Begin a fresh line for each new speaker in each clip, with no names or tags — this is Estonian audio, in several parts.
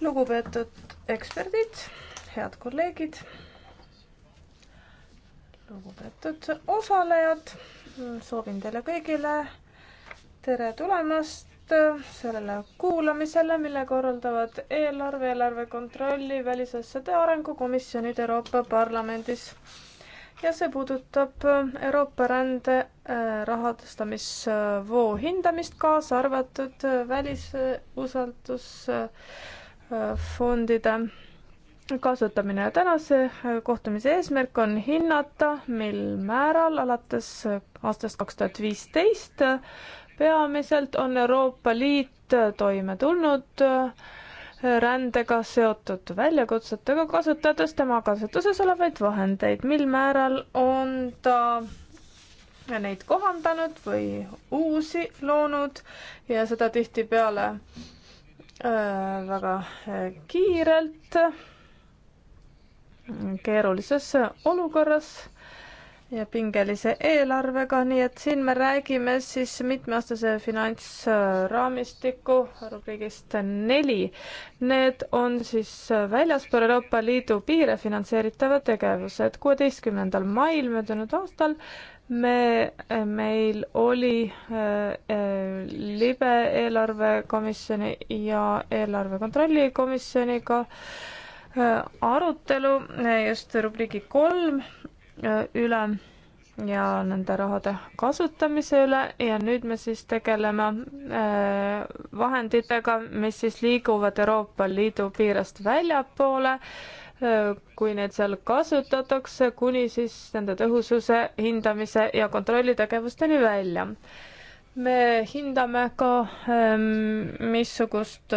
lugupeetud eksperdid, head kolleegid, lugupeetud osalejad, soovin teile kõigile tere tulemast sellele kuulamisele, mille korraldavad eelarve, eelarve kontrolli, välisasjade arengukomisjonid Euroopa Parlamendis ja see puudutab äh, Euroopa rände äh, rahastamisvoo äh, hindamist, kaasa arvatud välisusaldusfondide kasutamine ja tänase kohtumise eesmärk on hinnata, mil määral alates aastast kaks tuhat viisteist peamiselt on Euroopa Liit toime tulnud äh, rändega seotud väljakutsetega, kasutades tema kasutuses olevaid vahendeid, mil määral on ta neid kohandanud või uusi loonud ja seda tihtipeale äh, väga äh, kiirelt, keerulises olukorras ja pingelise eelarvega, nii et siin me räägime siis mitmeaastase finantsraamistiku rubriigist neli. Need on siis väljaspool Euroopa Liidu piire finantseeritavad tegevused. kuueteistkümnendal mail möödunud aastal me, meil oli äh, äh, libe eelarvekomisjoni ja eelarve kontrolli komisjoniga äh, arutelu äh, just rubriigi kolm üle ja nende rahade kasutamise üle ja nüüd me siis tegeleme vahenditega, mis siis liiguvad Euroopa Liidu piirest väljapoole, kui neid seal kasutatakse, kuni siis nende tõhususe hindamise ja kontrollitegevusteni välja. me hindame ka, missugust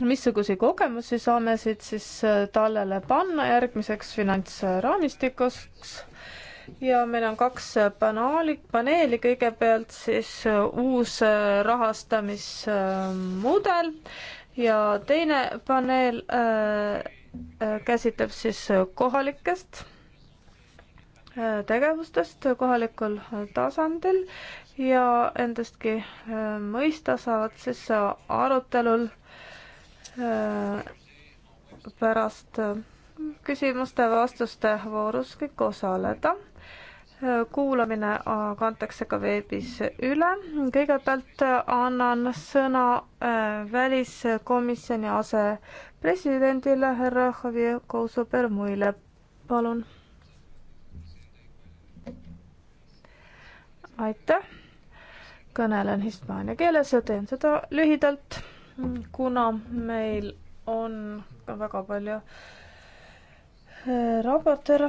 missuguse kogemusi saame siit siis äh, tallele panna järgmiseks finantsraamistikuks ja meil on kaks banaali, äh, paneeli, kõigepealt siis äh, uus rahastamismudel ja teine paneel käsitleb siis kohalikest tegevustest kohalikul tasandil ja endastki mõista saavad siis arutelul Äh, pärast äh, küsimuste-vastuste voorus kõik osaleda. Äh, kuulamine kantakse ka veebis üle. kõigepealt annan sõna väliskomisjoni asepresidendile härra Javier Couso-Bermuile, palun. aitäh, kõnelen hispaania keeles ja teen seda lühidalt kuna meil on ka väga palju äh, raportööre,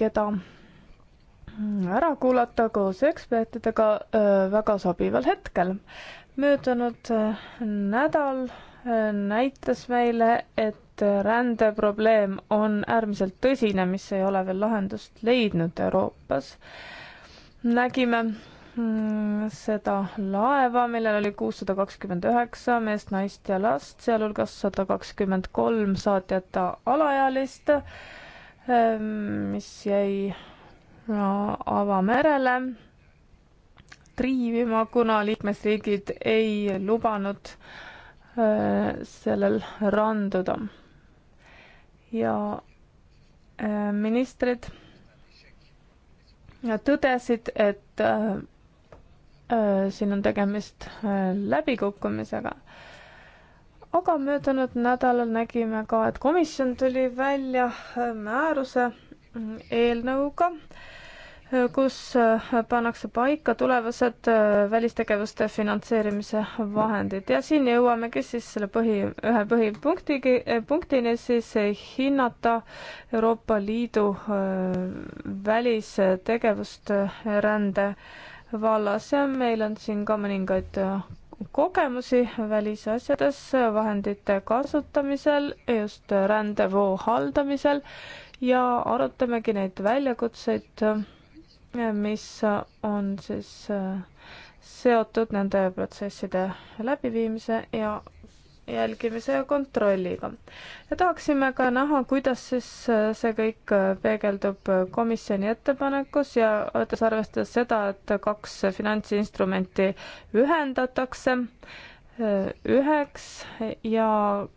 keda mm, ära kuulata koos ekspertidega äh, väga sobival hetkel. möödunud äh, nädal näitas meile, et rändeprobleem on äärmiselt tõsine, mis ei ole veel lahendust leidnud Euroopas. nägime Mm, seda laeva, millel oli kuussada kakskümmend üheksa meest, naist ja last, sealhulgas sada kakskümmend kolm saatjata alaealist, ehm, mis jäi no, avamerele triivima, kuna liikmesriigid ei lubanud eh, sellel randuda. ja eh, ministrid tõdesid, et eh, Äh, siin on tegemist äh, läbikukkumisega. aga möödunud nädalal nägime ka, et komisjon tuli välja äh, määruse mm, eelnõuga, kus pannakse paika tulevased välistegevuste finantseerimise vahendid ja siin jõuamegi siis selle põhi, ühe põhipunktigi, punktini siis hinnata Euroopa Liidu välistegevust rände vallas. meil on siin ka mõningaid äh, kogemusi välisasjades vahendite kasutamisel, just rändevoo haldamisel ja arutamegi neid väljakutseid, äh, mis on siis äh, seotud nende protsesside läbiviimise ja jälgimise ja kontrolliga. ja tahaksime ka näha, kuidas siis äh, see kõik äh, peegeldub äh, komisjoni ettepanekus ja võttes arvestades seda, et kaks finantsinstrumenti ühendatakse üheks ja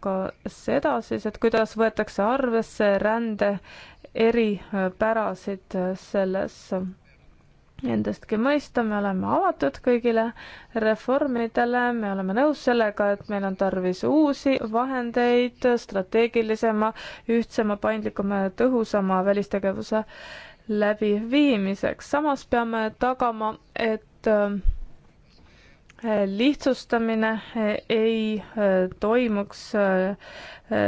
ka seda siis, et kuidas võetakse arvesse rände eripärasid selles endastki mõista, me oleme avatud kõigile reformidele, me oleme nõus sellega, et meil on tarvis uusi vahendeid strateegilisema, ühtsema, paindlikuma ja tõhusama välistegevuse läbiviimiseks. samas peame tagama, et äh, lihtsustamine äh, ei äh, toimuks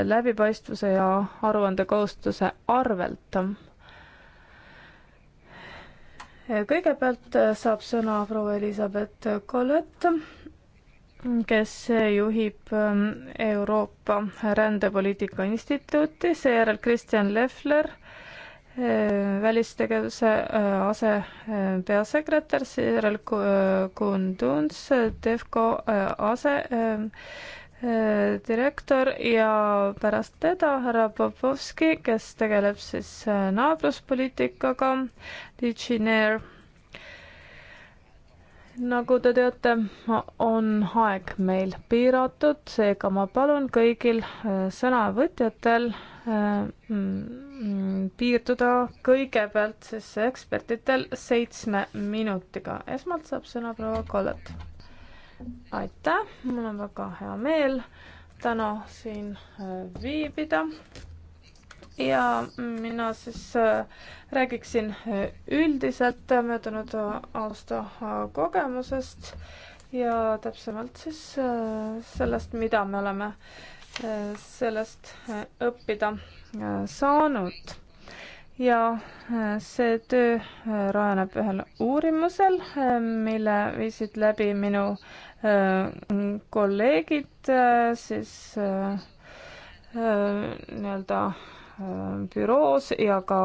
läbipaistvuse ja aruandekohustuse arvelt kõigepealt äh, saab sõna proua Elizabeth Collet, kes juhib ähm, Euroopa Rändepoliitika Instituuti, seejärel Kristjan Lefler, äh, välistegevuse äh, asepeasekretär, seejärel Kun Tunz, Defco ase Äh, direktor ja pärast teda härra Popovski, kes tegeleb siis äh, naabruspoliitikaga, Digineer. nagu te teate, on aeg meil piiratud, seega ma palun kõigil äh, sõnavõtjatel mm, mm, piirduda kõigepealt siis ekspertidel seitsme minutiga. esmalt saab sõna proua Kollet aitäh, mul on väga hea meel täna siin äh, viibida. ja mina siis äh, räägiksin äh, üldiselt möödunud aasta kogemusest ja täpsemalt siis sellest, mida me oleme sellest õppida saanud. ja see töö rajaneb ühel uurimusel, mille viisid läbi minu äh, Äh, kolleegid äh, siis äh, nii-öelda büroos ja ka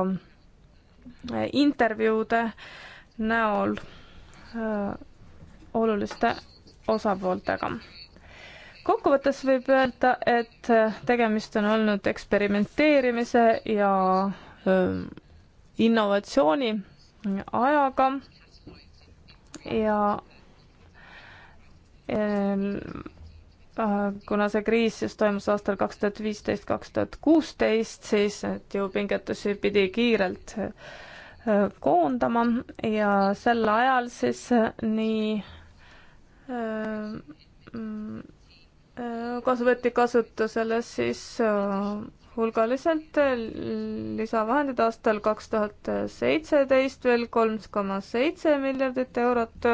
intervjuude näol oluliste osapooltega kokkuvõttes võib öelda, et tegemist on olnud eksperimenteerimise ja innovatsiooni ajaga ja Ehm, äh, kuna see kriis siis toimus aastal kaks tuhat viisteist, kaks tuhat kuusteist, siis et jõupingetusi pidi kiirelt äh, koondama ja sel ajal siis nii kasu, äh, mm, võeti kasutusele siis hulgaliselt lisavahendid aastal kaks tuhat seitseteist veel kolm koma seitse miljardit eurot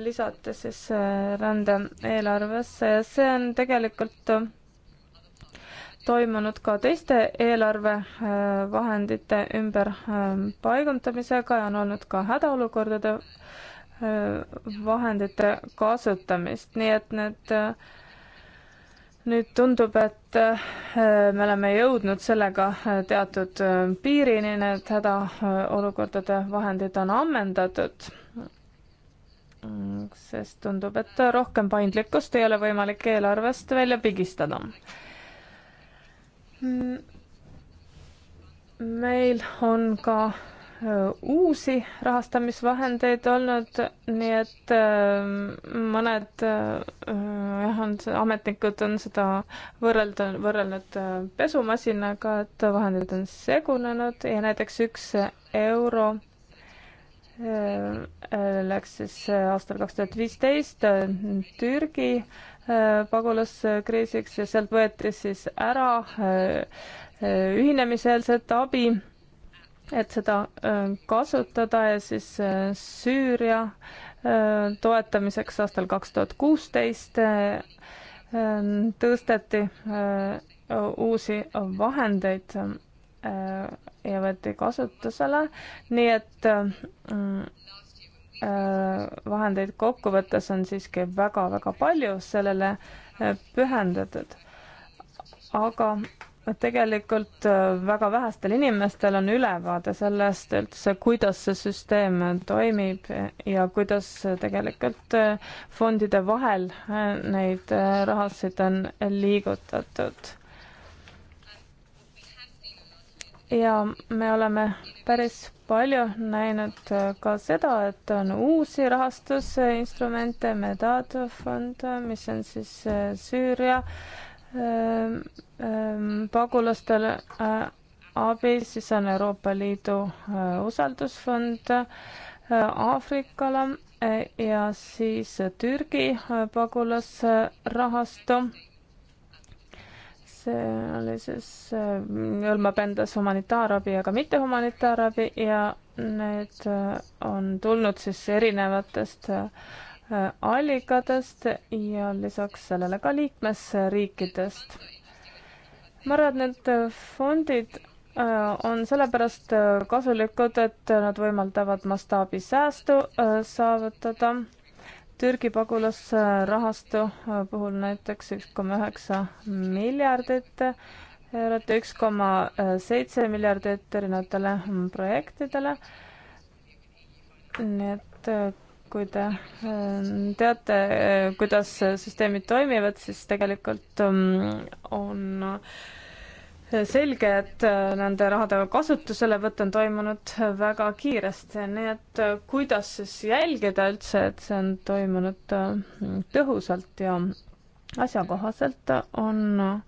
lisata siis äh, rände eelarvesse ja see on tegelikult äh, toimunud ka teiste eelarvevahendite äh, ümberpaigutamisega ja on olnud ka hädaolukordade vahendite kasutamist, nii et need nüüd tundub, et me oleme jõudnud sellega teatud piirini, need hädaolukordade vahendid on ammendatud Mm, sest tundub, et rohkem paindlikkust ei ole võimalik eelarvest välja pigistada. Mm, meil on ka äh, uusi rahastamisvahendeid olnud, nii et äh, mõned äh, jah, on, ametnikud on seda võrrelda, võrrelnud pesumasinaga, et vahendid on segunenud ja näiteks üks euro läks siis aastal kaks tuhat viisteist Türgi äh, pagulaskriisiks ja sealt võeti siis ära äh, ühinemiseelset abi, et seda äh, kasutada ja siis Süüria toetamiseks aastal kaks tuhat kuusteist tõsteti uusi vahendeid Äh, ja võeti kasutusele, nii et äh, äh, vahendeid kokkuvõttes on siiski väga-väga palju sellele pühendatud. aga tegelikult väga vähestel inimestel on ülevaade sellest üldse, kuidas see süsteem toimib ja kuidas tegelikult fondide vahel neid rahasid on liigutatud ja me oleme päris palju näinud ka seda, et on uusi rahastusinstrumente, Medadofond, mis on siis äh, Süüria ähm, ähm, pagulastele äh, abi, siis on Euroopa Liidu äh, usaldusfond äh, Aafrikale äh, ja siis Türgi äh, pagulasrahastu see oli siis, äh, hõlmab endas humanitaarabi ja ka mittehumanitaarabi ja need äh, on tulnud siis erinevatest äh, allikatest ja lisaks sellele ka liikmesriikidest. ma arvan, et need fondid on sellepärast kasulikud, et nad võimaldavad mastaabisäästu saavutada Türgi pagulasrahastu äh, puhul näiteks üks koma üheksa miljardit äh, eurot, üks koma äh, seitse miljardit erinevatele mm, projektidele. nii et kui te teate, kuidas süsteemid toimivad, siis tegelikult mm, on selge, et äh, nende rahade kasutuselevõtt on toimunud äh, väga kiiresti, nii et äh, kuidas siis jälgida üldse, et see on toimunud tõhusalt ja asjakohaselt, on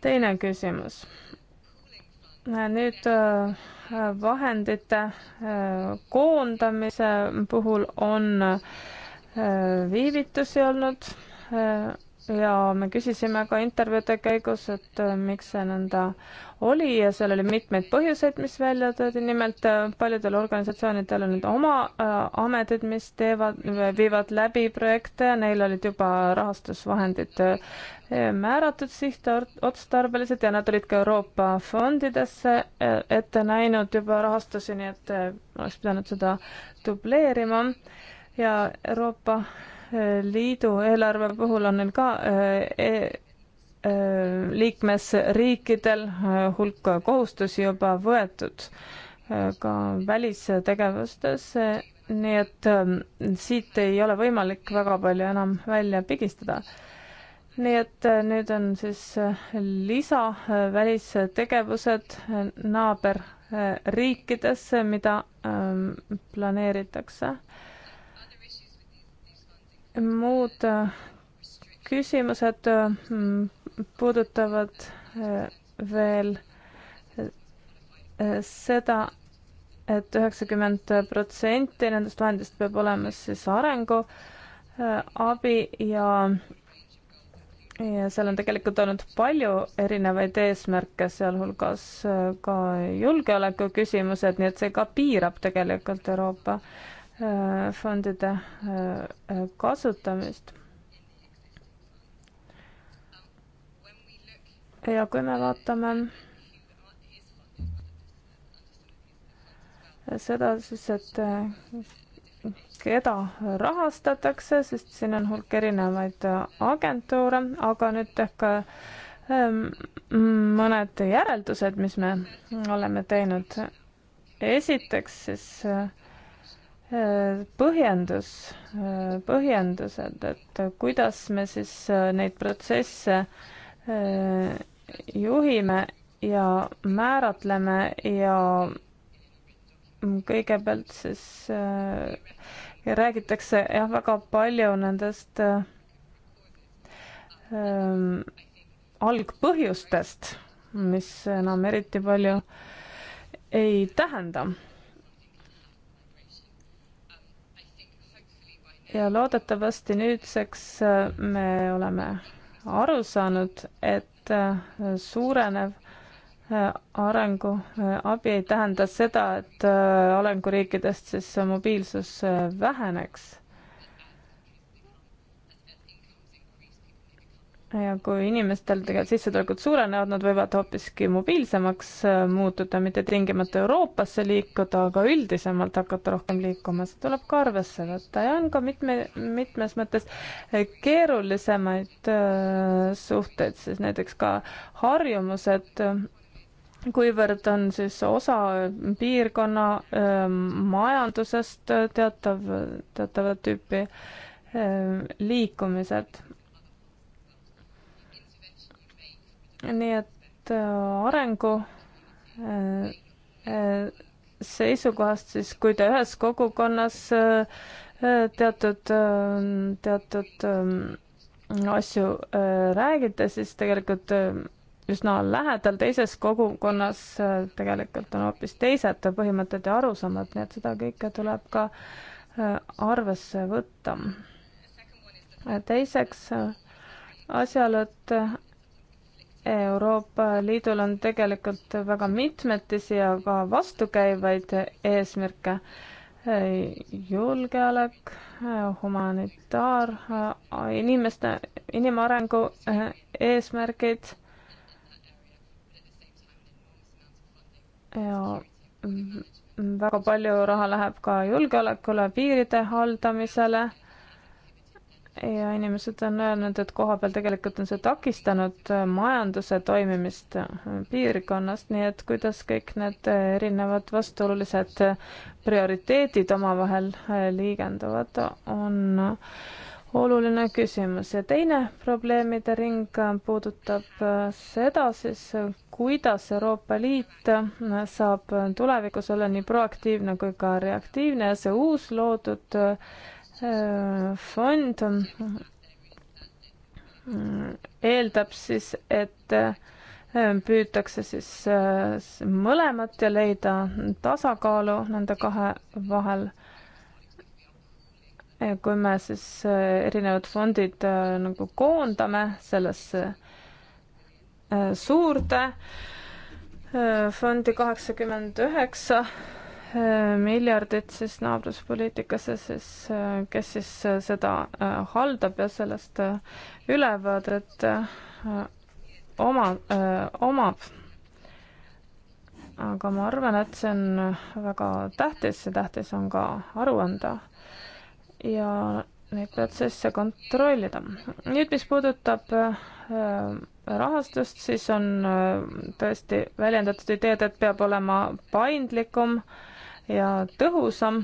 teine küsimus. nüüd vahendite koondamise puhul on viivitusi olnud ja me küsisime ka intervjuude käigus, et äh, miks see nõnda oli ja seal oli mitmeid põhjuseid, mis välja toodi, nimelt äh, paljudel organisatsioonidel on nüüd oma äh, ametid, mis teevad, äh, viivad läbi projekte ja neil olid juba rahastusvahendid äh, määratud sihtotstarbeliselt ja nad olid ka Euroopa fondidesse äh, ette näinud juba rahastusi, nii et äh, oleks pidanud seda dubleerima ja Euroopa äh, Liidu eelarve puhul on neil ka äh, e äh, liikmesriikidel äh, hulk kohustusi juba võetud ka välistegevustes, nii et ähm, siit ei ole võimalik väga palju enam välja pigistada. nii et nüüd on siis lisa välistegevused naaberriikides, mida ähm, planeeritakse muud äh, küsimused äh, puudutavad äh, veel seda, et üheksakümmend protsenti nendest vahenditest peab olema siis arenguabi ja ja seal on tegelikult olnud palju erinevaid eesmärke, sealhulgas ka julgeoleku küsimused, nii et see ka piirab tegelikult Euroopa fondide äh, äh, kasutamist. ja kui me vaatame seda siis, et äh, keda rahastatakse, sest siin on hulk erinevaid agentuure, aga nüüd ehk ähm, mõned järeldused, mis me oleme teinud. esiteks siis äh, põhjendus, põhjendused, et kuidas me siis äh, neid protsesse äh, juhime ja määratleme ja kõigepealt siis ja äh, räägitakse jah, väga palju nendest ähm, algpõhjustest, mis enam eriti palju ei tähenda ja loodetavasti nüüdseks äh, me oleme aru saanud, et äh, suurenev äh, arenguabi ei tähenda seda, et arenguriikidest siis mobiilsus väheneks ja kui inimestel tegelikult sissetulekud suurenevad, nad võivad hoopiski mobiilsemaks äh, muutuda, mitte tingimata Euroopasse liikuda, aga üldisemalt hakata rohkem liikuma, see tuleb ka arvesse võtta ja on ka mitme, mitmes mõttes äh, keerulisemaid äh, suhteid, siis näiteks ka harjumused, kuivõrd on siis osa piirkonna majandusest teatav, teatavat tüüpi liikumised nii et äh, arengu äh, äh, seisukohast siis, kui te ühes kogukonnas teatud, teatud asju räägite, siis tegelikult üsna lähedal teises kogukonnas tegelikult on hoopis teised põhimõtted ja arusaamad, nii et seda kõike tuleb ka arvesse võtta. teiseks asjaolu, et Euroopa Liidul on tegelikult väga mitmetisi ja ka vastukäivaid eesmärke. julgeolek, humanitaar, inimeste, inimarengu eesmärgid ja väga palju raha läheb ka julgeolekule, piiride haldamisele ja inimesed on öelnud, et kohapeal tegelikult on see takistanud äh, majanduse toimimist äh, piirkonnast, nii et kuidas kõik need äh, erinevad vastuolulised prioriteedid omavahel liigenduvad, on oluline küsimus. ja teine probleemide ring puudutab seda siis, kuidas Euroopa Liit saab tulevikus olla nii proaktiivne kui ka reaktiivne ja see uus loodud fond mm, eeldab siis, et äh, püütakse siis äh, mõlemat ja leida tasakaalu nende kahe vahel. kui me siis äh, erinevad fondid nagu koondame sellesse suurde fondi kaheksakümmend üheksa Eh, miljardit siis naabruspoliitikasse, siis eh, kes siis eh, seda haldab ja sellest ülevaadet oma, omab. aga ma arvan, et see on väga tähtis ja tähtis on ka aru anda ja neid protsesse kontrollida. nüüd, mis puudutab rahastust, siis on tõesti väljendatud ideed, et peab olema paindlikum äh, ja tõhusam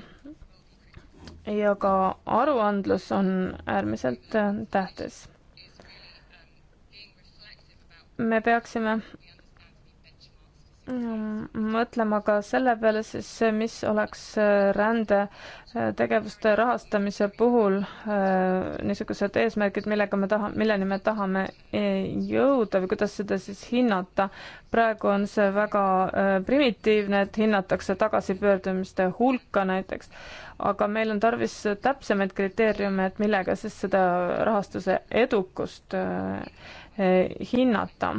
ja ka aruandlus on äärmiselt tähtis. me peaksime Mm, mõtlema ka selle peale siis, mis oleks äh, rände äh, tegevuste rahastamise puhul äh, niisugused eesmärgid, millega me taha, milleni me tahame jõuda või kuidas seda siis hinnata. praegu on see väga primitiivne, et hinnatakse tagasipöördumiste hulka näiteks, aga meil on tarvis täpsemaid kriteeriume, et millega siis seda rahastuse edukust hinnata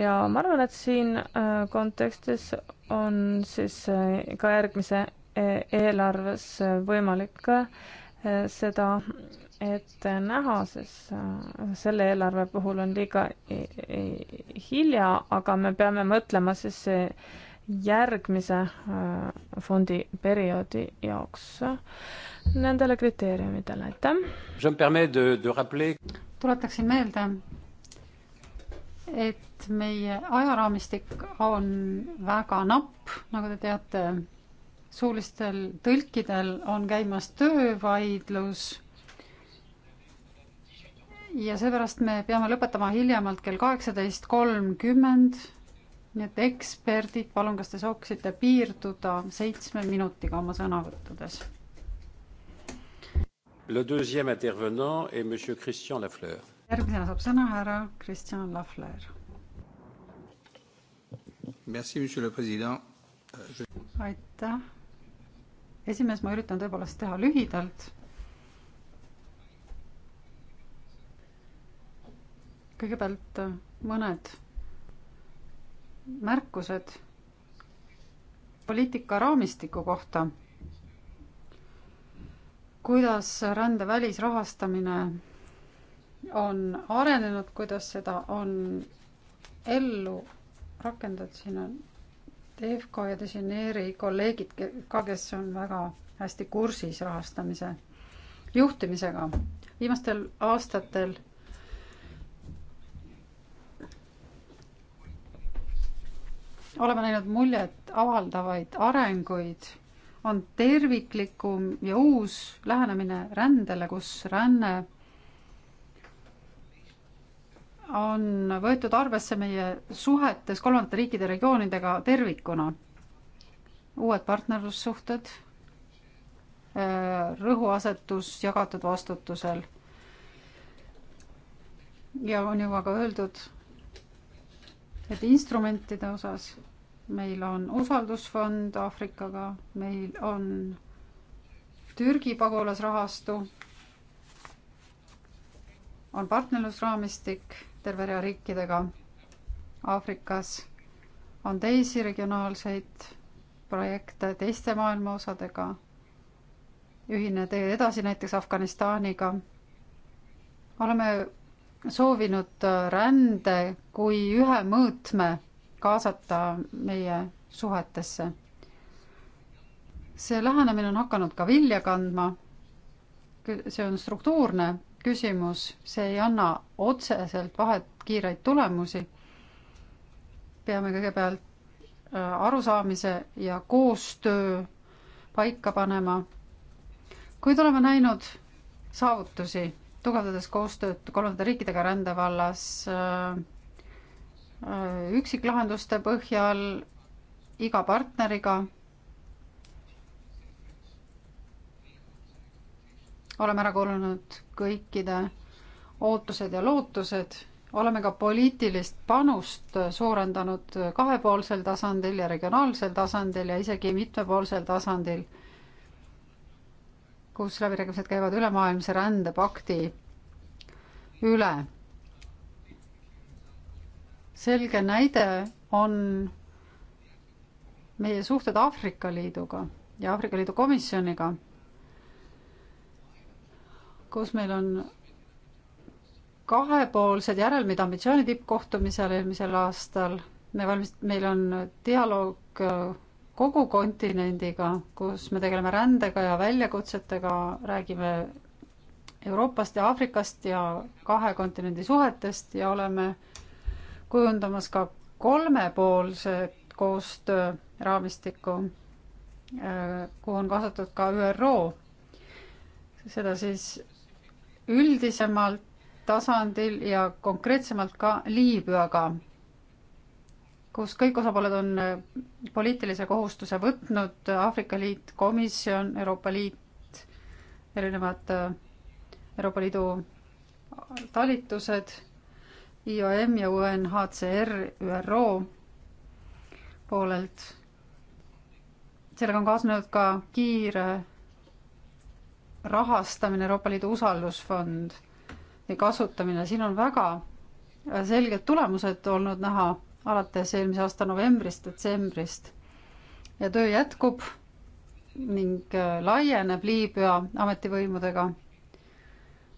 ja ma arvan, et siin äh, kontekstis on siis äh, ka järgmise äh, eelarves võimalik seda ette näha, sest selle eelarve puhul on liiga e, e, hilja, aga me peame mõtlema siis järgmise fondi perioodi jaoks nendele kriteeriumidele, aitäh.
tuletaksin meelde, et meie ajaraamistik on väga napp, nagu te teate, suulistel tõlkidel on käimas töövaidlus ja seepärast me peame lõpetama hiljemalt kell kaheksateist kolmkümmend. nii et eksperdid, palun, kas te sooviksite piirduda seitsme minutiga oma sõnavõttudes? Le deuxième intervenant est monsieur Christian Lafleur järgmisena saab sõna härra Kristjan Lafler.
Euh,
aitäh. esimees, ma üritan tõepoolest teha lühidalt. kõigepealt äh, mõned märkused poliitika raamistiku kohta. kuidas rände välisrahastamine on arenenud, kuidas seda on ellu rakendatud, siin on TFK ja Desineeri kolleegid ka, kes on väga hästi kursis rahastamise juhtimisega. viimastel aastatel oleme näinud muljet avaldavaid arenguid, on terviklikum ja uus lähenemine rändele, kus ränne on võetud arvesse meie suhetes kolmandate riikide regioonidega tervikuna. uued partnerlussuhted, äh, rõhuasetus jagatud vastutusel. ja on juba ka öeldud, et instrumentide osas meil on usaldusfond Aafrikaga, meil on Türgi pagulasrahastu, on partnerlusraamistik terve rea riikidega. Aafrikas on teisi regionaalseid projekte teiste maailma osadega. ühine tee edasi näiteks Afganistaniga. oleme soovinud äh, rände kui ühe mõõtme kaasata meie suhetesse. see lähenemine on hakanud ka vilja kandma. see on struktuurne küsimus, see ei anna otseselt vahet kiireid tulemusi. peame kõigepealt äh, arusaamise ja koostöö paika panema. kuid oleme näinud saavutusi, tugevdades koostööd kolmandate riikidega rändevallas äh, äh, üksiklahenduste põhjal iga partneriga oleme ära kuulanud kõikide ootused ja lootused, oleme ka poliitilist panust suurendanud kahepoolsel tasandil ja regionaalsel tasandil ja isegi mitmepoolsel tasandil, kus läbirääkimised käivad ülemaailmse rändepakti üle. selge näide on meie suhted Aafrika Liiduga ja Aafrika Liidu komisjoniga kus meil on kahepoolsed järelmid ambitsiooni tippkohtumisel eelmisel aastal. me valmist-, meil on dialoog äh, kogu kontinendiga, kus me tegeleme rändega ja väljakutsetega, räägime Euroopast ja Aafrikast ja kahe kontinendi suhetest ja oleme kujundamas ka kolmepoolset koostööraamistikku, äh, kuhu on kaasatud ka ÜRO. seda siis üldisemalt tasandil ja konkreetsemalt ka Liibüaga, kus kõik osapooled on äh, poliitilise kohustuse võtnud, Aafrika Liit, Komisjon, Euroopa Liit, erinevad äh, Euroopa Liidu talitused, IOM ja UNHCR, ÜRO poolelt. sellega on kaasnenud ka kiire rahastamine, Euroopa Liidu usaldusfond ja kasutamine, siin on väga selged tulemused olnud näha alates eelmise aasta novembrist, detsembrist. ja töö jätkub ning äh, laieneb Liibüa ametivõimudega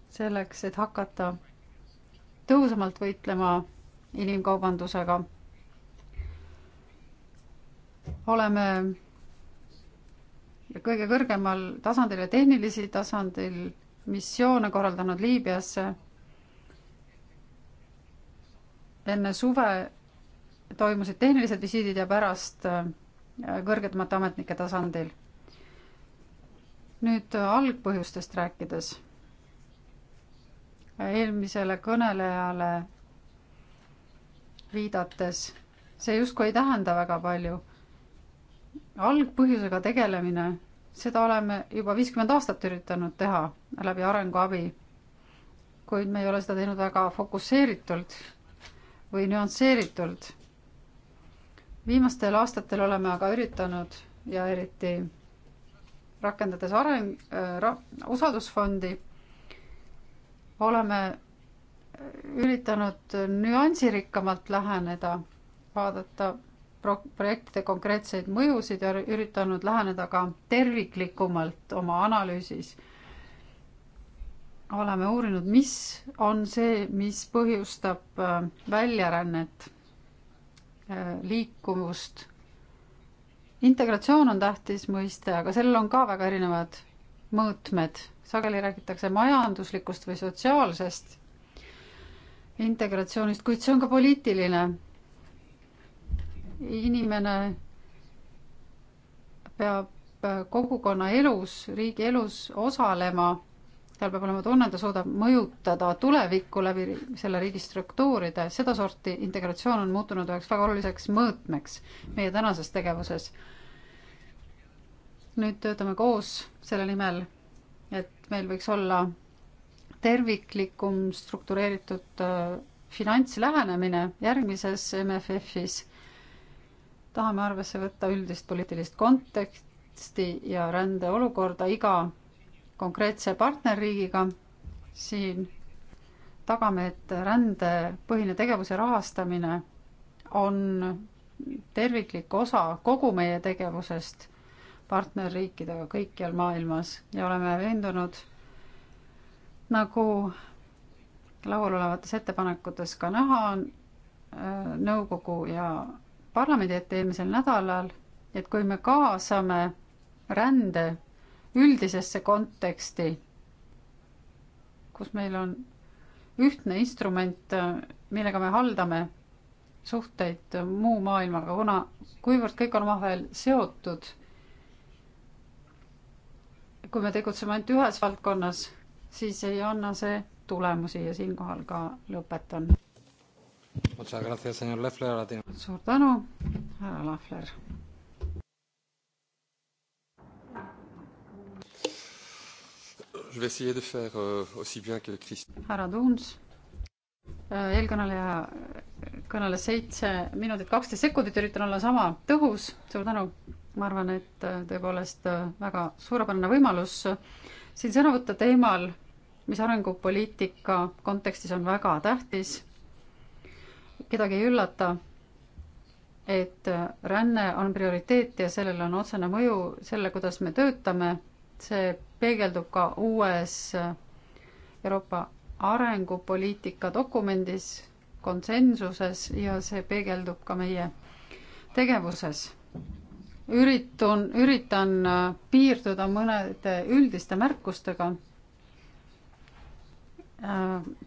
selleks, et hakata tõhusamalt võitlema inimkaubandusega. oleme kõige kõrgemal tasandil ja tehnilisi tasandil missioone korraldanud Liibüasse. enne suve toimusid tehnilised visiidid ja pärast äh, kõrgemate ametnike tasandil. nüüd algpõhjustest rääkides. eelmisele kõnelejale viidates, see justkui ei tähenda väga palju algpõhjusega tegelemine, seda oleme juba viiskümmend aastat üritanud teha läbi arenguabi, kuid me ei ole seda teinud väga fokusseeritult või nüansseeritult. viimastel aastatel oleme aga üritanud ja eriti rakendades areng äh, ra,, usaldusfondi, oleme üritanud nüansirikkamalt läheneda, vaadata pro-, projektide konkreetseid mõjusid ja üritanud läheneda ka terviklikumalt oma analüüsis. oleme uurinud, mis on see, mis põhjustab äh, väljarännet, äh, liikuvust. integratsioon on tähtis mõiste, aga sellel on ka väga erinevad mõõtmed, sageli räägitakse majanduslikust või sotsiaalsest integratsioonist, kuid see on ka poliitiline inimene peab kogukonna elus, riigi elus osalema, tal peab olema tunne, ta suudab mõjutada tulevikku läbi selle riigi struktuuride, sedasorti integratsioon on muutunud üheks väga oluliseks mõõtmeks meie tänases tegevuses. nüüd töötame koos selle nimel, et meil võiks olla terviklikum struktureeritud äh, finantslähenemine järgmises MFF-is tahame arvesse võtta üldist poliitilist konteksti ja rändeolukorda iga konkreetse partnerriigiga siin tagame, et rändepõhine tegevuse rahastamine on terviklik osa kogu meie tegevusest partnerriikidega kõikjal maailmas ja oleme veendunud, nagu laual olevates ettepanekutes ka näha on, nõukogu ja parlamendi ette eelmisel nädalal, et kui me kaasame rände üldisesse konteksti, kus meil on ühtne instrument, millega me haldame suhteid muu maailmaga, kuna kuivõrd kõik on omavahel seotud, kui me tegutseme ainult ühes valdkonnas, siis ei anna see tulemusi ja siinkohal ka lõpetan suur tänu, härra Lahler.
Je vais essayer de faire euh, aussi bien que Christ.
härra Tuuns, äh, eelkõneleja äh, kõneles seitse minutit kaksteist sekundit, üritan olla sama tõhus, suur tänu. ma arvan, et äh, tõepoolest väga suurepärane võimalus siin sõna võtta teemal, mis arengupoliitika kontekstis on väga tähtis kedagi ei üllata, et ränne on prioriteet ja sellel on otsene mõju selle, kuidas me töötame, see peegeldub ka uues Euroopa arengupoliitika dokumendis, konsensuses ja see peegeldub ka meie tegevuses. üritan, üritan piirduda mõnede üldiste märkustega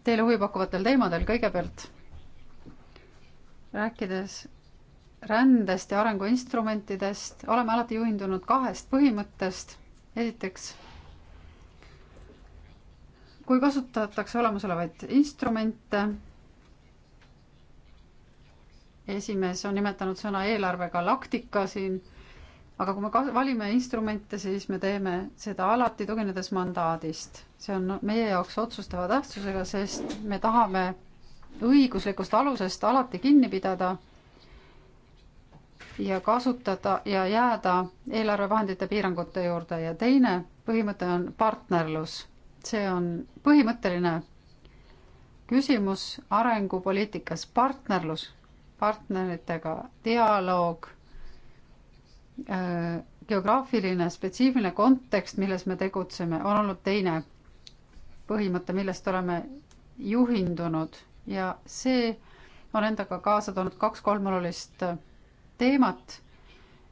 teile huvi pakkuvatel teemadel kõigepealt rääkides rändest ja arenguinstrumentidest, oleme alati juhindunud kahest põhimõttest. esiteks, kui kasutatakse olemasolevaid instrumente, esimees on nimetanud sõna eelarvegalaktika siin, aga kui me valime instrumente, siis me teeme seda alati tuginedes mandaadist. see on meie jaoks otsustava tähtsusega, sest me tahame õiguslikust alusest alati kinni pidada ja kasutada ja jääda eelarvevahendite piirangute juurde ja teine põhimõte on partnerlus. see on põhimõtteline küsimus arengupoliitikas, partnerlus, partneritega dialoog, äh, geograafiline spetsiifiline kontekst, milles me tegutseme, on olnud teine põhimõte, millest oleme juhindunud ja see on endaga kaasa toonud kaks kolm olulist teemat.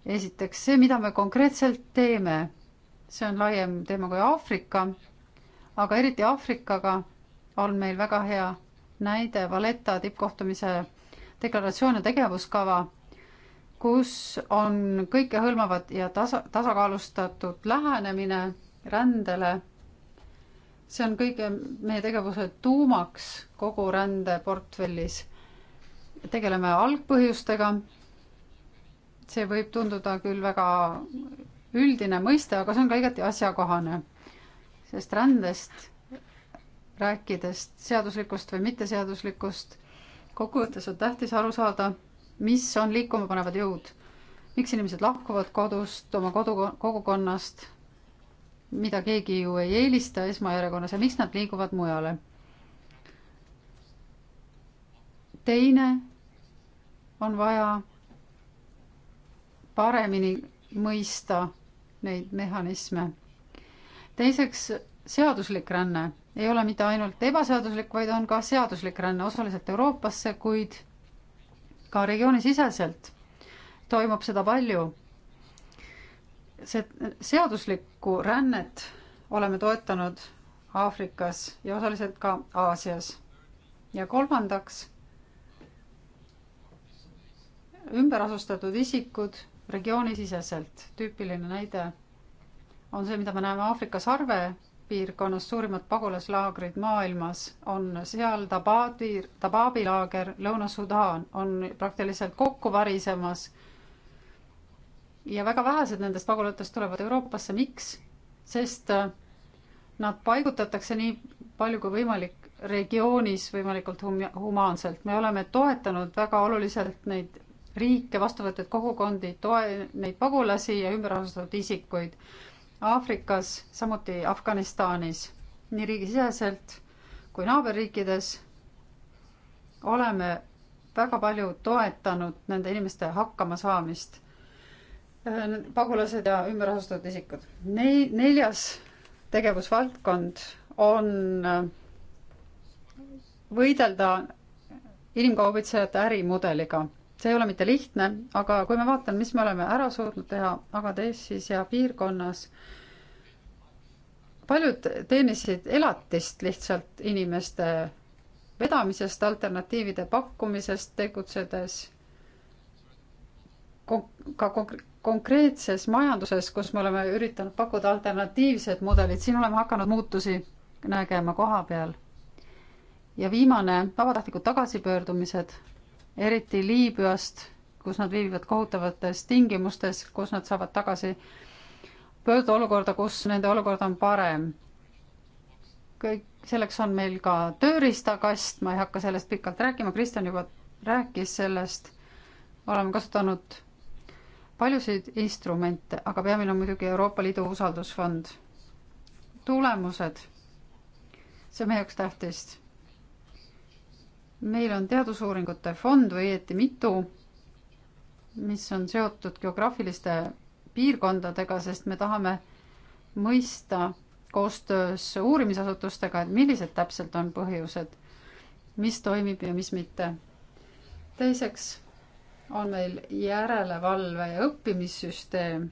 esiteks see, mida me konkreetselt teeme, see on laiem teema kui Aafrika, aga eriti Aafrikaga on meil väga hea näide Valetta tippkohtumise deklaratsioon ja tegevuskava, kus on kõikehõlmavad ja tasa, tasakaalustatud lähenemine rändele see on kõige meie tegevuse tuumaks kogu rändeportfellis. tegeleme algpõhjustega. see võib tunduda küll väga üldine mõiste, aga see on ka igati asjakohane, sest rändest rääkides seaduslikust või mitteseaduslikust, kokkuvõttes on tähtis aru saada, mis on liikuma panevad jõud, miks inimesed lahkuvad kodust, oma kodu, kogukonnast, mida keegi ju ei eelista esmajärjekorras ja miks nad liiguvad mujale. teine on vaja paremini mõista neid mehhanisme. teiseks, seaduslik ränne ei ole mitte ainult ebaseaduslik, vaid on ka seaduslik ränne osaliselt Euroopasse, kuid ka regioonisiseselt toimub seda palju see seaduslikku rännet oleme toetanud Aafrikas ja osaliselt ka Aasias. ja kolmandaks, ümberasustatud isikud regioonisiseselt. tüüpiline näide on see, mida me näeme Aafrika sarve piirkonnas, suurimad pagulaslaagrid maailmas on seal Dabadi, Dababi laager, Lõuna-Sudaan on praktiliselt kokku varisemas ja väga vähesed nendest pagulatest tulevad Euroopasse, miks? sest äh, nad paigutatakse nii palju kui võimalik regioonis võimalikult hum-, humaanselt. me oleme toetanud väga oluliselt neid riike, vastuvõtteid, kogukondi, toe-, neid pagulasi ja ümberasustatud isikuid Aafrikas, samuti Afganistanis, nii riigisiseselt kui naaberriikides oleme väga palju toetanud nende inimeste hakkamasaamist Äh, pagulased ja ümberasustatud isikud. Nei-, neljas tegevusvaldkond on äh, võidelda inimkaubitsejate ärimudeliga. see ei ole mitte lihtne, aga kui me vaatame, mis me oleme ära suutnud teha Agadeshis ja piirkonnas, paljud teenisid elatist lihtsalt inimeste vedamisest, alternatiivide pakkumisest, tegutsedes ka konkreetselt konkreetses majanduses, kus me oleme üritanud pakkuda alternatiivsed mudelid, siin oleme hakanud muutusi nägema koha peal. ja viimane, vabatahtlikud tagasipöördumised, eriti Liibüast, kus nad viibivad kohutavates tingimustes, kus nad saavad tagasi pöörduda olukorda, kus nende olukord on parem. kõik, selleks on meil ka tööriistakast, ma ei hakka sellest pikalt rääkima, Kristjan juba rääkis sellest, oleme kasutanud paljusid instrumente, aga peamine on muidugi Euroopa Liidu usaldusfond. tulemused, see on meie jaoks tähtis. meil on teadusuuringute fond või õieti mitu, mis on seotud geograafiliste piirkondadega, sest me tahame mõista koostöös uurimisasutustega, et millised täpselt on põhjused, mis toimib ja mis mitte. teiseks on meil järelevalve ja õppimissüsteem.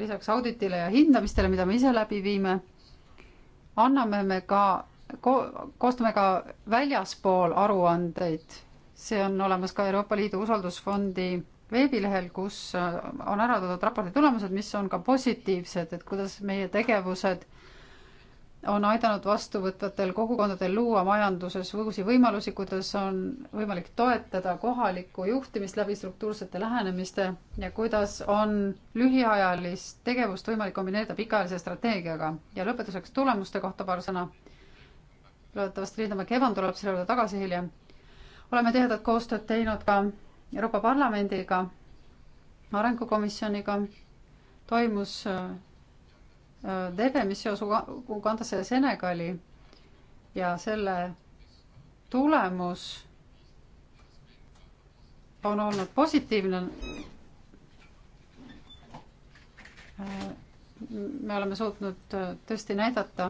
lisaks auditile ja hindamistele, mida me ise läbi viime, anname me ka ko, koostame ka väljaspool aruandeid. see on olemas ka Euroopa Liidu usaldusfondi veebilehel, kus äh, on ära toodud raporti tulemused, mis on ka positiivsed, et kuidas meie tegevused äh, on aidanud vastuvõtvatel kogukondadel luua majanduses uusi võimalusi, kuidas on võimalik toetada kohalikku juhtimist läbi struktuursete lähenemiste ja kuidas on lühiajalist tegevust võimalik kombineerida pikaajalise strateegiaga. ja lõpetuseks tulemuste kohta paar sõna. loodetavasti Lindamäe Kevan tuleb selle juurde tagasi hiljem. oleme tihedat koostööd teinud ka Euroopa Parlamendiga, Arengukomisjoniga, toimus äh, tege, mis seos Ugandasse ja Senegali ja selle tulemus on olnud positiivne. me oleme suutnud äh, tõesti näidata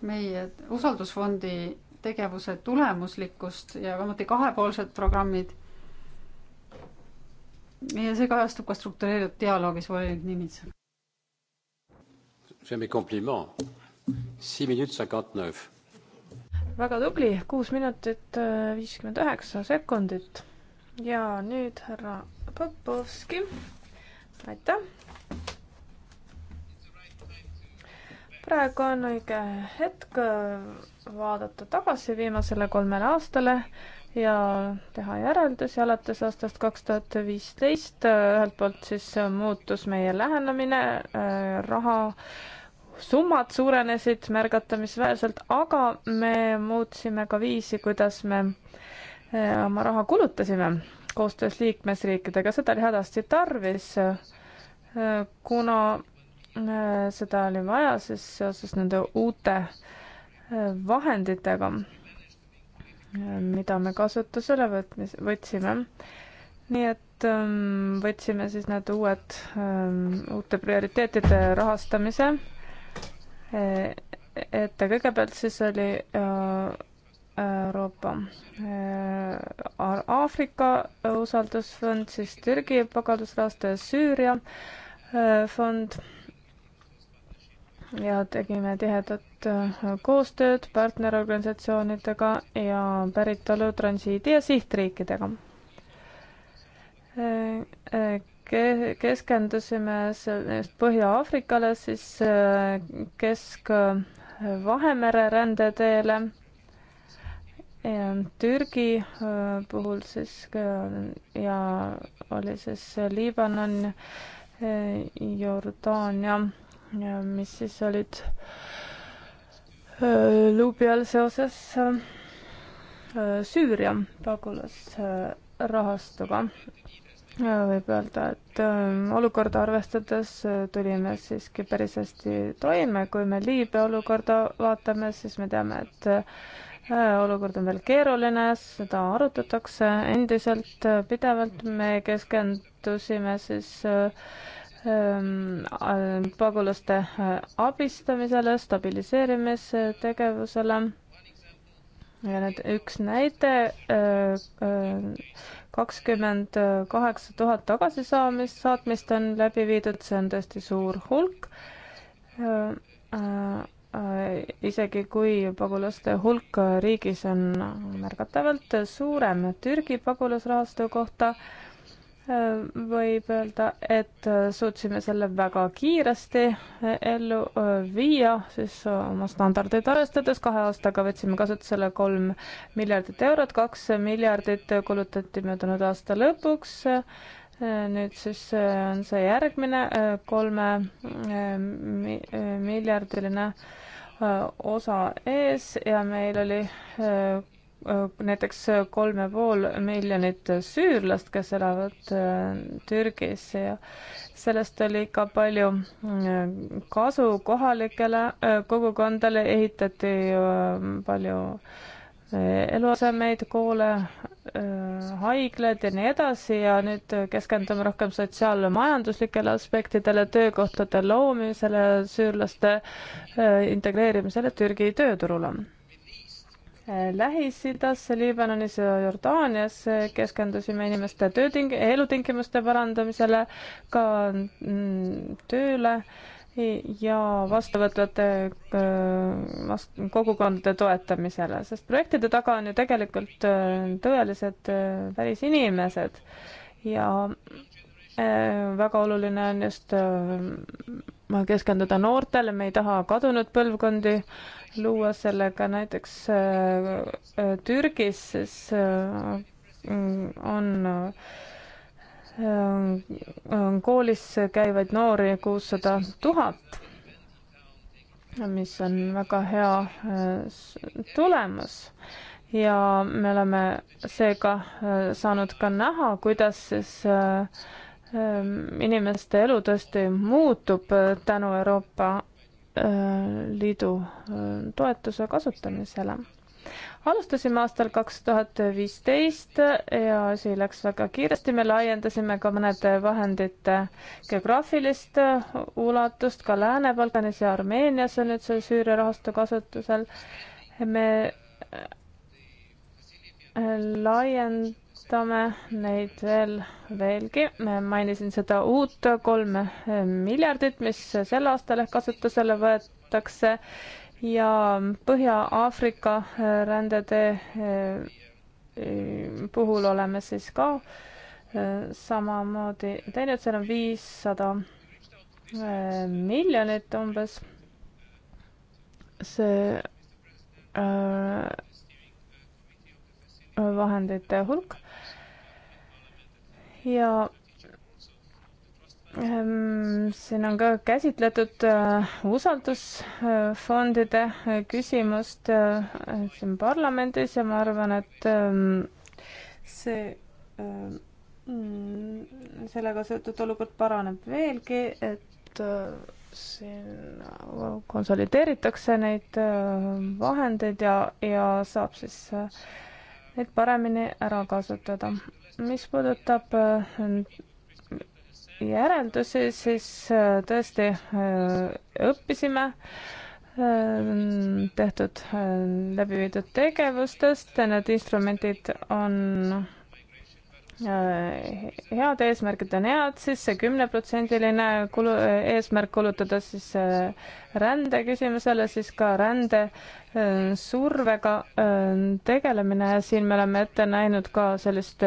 meie usaldusfondi tegevuse tulemuslikkust ja samuti kahepoolsed programmid. ja see kajastub ka struktureeritud dialoogis volinik Nimitsa see on meie kompliment. Six minutes cinquante-neuf.
väga tubli, kuus minutit äh, viiskümmend üheksa sekundit. ja nüüd härra Popovski. aitäh. praegu on õige hetk äh, vaadata tagasi viimasele kolmele aastale ja teha järeldusi alates aastast kaks tuhat viisteist. Äh, ühelt poolt siis äh, muutus meie lähenemine, äh, raha summad suurenesid märgatamisväärselt, aga me muutsime ka viisi, kuidas me oma raha kulutasime koostöös liikmesriikidega, seda oli hädasti tarvis, kuna seda oli vaja siis seoses nende uute vahenditega mida me kasutusele võtmis, võtsime. nii et ähm, võtsime siis need uued, ähm, uute prioriteetide rahastamise e, ette. kõigepealt siis oli äh, Euroopa, äh, Aafrika usaldusfond, siis Türgi pagandusrahastaja, Süüria äh, fond ja tegime tihedat äh, koostööd partnerorganisatsioonidega ja päritolu, transiidi ja sihtriikidega. Äh, äh, keskendusime just Põhja-Aafrikale, siis Kesk-Vahemere rändeteele Türgi puhul siis ja oli siis Liibanon, Jordaania mis siis olid äh, luubi all seoses äh, äh, Süüria pagulasrahastuga. võib öelda, et olukorda arvestades tulime siiski päris hästi toime, kui me Liibüa olukorda vaatame, siis me teame, et olukord on veel keeruline, seda arutatakse endiselt pidevalt, me keskendusime siis äh, pagulaste abistamisele, stabiliseerimistegevusele. ja nüüd üks näide, kakskümmend kaheksa tuhat tagasisaamist, saatmist on läbi viidud, see on tõesti suur hulk. isegi kui pagulaste hulk riigis on märgatavalt suurem, Türgi pagulasrahastu kohta Äh, võib öelda, et äh, suutsime selle väga kiiresti äh, ellu viia, siis oma standardeid arvestades kahe aastaga võtsime kasutusele kolm miljardit eurot, kaks miljardit kulutati möödunud aasta lõpuks. nüüd siis on see järgmine kolme miljardiline osa ees ja meil oli Äh, näiteks äh, kolm ja pool miljonit süürlast, kes elavad äh, Türgis ja sellest oli ka palju kasu kohalikele kogukondadele, ehitati palju eluasemeid, koole, haiglad ja nii edasi ja nüüd keskendume rohkem sotsiaalmajanduslikele aspektidele, töökohtade loomisele, süürlaste integreerimisele Türgi tööturule Lähis-Idas, Liibanonis ja Jordaanias keskendusime inimeste tööting-, elutingimuste parandamisele, ka mm, tööle ja vastuvõtvate äh, vast-, kogukondade toetamisele, sest projektide taga on ju tegelikult äh, tõelised äh, välisinimesed ja väga oluline on just keskenduda noortele, me ei taha kadunud põlvkondi luua sellega, näiteks äh, äh Türgis siis äh, on äh, koolis käivaid noori kuussada tuhat, mis on väga hea äh, tulemus ja me oleme seega äh, saanud ka näha, kuidas siis äh, Ehm, inimeste elu tõesti muutub eh, tänu Euroopa eh, Liidu eh, toetuse kasutamisele. alustasime aastal kaks tuhat viisteist ja asi läks väga kiiresti, me laiendasime ka mõnede vahendite geograafilist ulatust ka Lääne-Balkanis ja Armeenias on nüüd see Süüria rahastu kasutusel. me laiend-, toetame neid veel veelgi. mainisin seda uut kolme miljardit, mis sel aastal ehk kasutusele võetakse ja Põhja-Aafrika rändetee eh, eh, puhul oleme siis ka eh, samamoodi teinud, seal on viissada miljonit umbes. see vahendite hulk ja ehm, siin on ka käsitletud äh, usaldusfondide äh, küsimust äh, siin parlamendis ja ma arvan, et ehm, see ehm, mm, sellega seotud olukord paraneb veelgi, et siin konsolideeritakse neid vahendeid ja, ja saab siis neid paremini ära kasutada mis puudutab äh, järeldusi, siis äh, tõesti äh, õppisime tehtud, läbi viidud tegevustest, need instrumendid on Äh, head eesmärgid on head, siis see kümneprotsendiline kulu, äh, eesmärk kulutada siis äh, rände küsimusele, siis ka rände survega tegelemine ja siin me oleme ette näinud ka sellist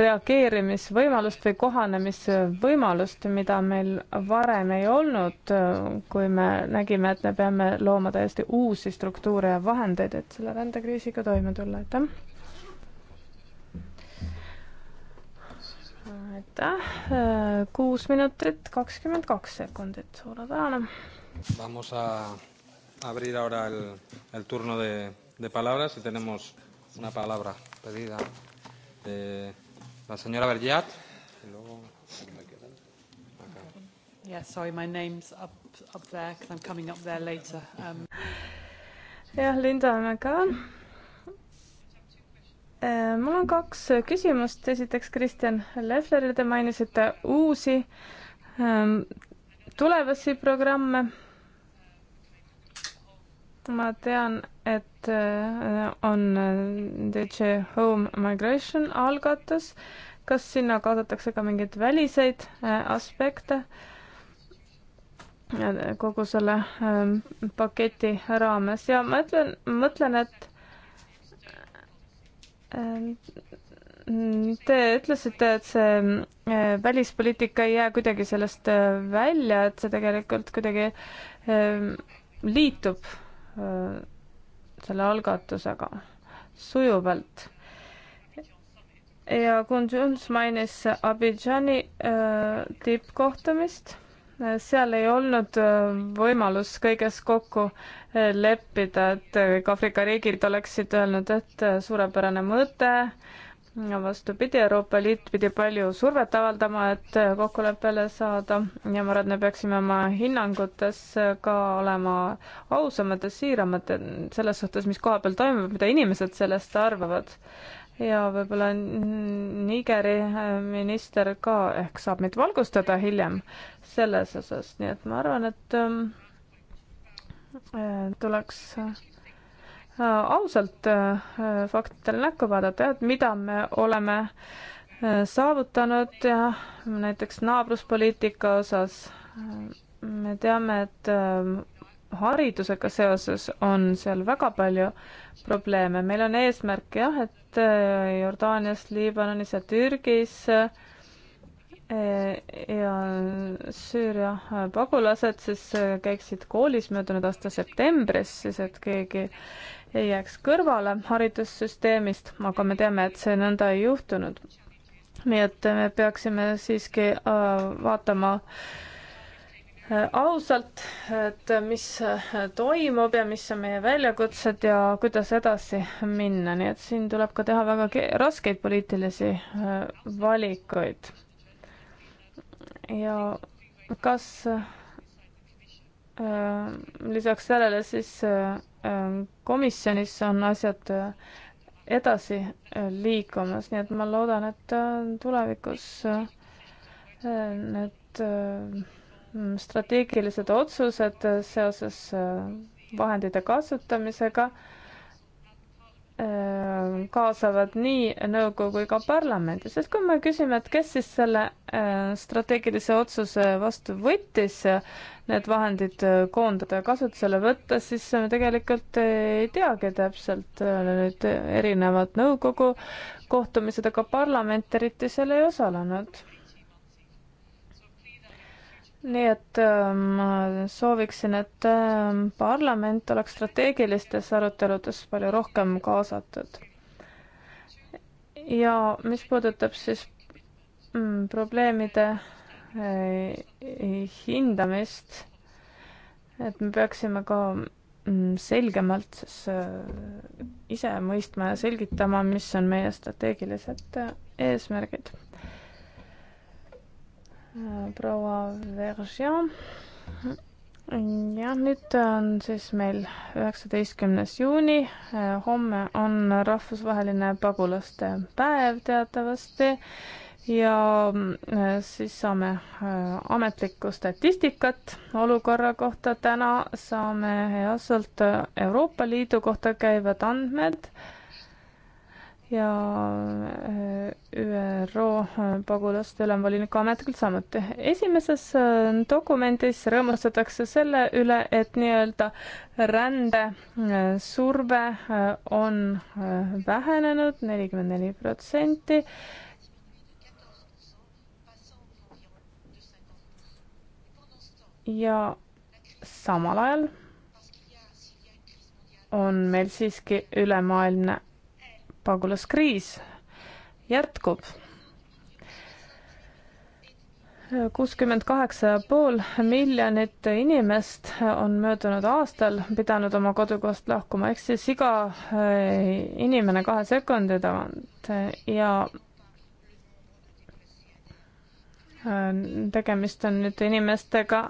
reageerimisvõimalust või kohanemisvõimalust, mida meil varem ei olnud, kui me nägime, et me peame looma täiesti uusi struktuure ja vahendeid, et selle rändekriisiga toime tulla, aitäh! aitäh, kuus minutit kakskümmend kaks sekundit, suurepärane. Vamos a abrir ahora el, el turno de, de palabras y tenemos una palabra pedida de la señora Bergiat. Y luego... Yeah, sorry, my name's up, up there because I'm coming up there later. Um... jah, Linda Mäkan Äh, mul on kaks äh, küsimust, esiteks Kristjan Leflerile, te mainisite uusi ähm, tulevasi programme. ma tean, et äh, on DJ Home Migration algatus, kas sinna kaasatakse ka mingeid väliseid aspekte? kogu selle ähm, paketi raames ja ma ütlen, mõtlen, et Äh, te ütlesite, et see äh, välispoliitika ei jää kuidagi sellest äh, välja, et see tegelikult kuidagi liitub selle algatusega sujuvalt. ja Kun Juns mainis Abidžani tippkohtumist seal ei olnud äh, võimalus kõiges kokku äh, leppida, et äh, kõik Aafrika riigid oleksid öelnud, et suurepärane mõte, vastupidi, Euroopa Liit pidi palju survet avaldama, et kokkuleppele saada ja ma arvan, et me peaksime oma hinnangutes ka olema ausamad ja siiramad selles suhtes, mis koha peal toimub, mida inimesed sellest arvavad ja võib-olla Nigeri äh, minister ka ehk saab meid valgustada hiljem selles osas, nii et ma arvan, et ähm, äh, tuleks äh, ausalt faktidele näkku vaadata, et mida me oleme saavutanud ja näiteks naabruspoliitika osas me teame, et ähm, haridusega seoses on seal väga palju probleeme. meil on eesmärk jah, et äh, Jordaanias, Liibanonis ja Türgis äh, ja Süüria äh, pagulased siis käiksid koolis möödunud aasta septembris, siis et keegi ei jääks kõrvale haridussüsteemist, aga me teame, et see nõnda ei juhtunud. nii et me peaksime siiski vaatama äh, ausalt, et mis toimub ja mis on meie väljakutsed ja kuidas edasi minna, nii et siin tuleb ka teha väga raskeid poliitilisi äh, valikuid. ja kas äh, lisaks sellele siis äh, komisjonis on asjad edasi liikumas, nii et ma loodan, et tulevikus need Mm, strateegilised otsused äh, seoses äh, vahendite kasutamisega äh, kaasavad nii nõukogu kui ka parlamendi, sest kui me küsime, et kes siis selle strateegilise otsuse vastu võttis need vahendid koondada ja kasutusele võtta, siis me tegelikult ei teagi täpselt nüüd erinevad nõukogu kohtumised, aga parlament eriti seal ei osalenud nii et ähm, ma sooviksin, et ähm, parlament oleks strateegilistes aruteludes palju rohkem kaasatud. ja mis puudutab siis mm, probleemide äh, hindamist, et me peaksime ka mm, selgemalt siis äh, ise mõistma ja selgitama, mis on meie strateegilised äh, eesmärgid Äh, proua Veržia. jah, nüüd on siis meil üheksateistkümnes juuni. Äh, homme on rahvusvaheline pagulaste päev teatavasti ja äh, siis saame ametlikku statistikat olukorra kohta. täna saame EASO-lt Euroopa Liidu kohta käivad andmed ja äh, ÜRO pagulaste ülemvoliniku ametlikult samuti. esimeses äh, dokumendis rõõmustatakse selle üle, et nii-öelda rändesurve äh, on vähenenud nelikümmend neli protsenti ja samal ajal on meil siiski ülemaailmne pagulaskriis jätkub kuuskümmend kaheksa ja pool miljonit inimest on möödunud aastal pidanud oma kodukohast lahkuma, ehk siis iga eh, inimene kahe sekundi tagant eh, ja eh, tegemist on nüüd inimestega,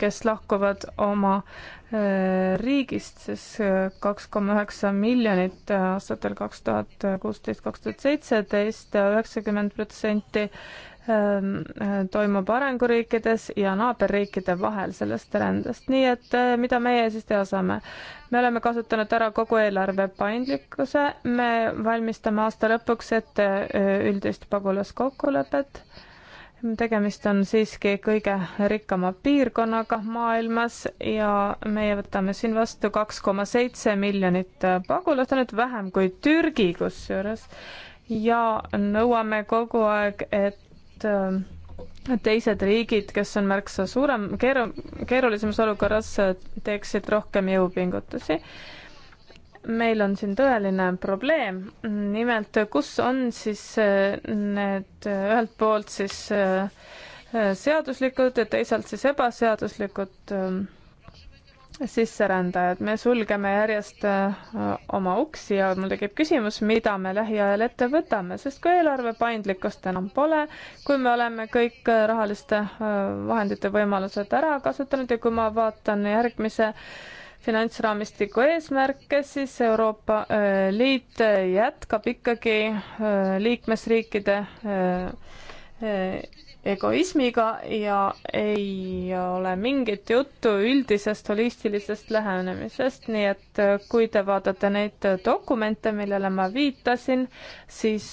kes lahkuvad oma Äh, riigist, siis äh, kaks koma üheksa miljonit äh, aastatel kaks tuhat kuusteist, kaks tuhat seitseteist, üheksakümmend protsenti ähm, toimub arenguriikides ja naaberriikide vahel sellest rändest, nii et mida meie siis teha saame? me oleme kasutanud ära kogu eelarve paindlikkuse, me valmistame aasta lõpuks ette üldist pagulaskokkulepet tegemist on siiski kõige rikkama piirkonnaga maailmas ja meie võtame siin vastu kaks koma seitse miljonit pagulast, on nüüd vähem kui Türgi kusjuures ja nõuame kogu aeg, et äh, teised riigid, kes on märksa suurem, keeru-, keerulisemas olukorras, teeksid rohkem jõupingutusi meil on siin tõeline probleem, nimelt kus on siis äh, need äh, ühelt poolt siis äh, seaduslikud ja teisalt siis ebaseaduslikud sisserändajad, me sulgeme järjest oma uksi ja mul tekib küsimus, mida me lähiajal ette võtame, sest kui eelarve paindlikkust enam pole, kui me oleme kõik rahaliste vahendite võimalused ära kasutanud ja kui ma vaatan järgmise äh, finantsraamistiku eesmärke, siis Euroopa äh, Liit äh, jätkab ikkagi äh, liikmesriikide egoismiga ja ei ole mingit juttu üldisest holistilisest lähenemisest, nii et kui te vaatate neid dokumente, millele ma viitasin, siis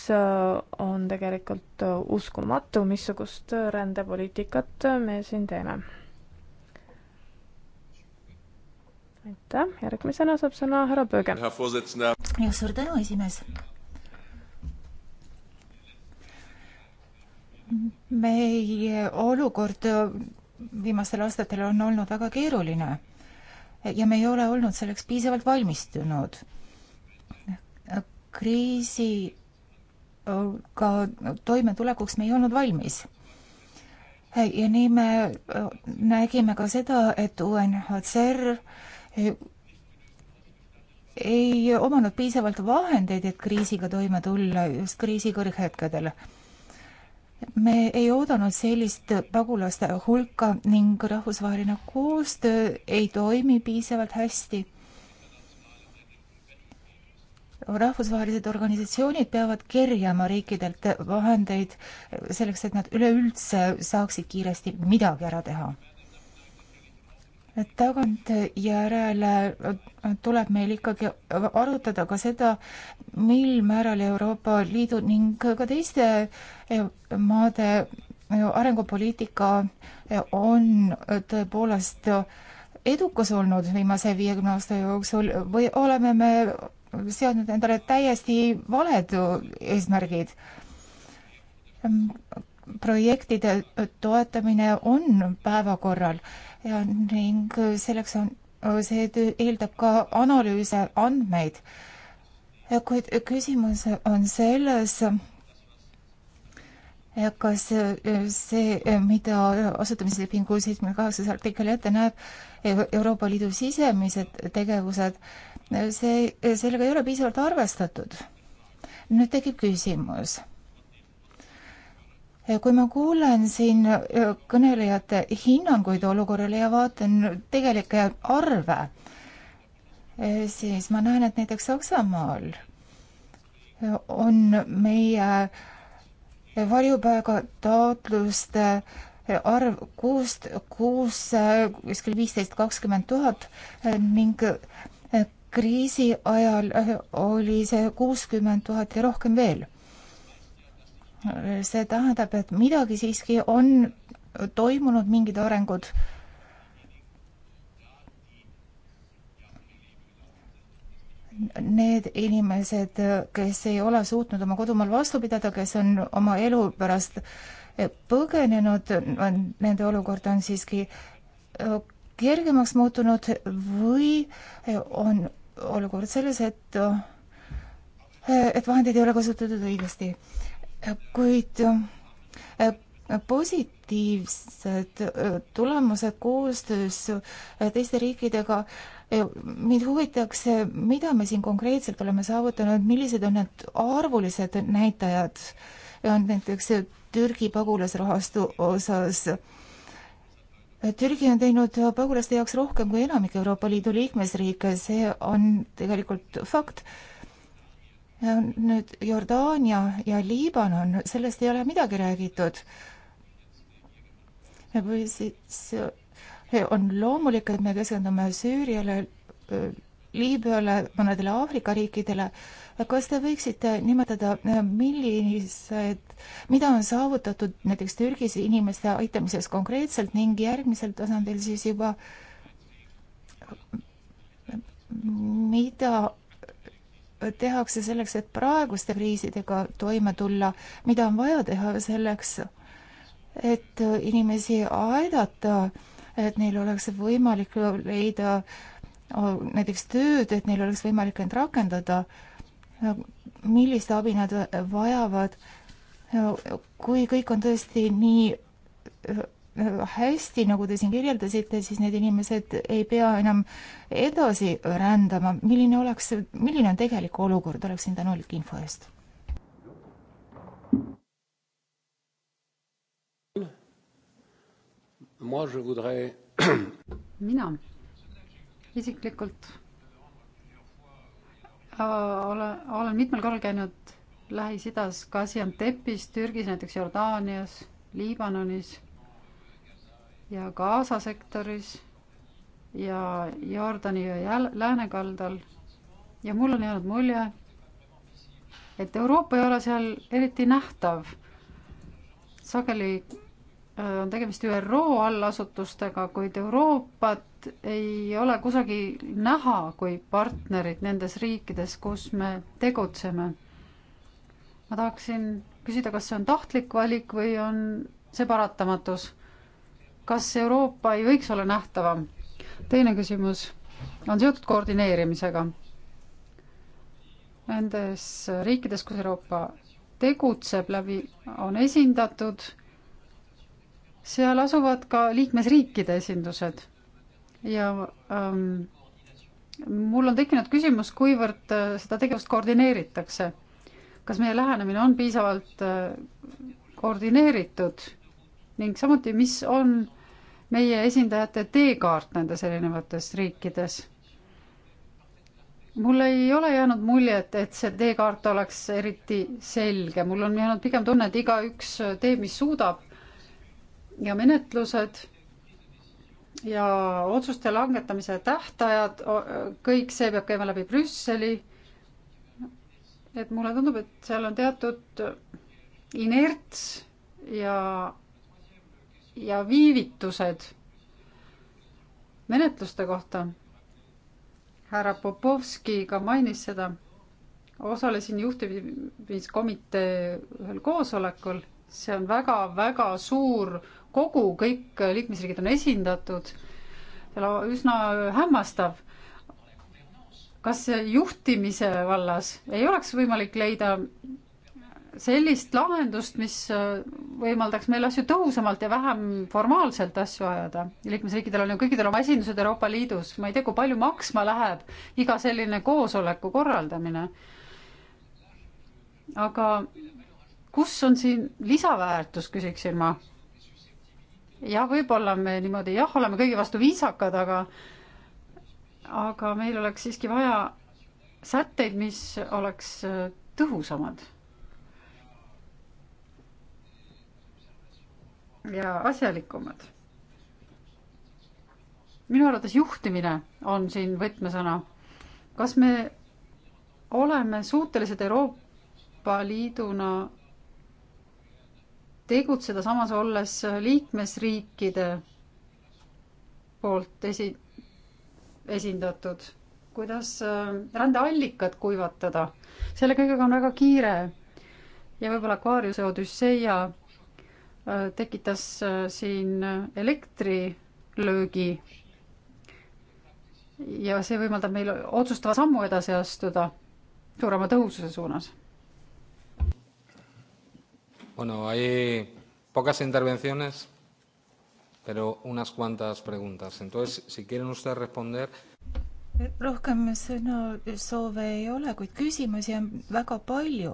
on tegelikult uskumatu, missugust rändepoliitikat me siin teeme aitäh, järgmisena saab sõna härra Pööge.
jah,
suur tänu, esimees.
meie olukord viimastel aastatel on olnud väga keeruline ja me ei ole olnud selleks piisavalt valmistunud. kriisiga toimetulekuks me ei olnud valmis ja nii me nägime ka seda, et UNHCR ei omanud piisavalt vahendeid, et kriisiga toime tulla just kriisi kõrghetkedel. me ei oodanud sellist pagulaste hulka ning rahvusvaheline koostöö ei toimi piisavalt hästi. rahvusvahelised organisatsioonid peavad kerjama riikidelt vahendeid selleks, et nad üleüldse saaksid kiiresti midagi ära teha tagantjärele tuleb meil ikkagi arutada ka seda, mil määral Euroopa Liidu ning ka teiste maade arengupoliitika on tõepoolest edukas olnud viimase viiekümne aasta jooksul või oleme me seadnud endale täiesti valed eesmärgid? projektide toetamine on päevakorral ja ning selleks on, see eeldab ka analüüse, andmeid. kuid küsimus on selles, kas see, mida asutamislepingu seitsmekümne kaheksas artikkel ette näeb, Euroopa Liidu sisemised tegevused, see, sellega ei ole piisavalt arvestatud. nüüd tekib küsimus kui ma kuulan siin äh, kõnelejate hinnanguid olukorrale ja vaatan tegelikke arve, äh, siis ma näen, et näiteks Saksamaal äh, on meie varjupaigataotluste arv kuust kuusse kuskil viisteist, kakskümmend tuhat ning kriisi ajal oli see kuuskümmend tuhat ja rohkem veel see tähendab, et midagi siiski on toimunud, mingid arengud. Need inimesed, kes ei ole suutnud oma kodumaal vastu pidada, kes on oma elu pärast põgenenud, nende olukord on siiski äh, kergemaks muutunud või on olukord selles, et äh, et vahendeid ei ole kasutatud õigesti kuid äh, positiivsed äh, tulemused koostöös äh, teiste riikidega mind huvitaks, mida me siin konkreetselt oleme saavutanud, millised on need arvulised näitajad, on näiteks Türgi pagulasrahastu osas. Türgi on teinud pagulaste jaoks rohkem kui enamik Euroopa Liidu liikmesriike, see on tegelikult fakt nüüd Jordaania ja Liibanon, sellest ei ole midagi räägitud. või siis on loomulik, et me keskendume Süüriale, Liibüale, mõnedele Aafrika riikidele. kas te võiksite nimetada, millised, mida on saavutatud näiteks Türgis inimeste aitamises konkreetselt ning järgmisel tasandil siis juba mida tehakse selleks, et praeguste kriisidega toime tulla, mida on vaja teha selleks, et inimesi aidata, et neil oleks võimalik leida näiteks tööd, et neil oleks võimalik end rakendada, millist abi nad vajavad, kui kõik on tõesti nii hästi, nagu te siin kirjeldasite, siis need inimesed ei pea enam edasi rändama. milline oleks, milline on tegelik olukord, oleksin tänulik info
eest.
mina isiklikult äh, olen, olen mitmel korral käinud Lähis-Idas, Gaziantepis, Türgis, näiteks Jordaanias, Liibanonis ja Gaza sektoris ja Jordani jõe läänekaldal. ja mul on jäänud mulje, et Euroopa ei ole seal eriti nähtav. sageli äh, on tegemist ÜRO allasutustega, kuid Euroopat ei ole kusagil näha kui partnerit nendes riikides, kus me tegutseme. ma tahaksin küsida, kas see on tahtlik valik või on see paratamatus kas Euroopa ei võiks olla nähtavam? teine küsimus on seotud koordineerimisega. Nendes riikides, kus Euroopa tegutseb läbi, on esindatud, seal asuvad ka liikmesriikide esindused. ja ähm, mul on tekkinud küsimus, kuivõrd äh, seda tegevust koordineeritakse. kas meie lähenemine on piisavalt äh, koordineeritud ning samuti, mis on meie esindajate teekaart nendes erinevates riikides. mul ei ole jäänud muljet, et see teekaart oleks eriti selge, mul on jäänud pigem tunne, et igaüks teeb, mis suudab ja menetlused ja otsuste langetamise tähtajad, kõik see peab käima läbi Brüsseli. et mulle tundub, et seal on teatud inerts ja ja viivitused menetluste kohta. härra Popovski ka mainis seda. osalesin juhtimiskomitee ühel koosolekul, see on väga-väga suur kogu, kõik liikmesriigid on esindatud. üsna hämmastav. kas juhtimise vallas ei oleks võimalik leida sellist lahendust, mis äh, võimaldaks meil asju tõhusamalt ja vähem formaalselt asju ajada. liikmesriikidel on ju kõikidel oma esindused Euroopa Liidus, ma ei tea, kui palju maksma läheb iga selline koosoleku korraldamine. aga kus on siin lisaväärtus, küsiksin ma. jah, võib-olla me niimoodi jah, oleme kõigi vastu viisakad, aga aga meil oleks siiski vaja sätteid, mis oleks äh, tõhusamad ja asjalikumad. minu arvates juhtimine on siin võtmesõna. kas me oleme suutelised Euroopa Liiduna tegutseda, samas olles liikmesriikide poolt esi, esindatud, kuidas äh, rändeallikad kuivatada, selle kõigega on väga kiire ja võib-olla Aquariuse Odüsseia tekitas äh, siin elektrilöögi ja see võimaldab meil otsustava sammu edasi astuda suurema tõhususe suunas.
Bueno, hay pocas intervenciones, pero unas cuantas preguntas. Entonces, si quieren ustedes responder.
rohkem sõnasoove ei ole, kuid küsimusi on väga palju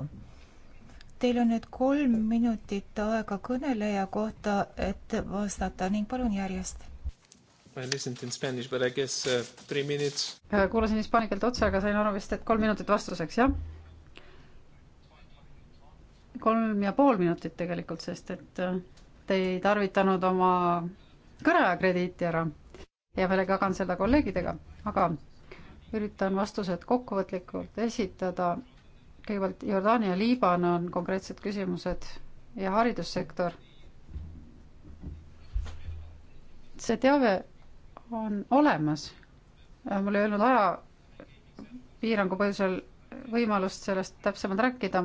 Teil on nüüd kolm minutit aega kõneleja kohta, et vastata ning palun järjest.
I listened in spanish, but I guess uh, three minutes. Äh, kuulasin hispaania keelt otsa, aga sain aru vist, et kolm minutit vastuseks, jah? kolm ja pool minutit tegelikult, sest et äh, te ei tarvitanud oma kõneaja krediiti ära. hea meelega jagan seda kolleegidega, aga üritan vastused kokkuvõtlikult esitada kõigepealt Jordaania, Liibanon, konkreetsed küsimused ja haridussektor. see teave on olemas. mul ei olnud ajapiirangu põhjusel võimalust sellest täpsemalt rääkida.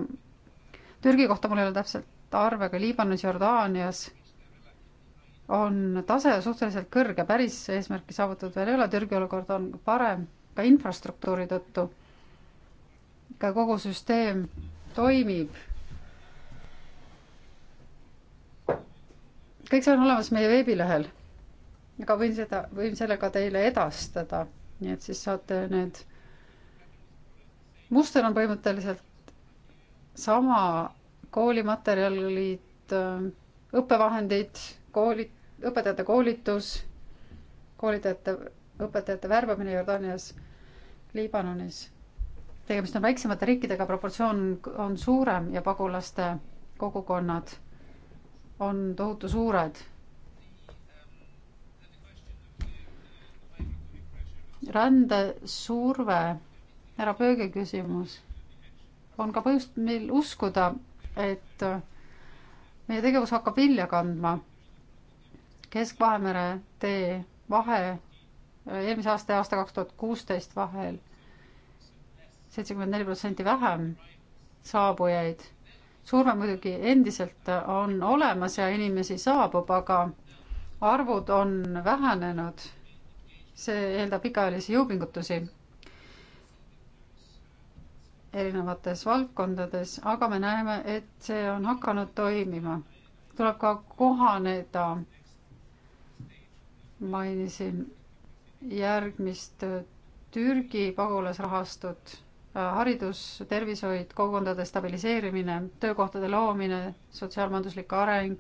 Türgi kohta mul ei ole täpselt arve, aga Liibanonis, Jordaanias on tase suhteliselt kõrge, päris eesmärki saavutatud veel ei ole, Türgi olukord on parem ka infrastruktuuri tõttu ka kogu süsteem toimib. kõik see on olemas meie veebilehel. aga võin seda, võin selle ka teile edastada, nii et siis saate need. muster on põhimõtteliselt sama koolimaterjalid, õppevahendid, koolid, õpetajate koolitus, koolitajate, õpetajate värbamine Jordaanias, Liibanonis tegemist on väiksemate riikidega, proportsioon on suurem ja pagulaste kogukonnad on tohutu suured. rändesurve, härra Pööge küsimus, on ka põhjust meil uskuda, et meie tegevus hakkab vilja kandma. Kesk-Vahemere tee vahe eelmise aasta ja aasta kaks tuhat kuusteist vahel seitsekümmend neli protsenti vähem saabujaid. surve muidugi endiselt on olemas ja inimesi saabub, aga arvud on vähenenud. see eeldab pikaajalisi jõupingutusi erinevates valdkondades, aga me näeme, et see on hakanud toimima. tuleb ka kohaneda, mainisin järgmist Türgi pagulasrahastut haridus, tervishoid, kogukondade stabiliseerimine, töökohtade loomine, sotsiaalmajanduslik areng,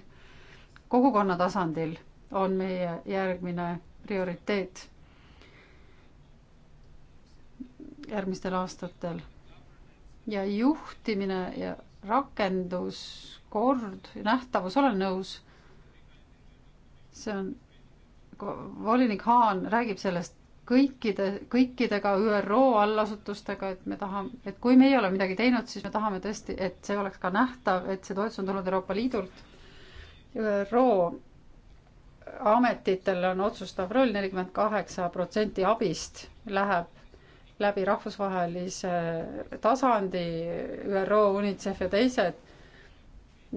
kogukonna tasandil on meie järgmine prioriteet järgmistel aastatel. ja juhtimine ja rakendus, kord, nähtavus, olen nõus. see on, volinik Haan räägib sellest kõikide, kõikidega ÜRO allasutustega, et me tahame, et kui me ei ole midagi teinud, siis me tahame tõesti, et see oleks ka nähtav, et see toetus on tulnud Euroopa Liidult. ÜRO ametitel on otsustav roll, nelikümmend kaheksa protsenti abist läheb läbi rahvusvahelise tasandi, ÜRO, UNICEF ja teised.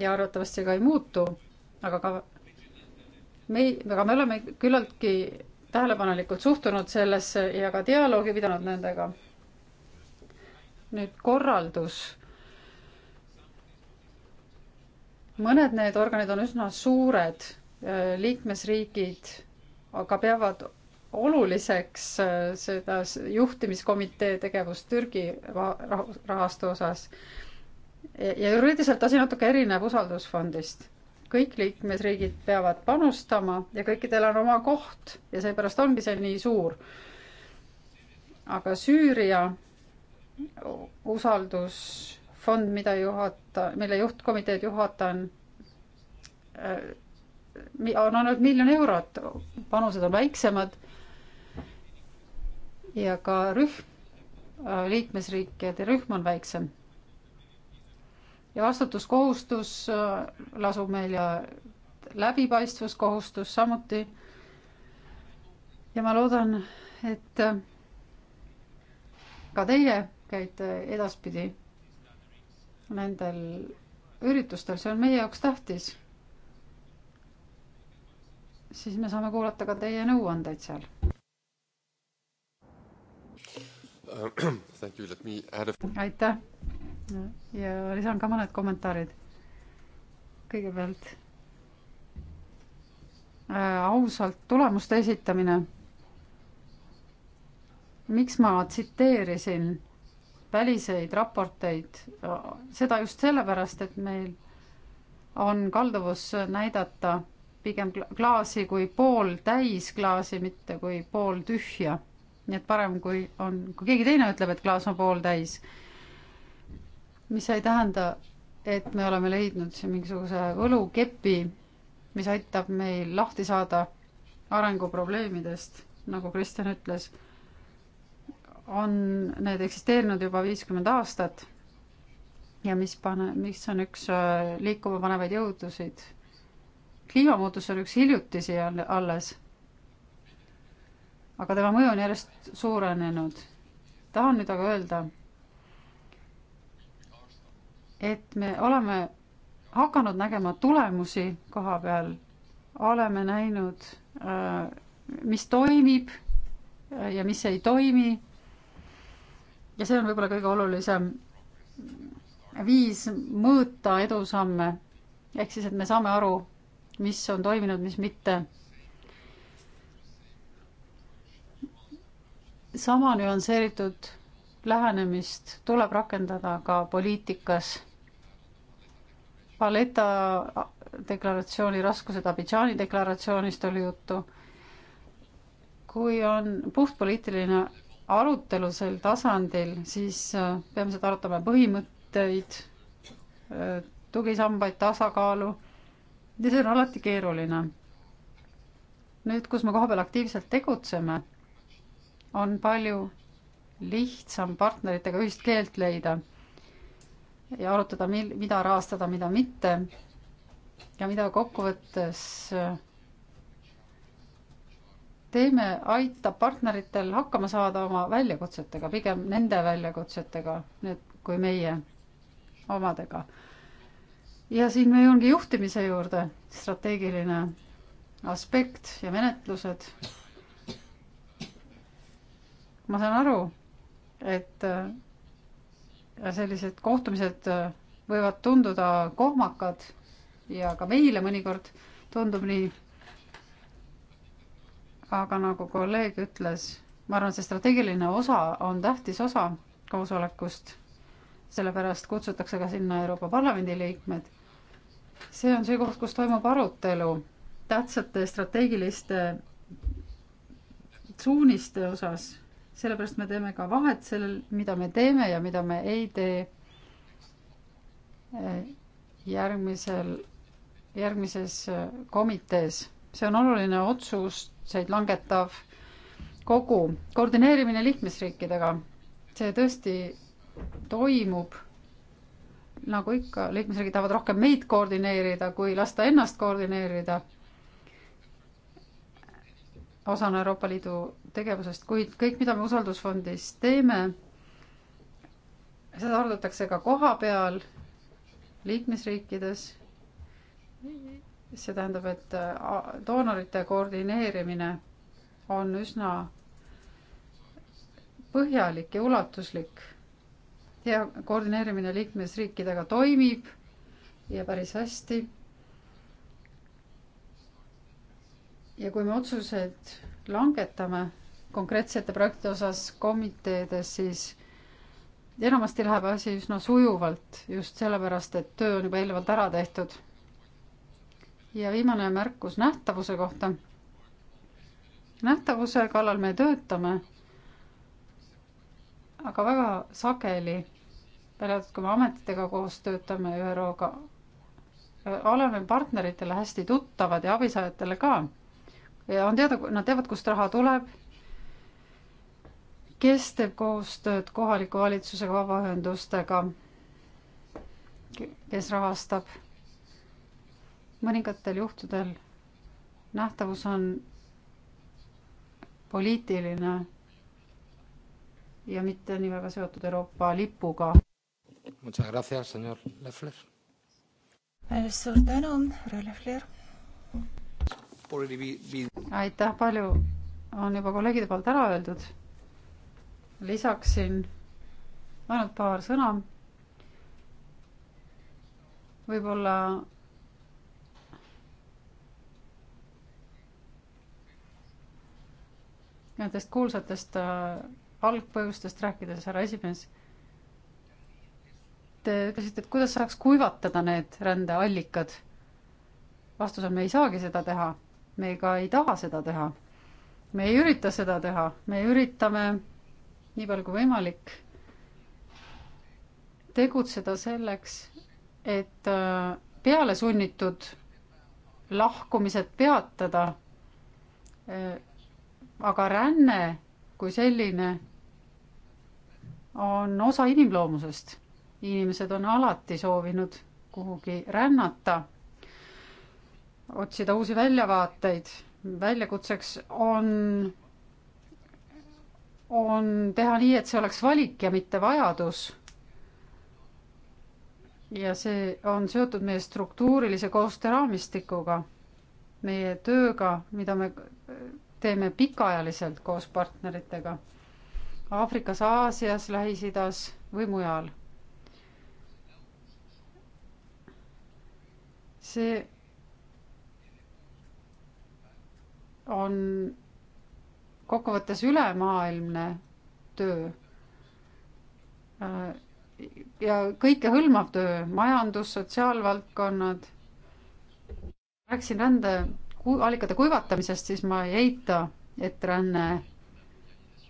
ja arvatavasti see ka ei muutu, aga ka me, aga me oleme küllaltki tähelepanelikult suhtunud sellesse ja ka dialoogi pidanud nendega. nüüd korraldus. mõned need organid on üsna suured, liikmesriigid aga peavad oluliseks äh, seda juhtimiskomitee tegevust Türgi rahastu osas. ja juriidiliselt asi natuke erineb usaldusfondist kõik liikmesriigid peavad panustama ja kõikidel on oma koht ja seepärast ongi see nii suur. aga Süüria usaldusfond, mida juhata, mille juhtkomiteed juhatan, äh, on ainult miljon eurot, panused on väiksemad ja ka rühm, äh, liikmesriikide rühm on väiksem ja vastutuskohustus äh, lasub meil ja läbipaistvuskohustus samuti. ja ma loodan, et äh, ka teie käite edaspidi nendel üritustel, see on meie jaoks tähtis. siis me saame kuulata ka teie nõuandeid seal. aitäh, ja lisan ka mõned kommentaarid. kõigepealt äh, ausalt tulemuste esitamine. miks ma tsiteerisin väliseid raporteid, seda just sellepärast, et meil on kalduvus näidata pigem klaasi kui pooltäis klaasi, mitte kui pooltühja. nii et parem, kui on, kui keegi teine ütleb, et klaas on pooltäis mis ei tähenda, et me oleme leidnud siin mingisuguse võlukepi, mis aitab meil lahti saada arenguprobleemidest, nagu Kristjan ütles, on need eksisteerinud juba viiskümmend aastat ja mis pane, mis on üks äh, liikuma panevaid jõudusid. kliimamuutus on üks hiljutisi alles, aga tema mõju on järjest suurenenud. tahan nüüd aga öelda et me oleme hakanud nägema tulemusi koha peal, oleme näinud, äh, mis toimib äh, ja mis ei toimi. ja see on võib-olla kõige olulisem viis mõõta edusamme. ehk siis, et me saame aru, mis on toiminud, mis mitte. sama nüansseeritud lähenemist tuleb rakendada ka poliitikas Valeta deklaratsiooni raskused, Abidžaani deklaratsioonist oli juttu. kui on puhtpoliitiline arutelu sel tasandil, siis äh, peame seda arutama põhimõtteid, äh, tugisambaid, tasakaalu ja see on alati keeruline. nüüd, kus me kohapeal aktiivselt tegutseme, on palju lihtsam partneritega ühist keelt leida ja arutada, mil-, mida rahastada, mida mitte ja mida kokkuvõttes teeme, aitab partneritel hakkama saada oma väljakutsetega, pigem nende väljakutsetega, need, kui meie omadega. ja siin me jõuangi juhtimise juurde, strateegiline aspekt ja menetlused. ma saan aru, et sellised kohtumised äh, võivad tunduda kohmakad ja ka meile mõnikord tundub nii. aga nagu kolleeg ütles, ma arvan, see strateegiline osa on tähtis osa koosolekust, sellepärast kutsutakse ka sinna Euroopa Parlamendi liikmed. see on see koht, kus toimub arutelu tähtsate strateegiliste suuniste osas sellepärast me teeme ka vahet sellel, mida me teeme ja mida me ei tee. Eh, järgmisel, järgmises eh, komitees, see on oluline otsuseid langetav kogu, koordineerimine liikmesriikidega, see tõesti toimub nagu ikka, liikmesriigid tahavad rohkem meid koordineerida, kui lasta ennast koordineerida. osana Euroopa Liidu tegevusest, kuid kõik, mida me usaldusfondis teeme, seda arutatakse ka koha peal liikmesriikides. see tähendab, et doonorite koordineerimine on üsna põhjalik ja ulatuslik. ja koordineerimine liikmesriikidega toimib ja päris hästi. ja kui me otsused langetame konkreetsete projektide osas komiteedes, siis enamasti läheb asi üsna sujuvalt just sellepärast, et töö on juba eelnevalt ära tehtud. ja viimane märkus nähtavuse kohta. nähtavuse kallal me töötame, aga väga sageli, välja arvatud, kui me ametitega koos töötame, ÜRO-ga, oleme partneritele hästi tuttavad ja abisaajatele ka. ja on teada, nad teavad, kust raha tuleb kes teeb koostööd kohaliku valitsusega, vabaühendustega, kes rahastab. mõningatel juhtudel nähtavus on poliitiline ja mitte nii väga seotud Euroopa lipuga.
suur tänu, härra Lefler.
aitäh, palju on juba kolleegide poolt ära öeldud lisaksin ainult paar sõna. võib-olla nendest kuulsatest äh, algpõhjustest rääkides, härra esimees, te ütlesite, et kuidas saaks kuivatada need rändeallikad. vastus on, me ei saagi seda teha, me ka ei taha seda teha. me ei ürita seda teha, me üritame nii palju kui võimalik tegutseda selleks, et äh, peale sunnitud lahkumised peatada. Äh, aga ränne kui selline on osa inimloomusest. inimesed on alati soovinud kuhugi rännata, otsida uusi väljavaateid. väljakutseks on on teha nii, et see oleks valik ja mitte vajadus. ja see on seotud meie struktuurilise koostööraamistikuga, meie tööga, mida me teeme pikaajaliselt koos partneritega Aafrikas, Aasias, Lähis-Idas või mujal. see on kokkuvõttes ülemaailmne töö ja kõikehõlmav töö, majandus, sotsiaalvaldkonnad. rääkisin rände allikate kuivatamisest, siis ma ei eita, et ränne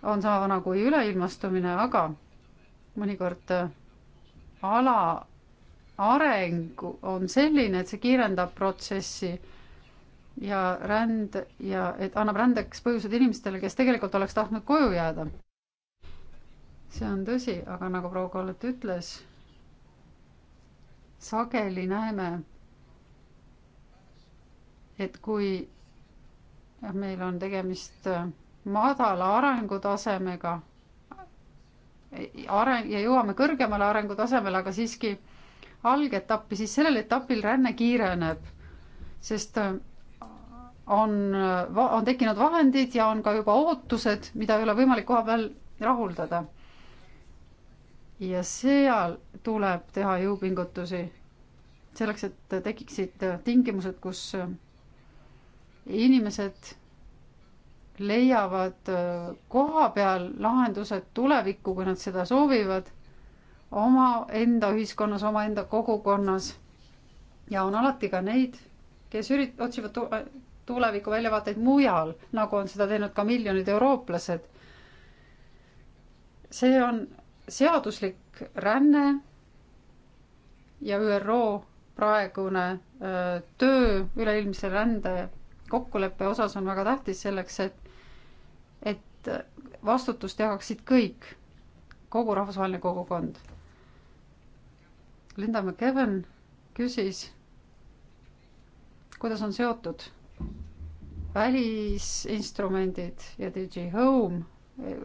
on sama vana nagu kui üleilmastumine, aga mõnikord ala areng on selline, et see kiirendab protsessi ja ränd ja et annab rändeks põhjused inimestele, kes tegelikult oleks tahtnud koju jääda. see on tõsi, aga nagu proua Kallet ütles, sageli näeme, et kui meil on tegemist äh, madala arengutasemega, areng ja jõuame kõrgemale arengutasemele, aga siiski algetappi, siis sellel etapil ränne kiireneb, sest äh, on, on tekkinud vahendid ja on ka juba ootused, mida ei ole võimalik koha peal rahuldada. ja seal tuleb teha jõupingutusi selleks, et tekiksid tingimused, kus inimesed leiavad koha peal lahendused tulevikku, kui nad seda soovivad, omaenda ühiskonnas, omaenda kogukonnas. ja on alati ka neid, kes ürit-, otsivad tuleviku väljavaateid mujal, nagu on seda teinud ka miljonid eurooplased. see on seaduslik ränne ja ÜRO praegune öö, töö üleilmse rände kokkuleppe osas on väga tähtis selleks, et, et vastutust jagaksid kõik, kogu rahvusvaheline kogukond. Linda McEwen küsis, kuidas on seotud välisinstrumendid ja DG Home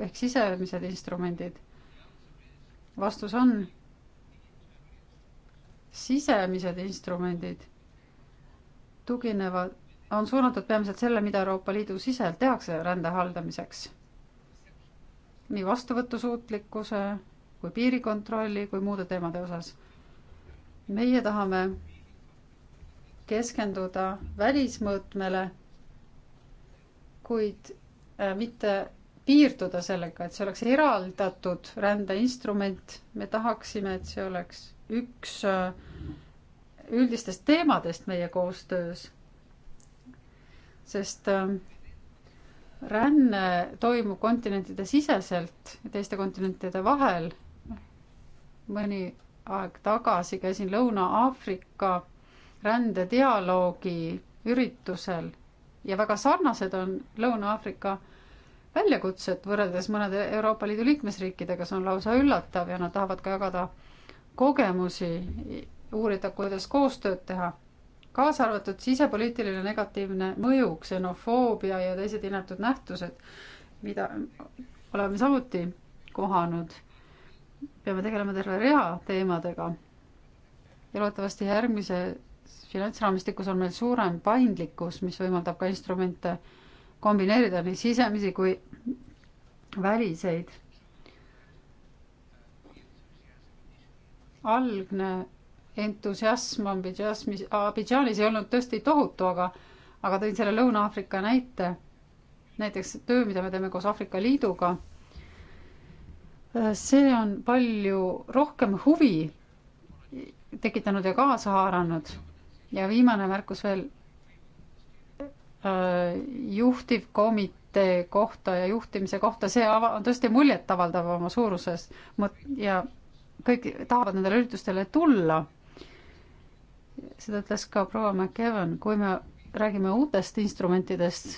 ehk sisemised instrumendid? vastus on sisemised instrumendid tuginevad, on suunatud peamiselt selle, mida Euroopa Liidu siselt tehakse rände haldamiseks. nii vastuvõtusuutlikkuse kui piirikontrolli kui muude teemade osas. meie tahame keskenduda välismõõtmele, kuid äh, mitte piirduda sellega, et see oleks eraldatud rändeinstrument, me tahaksime, et see oleks üks äh, üldistest teemadest meie koostöös. sest äh, ränne toimub kontinentide siseselt ja teiste kontinentide vahel. mõni aeg tagasi käisin Lõuna-Aafrika rändedialoogi üritusel ja väga sarnased on Lõuna-Aafrika väljakutsed võrreldes mõnede Euroopa Liidu liikmesriikidega, see on lausa üllatav ja nad tahavad ka jagada kogemusi, uurida, kuidas koostööd teha. kaasa arvatud sisepoliitiline negatiivne mõju, ksenofoobia ja teised inetud nähtused, mida oleme samuti kohanud. peame tegelema terve rea teemadega. ja loodetavasti järgmise finantsraamistikus on meil suurem paindlikkus, mis võimaldab ka instrumente kombineerida nii sisemisi kui väliseid. algne entusiasm Abidžasmis, Abidžaanis ei olnud tõesti tohutu, aga, aga tõin selle Lõuna-Aafrika näite. näiteks töö, mida me teeme koos Aafrika Liiduga. see on palju rohkem huvi tekitanud ja kaasa haaranud ja viimane märkus veel äh, juhtivkomitee kohta ja juhtimise kohta, see ava-, on tõesti muljetavaldav oma suuruses ja kõik tahavad nendele üritustele tulla. seda ütles ka proua McEwan, kui me räägime uutest instrumentidest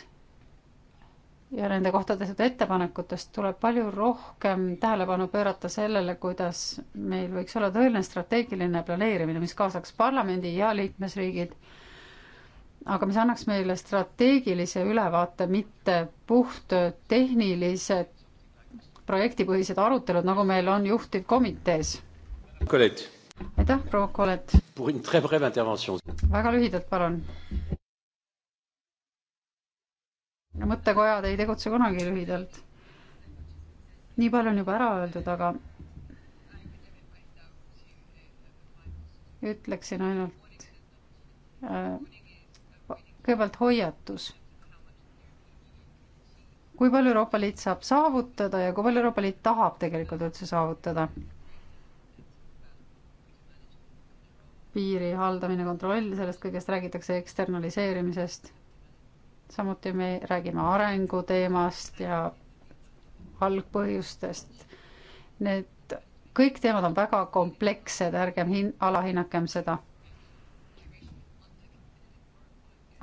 ja nende kohta tehtud ettepanekutest tuleb palju rohkem tähelepanu pöörata sellele, kuidas meil võiks olla tõeline strateegiline planeerimine, mis kaasaks parlamendi ja liikmesriigid, aga mis annaks meile strateegilise ülevaate, mitte puht tehnilised projektipõhised arutelud, nagu meil on juhtivkomitees. aitäh, proua Kolet! väga lühidalt, palun! mõttekojad ei tegutse kunagi lühidalt. nii palju on juba ära öeldud, aga ütleksin ainult äh, kõigepealt hoiatus. kui palju Euroopa Liit saab saavutada ja kui palju Euroopa Liit tahab tegelikult üldse saavutada? piiri haldamine, kontroll, sellest kõigest räägitakse eksternaliseerimisest samuti me räägime arenguteemast ja algpõhjustest. Need kõik teemad on väga komplekssed, ärgem hin-, alahinnakem seda.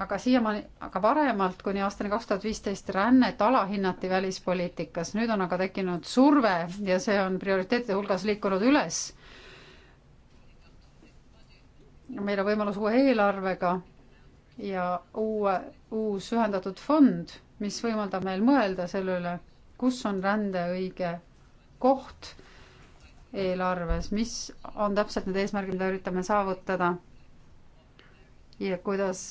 aga siiamaani, aga varemalt kuni aastani kaks tuhat viisteist rännet alahinnati välispoliitikas, nüüd on aga tekkinud surve ja see on prioriteetide hulgas liikunud üles. meil on võimalus uue eelarvega ja uue uus ühendatud fond, mis võimaldab meil mõelda selle üle, kus on rände õige koht eelarves, mis on täpselt need eesmärgid, mida üritame saavutada ja kuidas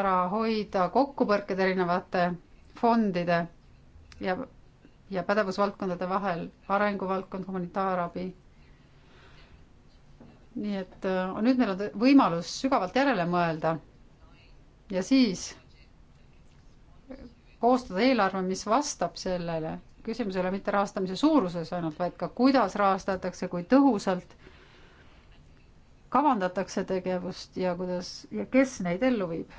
ära hoida kokkupõrked erinevate fondide ja, ja pädevusvaldkondade vahel, arenguvaldkond, humanitaarabi. nii et äh, nüüd meil on võimalus sügavalt järele mõelda ja siis koostada eelarve, mis vastab sellele. küsimus ei ole mitte rahastamise suuruses ainult, vaid ka kuidas rahastatakse, kui tõhusalt kavandatakse tegevust ja kuidas ja kes neid ellu viib.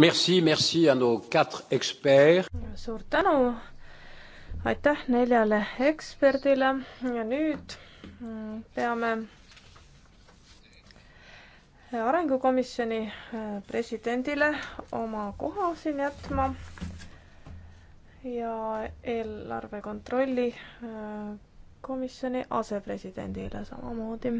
Merci, merci à nos quatre experts. suur tänu, aitäh neljale eksperdile ja nüüd mm, peame arengukomisjoni äh, presidendile oma koha siin jätma ja eelarve kontrolli äh, komisjoni asepresidendile samamoodi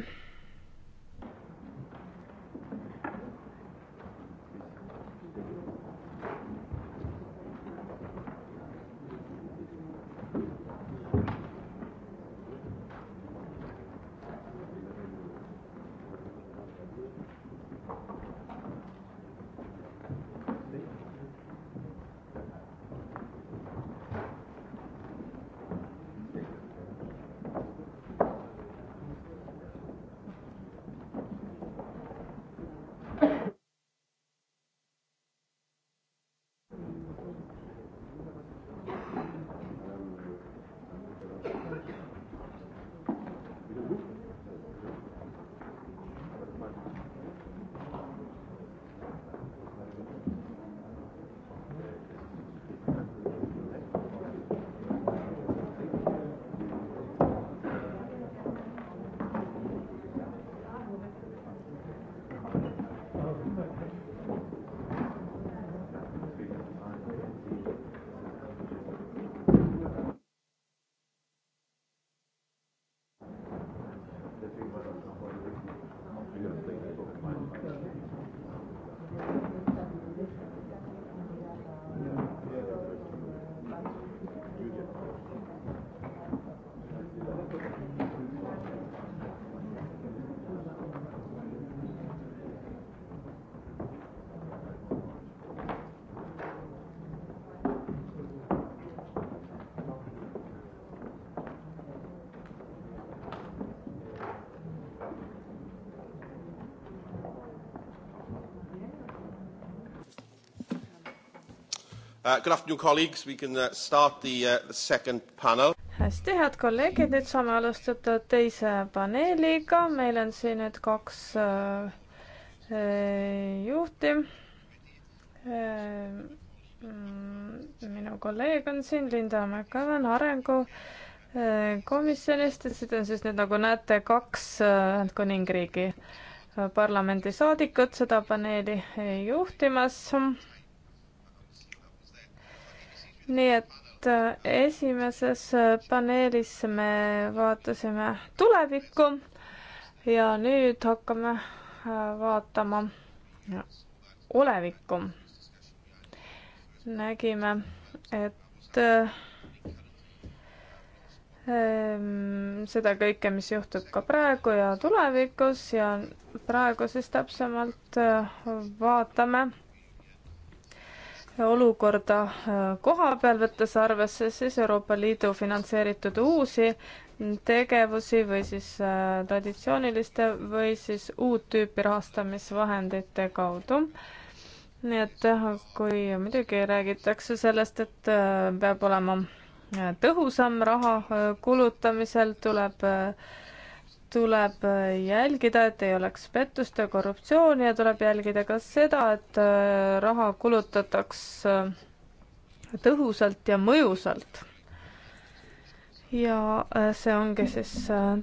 Uh, good afternoon, colleagues. We can uh, start the, uh, the
second panel.
hästi, head kolleegid, nüüd saame alustada teise paneeliga. meil on siin nüüd kaks äh, äh juhti äh,. Mm, minu kolleeg on siin, Linda McCavan arengukomisjonist äh,, et siin on siis nüüd, nagu näete, kaks äh, Ühendkuningriigi äh, parlamendisaadikut seda paneeli äh, juhtimas nii et äh, esimeses äh, paneelis me vaatasime tulevikku ja nüüd hakkame äh, vaatama olevikku. nägime, et ehm, seda kõike, mis juhtub ka praegu ja tulevikus ja praegu siis täpsemalt vaatame olukorda äh, koha peal, võttes arvesse siis Euroopa Liidu finantseeritud uusi tegevusi või siis äh, traditsiooniliste või siis uut tüüpi rahastamisvahendite kaudu nii et äh, kui muidugi räägitakse sellest, et peab olema tõhusam raha kulutamisel, tuleb tuleb äh, jälgida, et ei oleks pettust ja korruptsiooni ja tuleb jälgida ka seda, et äh, raha kulutataks äh, tõhusalt ja mõjusalt. ja see ongi siis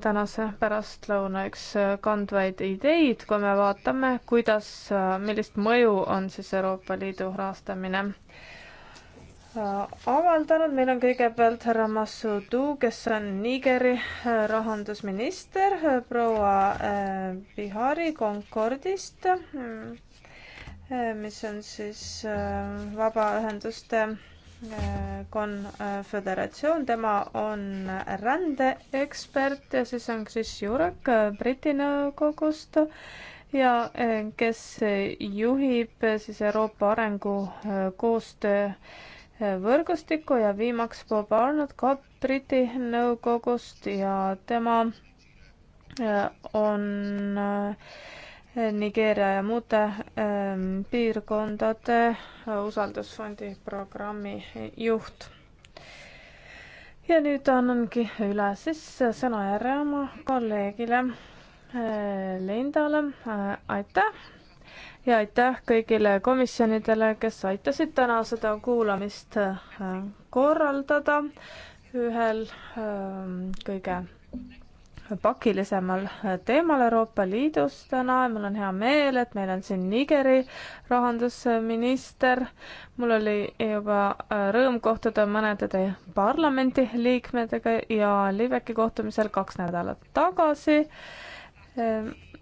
tänase pärastlõuna üks kandvaid ideid, kui me vaatame, kuidas, millist mõju on siis Euroopa Liidu rahastamine äh, Äh, avaldanud, meil on kõigepealt härra Massoudou, kes on Nigeri äh, rahandusminister, äh, proua Bihari Concordist, mis on siis vabaühenduste konföderatsioon, tema on rändeekspert ja siis on Chris Jurek Briti nõukogust ja kes juhib siis Euroopa arengukoostöö võrgustikku ja viimaks Bob Arnold ka Briti nõukogust ja tema äh, on äh, Nigeeria ja muude ähm, piirkondade äh, usaldusfondi programmi juht. ja nüüd annangi üle siis sõnajärje oma kolleegile Lindale, aitäh ja aitäh kõigile komisjonidele, kes aitasid täna seda kuulamist äh, korraldada ühel ähm, kõige pakilisemal äh, teemal Euroopa Liidus täna ja mul on hea meel, et meil on siin Nigeri rahandusminister. mul oli juba äh, rõõm kohtuda mõnede teie parlamendi liikmetega ja Libeki kohtumisel kaks nädalat tagasi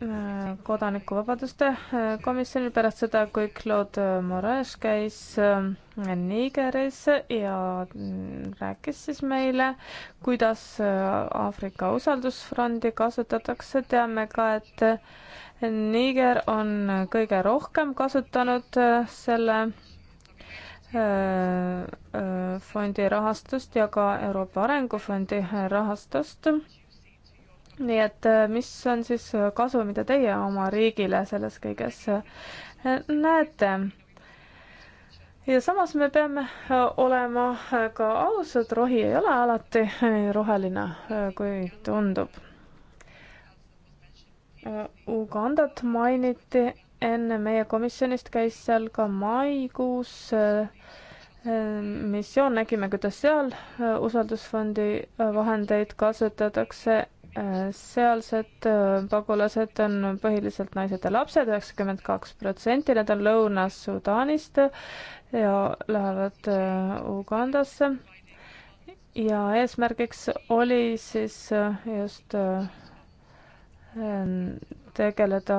Äh, kodanikuvabaduste äh, komisjoni pärast seda, kui Claude Moraes käis äh, Nigeris ja mm, rääkis siis meile, kuidas Aafrika usaldusfrondi kasutatakse. teame ka, et Niger on kõige rohkem kasutanud selle fondi rahastust ja ka Euroopa Arengufondi rahastust nii et äh, mis on siis äh, kasu, mida teie oma riigile selles kõiges äh, näete? ja samas me peame olema ka ausad, rohi ei ole alati nii roheline, kui tundub. Ugandat mainiti enne, meie komisjonist käis seal ka maikuus missioon, nägime, kuidas seal usaldusfondi vahendeid kasutatakse sealsed äh, pagulased on põhiliselt naised ja lapsed, üheksakümmend kaks protsenti, need on Lõuna-Sudaanist ja lähevad äh, Ugandasse. ja eesmärgiks oli siis äh, just tegeleda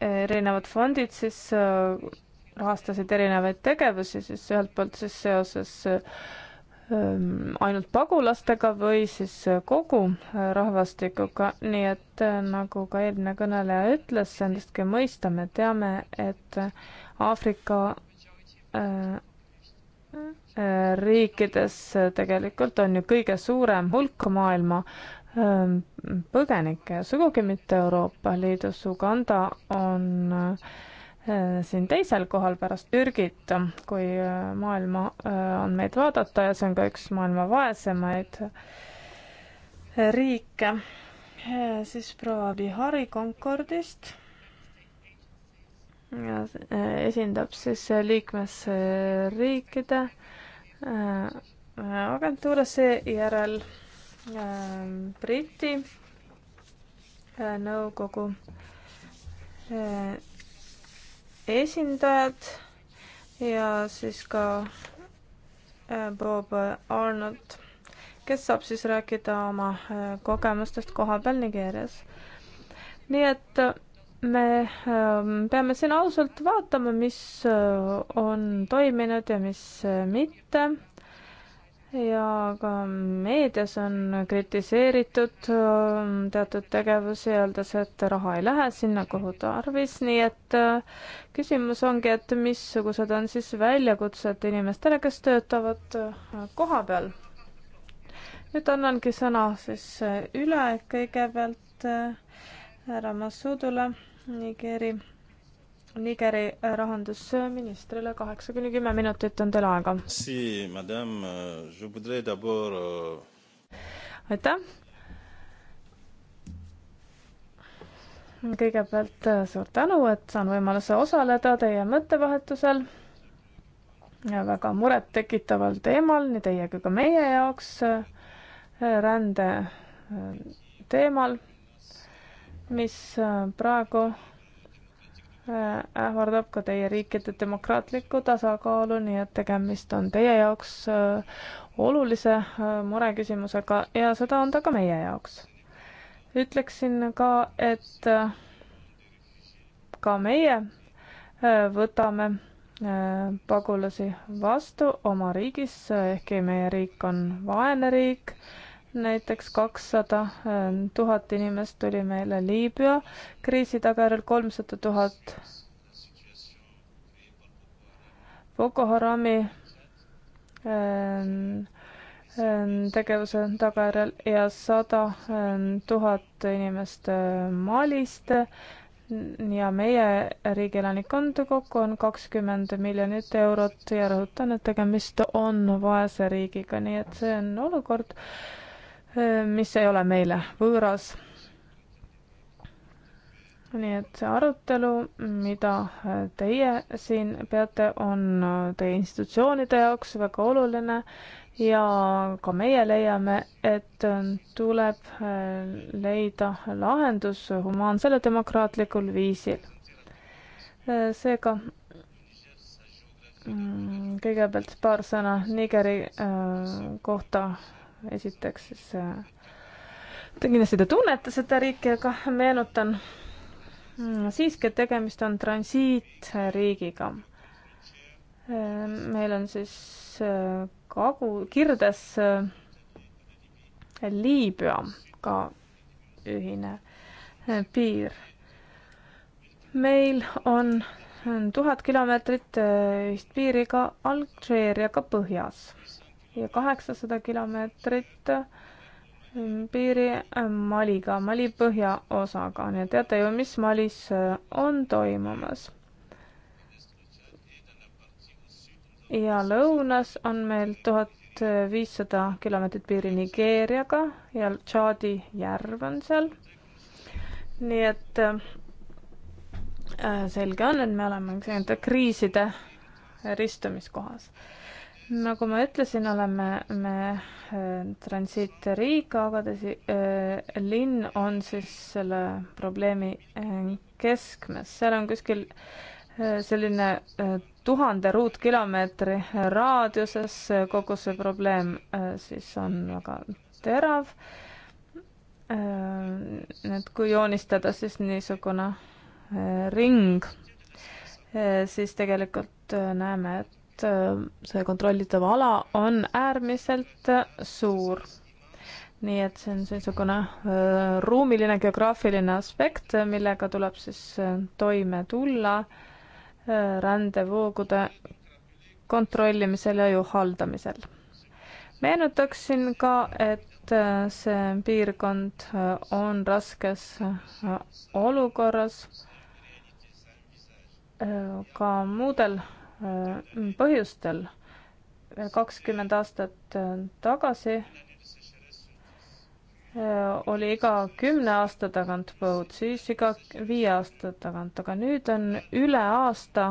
erinevad fondid siis rahastasid erinevaid tegevusi, siis ühelt poolt siis seoses äh, Ähm, ainult pagulastega või siis äh, kogu äh, rahvastikuga, nii et äh, nagu ka eelmine kõneleja ütles, endastki mõista, me teame, et Aafrika riikides tegelikult on ju kõige suurem hulk maailma ähm, põgenikke ja sugugi mitte Euroopa Liidus. Uganda on äh, Äh, siin teisel kohal pärast Türgit, kui äh, maailma äh, andmeid vaadata ja see on ka üks maailma vaesemaid riike. siis proua Bihari Concordist. ja esindab siis liikmesriikide agentuure, seejärel Briti nõukogu esindajad ja siis ka Bob äh, Arnold, kes saab siis rääkida oma äh, kogemustest kohapeal Nigeerias. nii et äh, me peame siin ausalt vaatama, mis on toiminud ja mis mitte ja ka meedias on kritiseeritud ähm, teatud tegevusi, öeldes, et raha ei lähe sinna, kuhu tarvis, nii et äh, küsimus ongi, et missugused on siis väljakutsed inimestele, kes töötavad äh, koha peal. nüüd annangi sõna siis äh, üle kõigepealt härra Masudule, Nigeri Nigeri äh, rahandusministrile kaheksa kuni kümme minutit on teil aega.
Euh, euh,
aitäh. kõigepealt äh, suur tänu, et saan võimaluse osaleda teie mõttevahetusel ja väga murettekitaval teemal nii teie kui ka meie jaoks, äh, rände teemal, mis praegu Äh, ähvardab ka teie riikide demokraatlikku tasakaalu, nii et tegemist on teie jaoks äh, olulise äh, mureküsimusega ja seda on ta ka meie jaoks. ütleksin ka, et ka meie võtame pagulasi vastu oma riigis, ehkki meie riik on vaene riik näiteks kakssada äh, tuhat inimest tuli meile Liibüa kriisi tagajärjel, kolmsada tuhat Boko Harami äh, äh, tegevuse tagajärjel ja sada tuhat inimest Malist ja meie riigi elanikkond kokku on kakskümmend miljonit eurot ja rõhutan, et tegemist on vaese riigiga, nii et see on olukord, mis ei ole meile võõras. nii et see arutelu, mida teie siin peate, on teie institutsioonide jaoks väga oluline ja ka meie leiame, et tuleb äh, leida lahendus humaansele demokraatlikul viisil. Äh, seega mm, kõigepealt paar sõna Nigeri äh, kohta esiteks siis äh, te kindlasti te tunnete seda riiki, aga meenutan siiski, et tegemist on transiitriigiga. meil on siis äh, kagu, kirdes äh, Liibüaga ühine piir. meil on tuhat kilomeetrit ühist piiri ka Alžeeriaga põhjas ja kaheksasada kilomeetrit mm, piiri äh, Maliga, Mali põhjaosaga. nii et teate ju, mis Malis äh, on toimumas. ja lõunas on meil tuhat viissada kilomeetrit piiri Nigeeriaga ja Tšaadi järv on seal. nii et äh, selge on, et me oleme nii-öelda kriiside ristumiskohas äh, nagu ma ütlesin, oleme me äh, transiitriik, Agadesi äh, linn on siis selle probleemi äh, keskmes, seal on kuskil äh, selline äh, tuhande ruutkilomeetri raadiuses äh, kogu see probleem siis on väga terav. et kui joonistada siis niisugune ring, siis tegelikult näeme, et Äh, see kontrollitav ala on äärmiselt äh, suur. nii et see on niisugune äh, ruumiline geograafiline aspekt, millega tuleb siis toime tulla rändevoogude kontrollimisel ja ju haldamisel. meenutaksin ka, et see piirkond on raskes olukorras ka muudel Äh, põhjustel. kakskümmend aastat äh, tagasi äh, oli iga kümne aasta tagant põud, siis iga viie aasta tagant, aga nüüd on üle aasta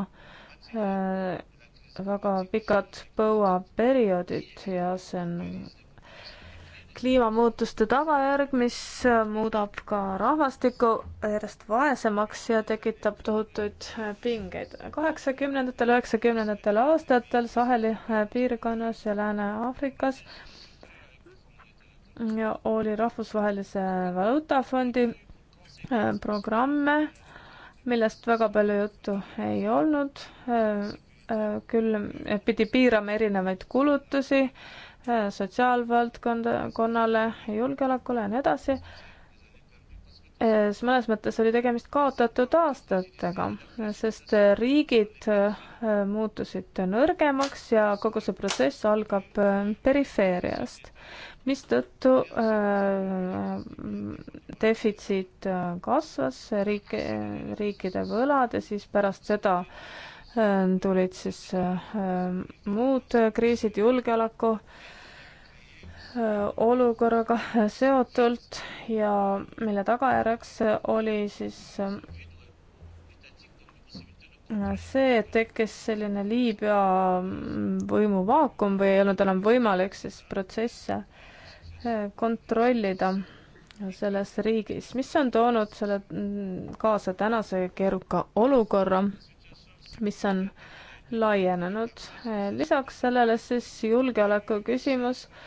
väga pikad põuaperioodid ja see on kliimamuutuste tagajärg, mis muudab ka rahvastiku järjest vaesemaks ja tekitab tohutuid pingeid. kaheksakümnendatel, üheksakümnendatel aastatel Saheli piirkonnas ja Lääne-Aafrikas oli Rahvusvahelise Valuutafondi äh, programme, millest väga palju juttu ei olnud. Äh, äh, küll pidi piirama erinevaid kulutusi Äh, sotsiaalvaldkonnale, julgeolekule ja nii edasi. Äh, mõnes mõttes oli tegemist kaotatud aastatega, sest riigid äh, muutusid nõrgemaks ja kogu see protsess algab perifeeriast, mistõttu defitsiit kasvas, riik, riikide võlad ja siis pärast seda tulid siis muud kriisid, julgeoleku äh, olukorraga seotult ja mille tagajärjeks oli siis äh, see, et tekkis selline Liibüa võimuvaakum või ei olnud enam võimalik siis protsesse äh, kontrollida selles riigis, mis on toonud selle mm, kaasa tänase keeruka olukorra, mis on laienenud. Äh, lisaks sellele siis julgeoleku küsimus äh,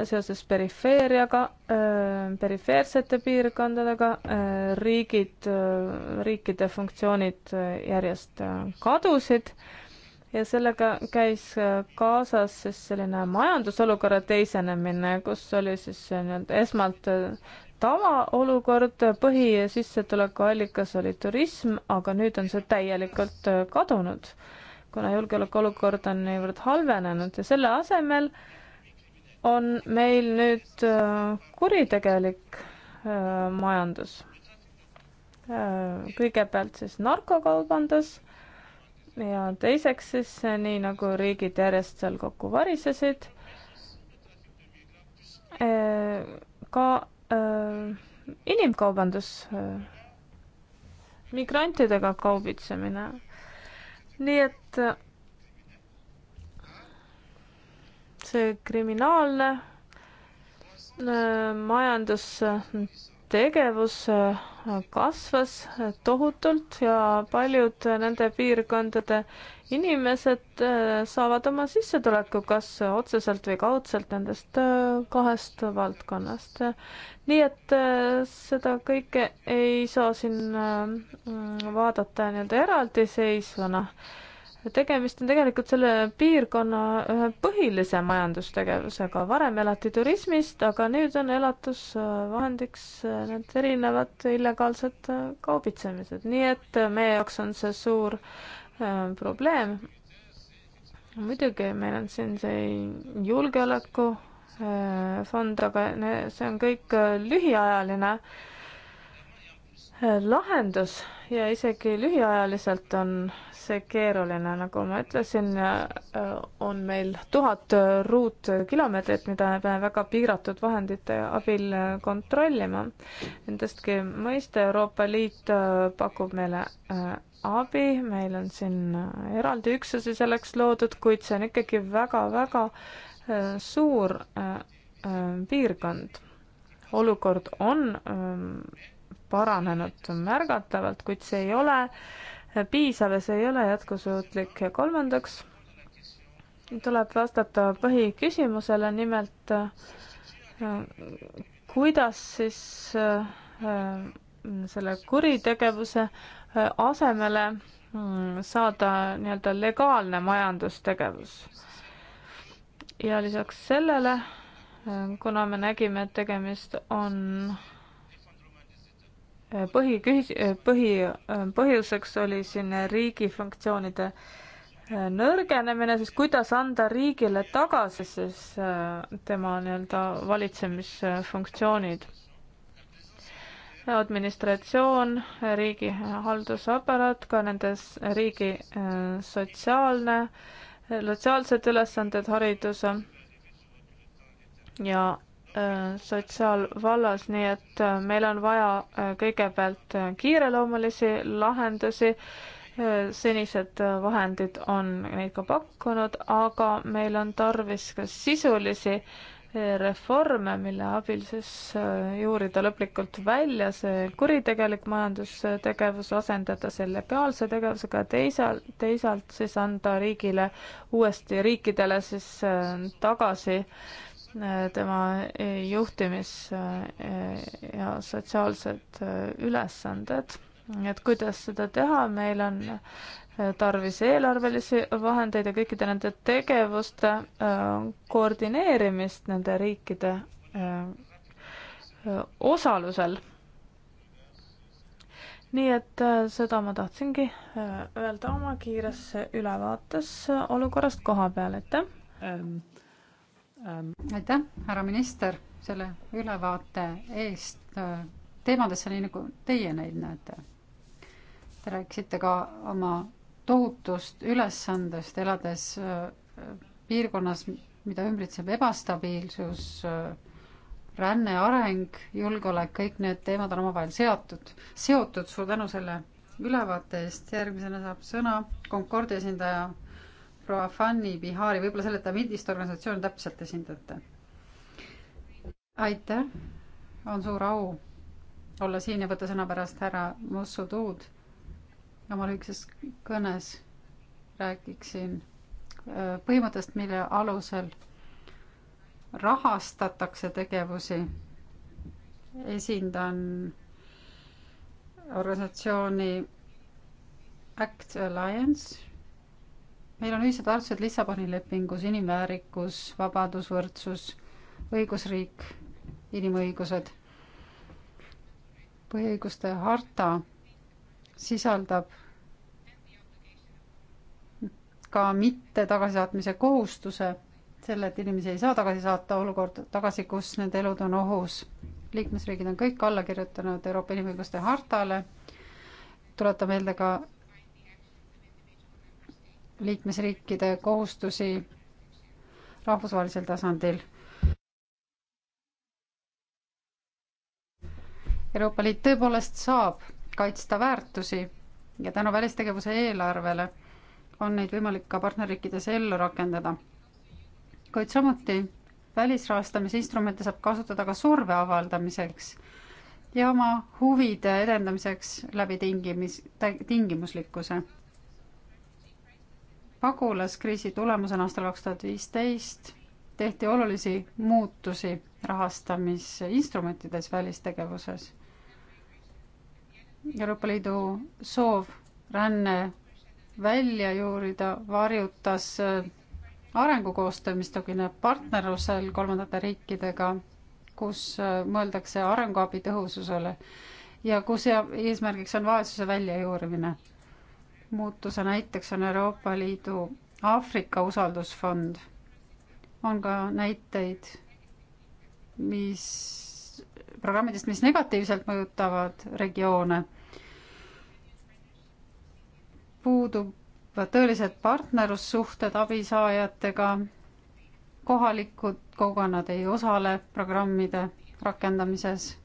seoses perifeeriaga, äh, perifeersete piirkondadega, äh, riigid, äh, riikide funktsioonid järjest kadusid ja sellega käis kaasas siis selline majandusolukorra teisenemine, kus oli siis nii-öelda esmalt tavaolukord, põhisissetulekuallikas oli turism, aga nüüd on see täielikult kadunud, kuna julgeolekuolukord on niivõrd halvenenud ja selle asemel äh, on meil nüüd äh, kuritegelik äh, majandus. Äh, kõigepealt siis narkokaubandus ja teiseks siis nii nagu riigid järjest seal kokku varisesid, ka inimkaubandus, migrantidega kaubitsemine. nii et see kriminaalne äh, majandustegevus äh, kasvas tohutult ja paljud nende piirkondade inimesed äh, saavad oma sissetuleku kas otseselt või kaudselt nendest kahest valdkonnast. nii et seda kõike ei saa siin vaadata nii-öelda eraldiseisvana tegemist on tegelikult selle piirkonna ühe põhilise majandustegevusega. varem elati turismist, aga nüüd on elatusvahendiks äh, need erinevad illegaalsed äh, kaubitsemised, nii et äh, meie jaoks on see suur probleem. muidugi meil on siin see julgeolekufond, aga see on kõik lühiajaline äh, lahendus ja isegi lühiajaliselt on see keeruline, nagu ma ütlesin, äh, on meil tuhat äh, ruutkilomeetrit, mida me peame väga piiratud vahendite abil äh, kontrollima. Nendestki mõiste Euroopa Liit pakub meile abi, meil on siin eraldi üksusi selleks loodud, kuid see on ikkagi väga-väga suur piirkond olukord on ähm, paranenud märgatavalt, kuid see ei ole piisav ja see ei ole jätkusuutlik ja kolmandaks tuleb vastata põhiküsimusele, nimelt äh, kuidas siis äh, selle kuritegevuse äh, asemele mm, saada nii-öelda legaalne majandustegevus. ja lisaks sellele, kuna me nägime, et tegemist on põhiküs-, põhi, põhjuseks oli siin riigi funktsioonide äh, nõrgenemine, siis kuidas anda riigile tagasi siis äh, tema nii-öelda valitsemisfunktsioonid? administratsioon, riigi haldusaparaat, ka nendes riigi äh, sotsiaalne, sotsiaalsed ülesanded, hariduse ja Äh, sotsiaalvallas, nii et äh, meil on vaja äh, kõigepealt kiireloomulisi lahendusi. senised vahendid on neid ka pakkunud, aga meil on tarvis ka sisulisi reforme, mille abil siis juurida lõplikult välja see kuritegelik majandustegevus, asendada see legaalse tegevusega ja teisalt, teisalt siis anda riigile uuesti, riikidele siis tagasi äh, tema juhtimis- ja sotsiaalsed ülesanded. et kuidas seda teha, meil on tarvis eelarvelisi vahendeid ja kõikide nende tegevuste äh, koordineerimist nende riikide äh, osalusel. nii et äh, seda ma tahtsingi öelda oma kiires ülevaates olukorrast koha peal, aitäh um.! Ähm, aitäh, härra minister, selle
ülevaate eest äh, teemadesse, nii nagu teie neid näete. Te rääkisite ka oma tohutust ülesandest, elades äh, piirkonnas, mida ümbritseb ebastabiilsus, äh, ränne, areng, julgeolek, kõik need teemad on omavahel seatud, seotud. suur tänu selle ülevaate eest, järgmisena saab sõna Concordia esindaja proua Fanni Bihari, võib-olla seleta, millist organisatsiooni täpselt esindate? aitäh, on suur au olla siin ja võtta sõna pärast härra Mossu Tuud. oma lühikeses kõnes räägiksin äh, põhimõttest, mille alusel rahastatakse tegevusi. esindan organisatsiooni Act Alliance meil on ühised väärtused Lissaboni lepingus, inimväärikus, vabadus, võrdsus, õigusriik, inimõigused. põhiõiguste harta sisaldab ka mitte tagasisaatmise kohustuse, selle, et inimesi ei saa tagasi saata olukord tagasi, kus nende elud on ohus. liikmesriigid on kõik alla kirjutanud Euroopa Inimõiguste hartale. tuleta meelde ka liikmesriikide kohustusi rahvusvahelisel tasandil. Euroopa Liit tõepoolest saab kaitsta väärtusi ja tänu välistegevuse eelarvele on neid võimalik ka partnerriikides ellu rakendada. kuid samuti välisrahastamisinstrumente saab kasutada ka surve avaldamiseks ja oma huvide edendamiseks läbi tingimis, tingimuslikkuse pagulaskriisi tulemusena aastal kaks tuhat viisteist tehti olulisi muutusi rahastamisinstrumentides välistegevuses. Euroopa Liidu soov ränne välja juurida varjutas äh, arengukoostöö, mis tugineb partnerlusel kolmandate riikidega, kus äh, mõeldakse arenguabi tõhususele ja kus eesmärgiks on vaesuse väljajuurimine muutuse näiteks on Euroopa Liidu Aafrika usaldusfond. on ka näiteid, mis, programmidest, mis negatiivselt mõjutavad regioone. puuduvad tõelised partnerlussuhted abisaajatega, kohalikud kogukonnad ei osale programmide rakendamises,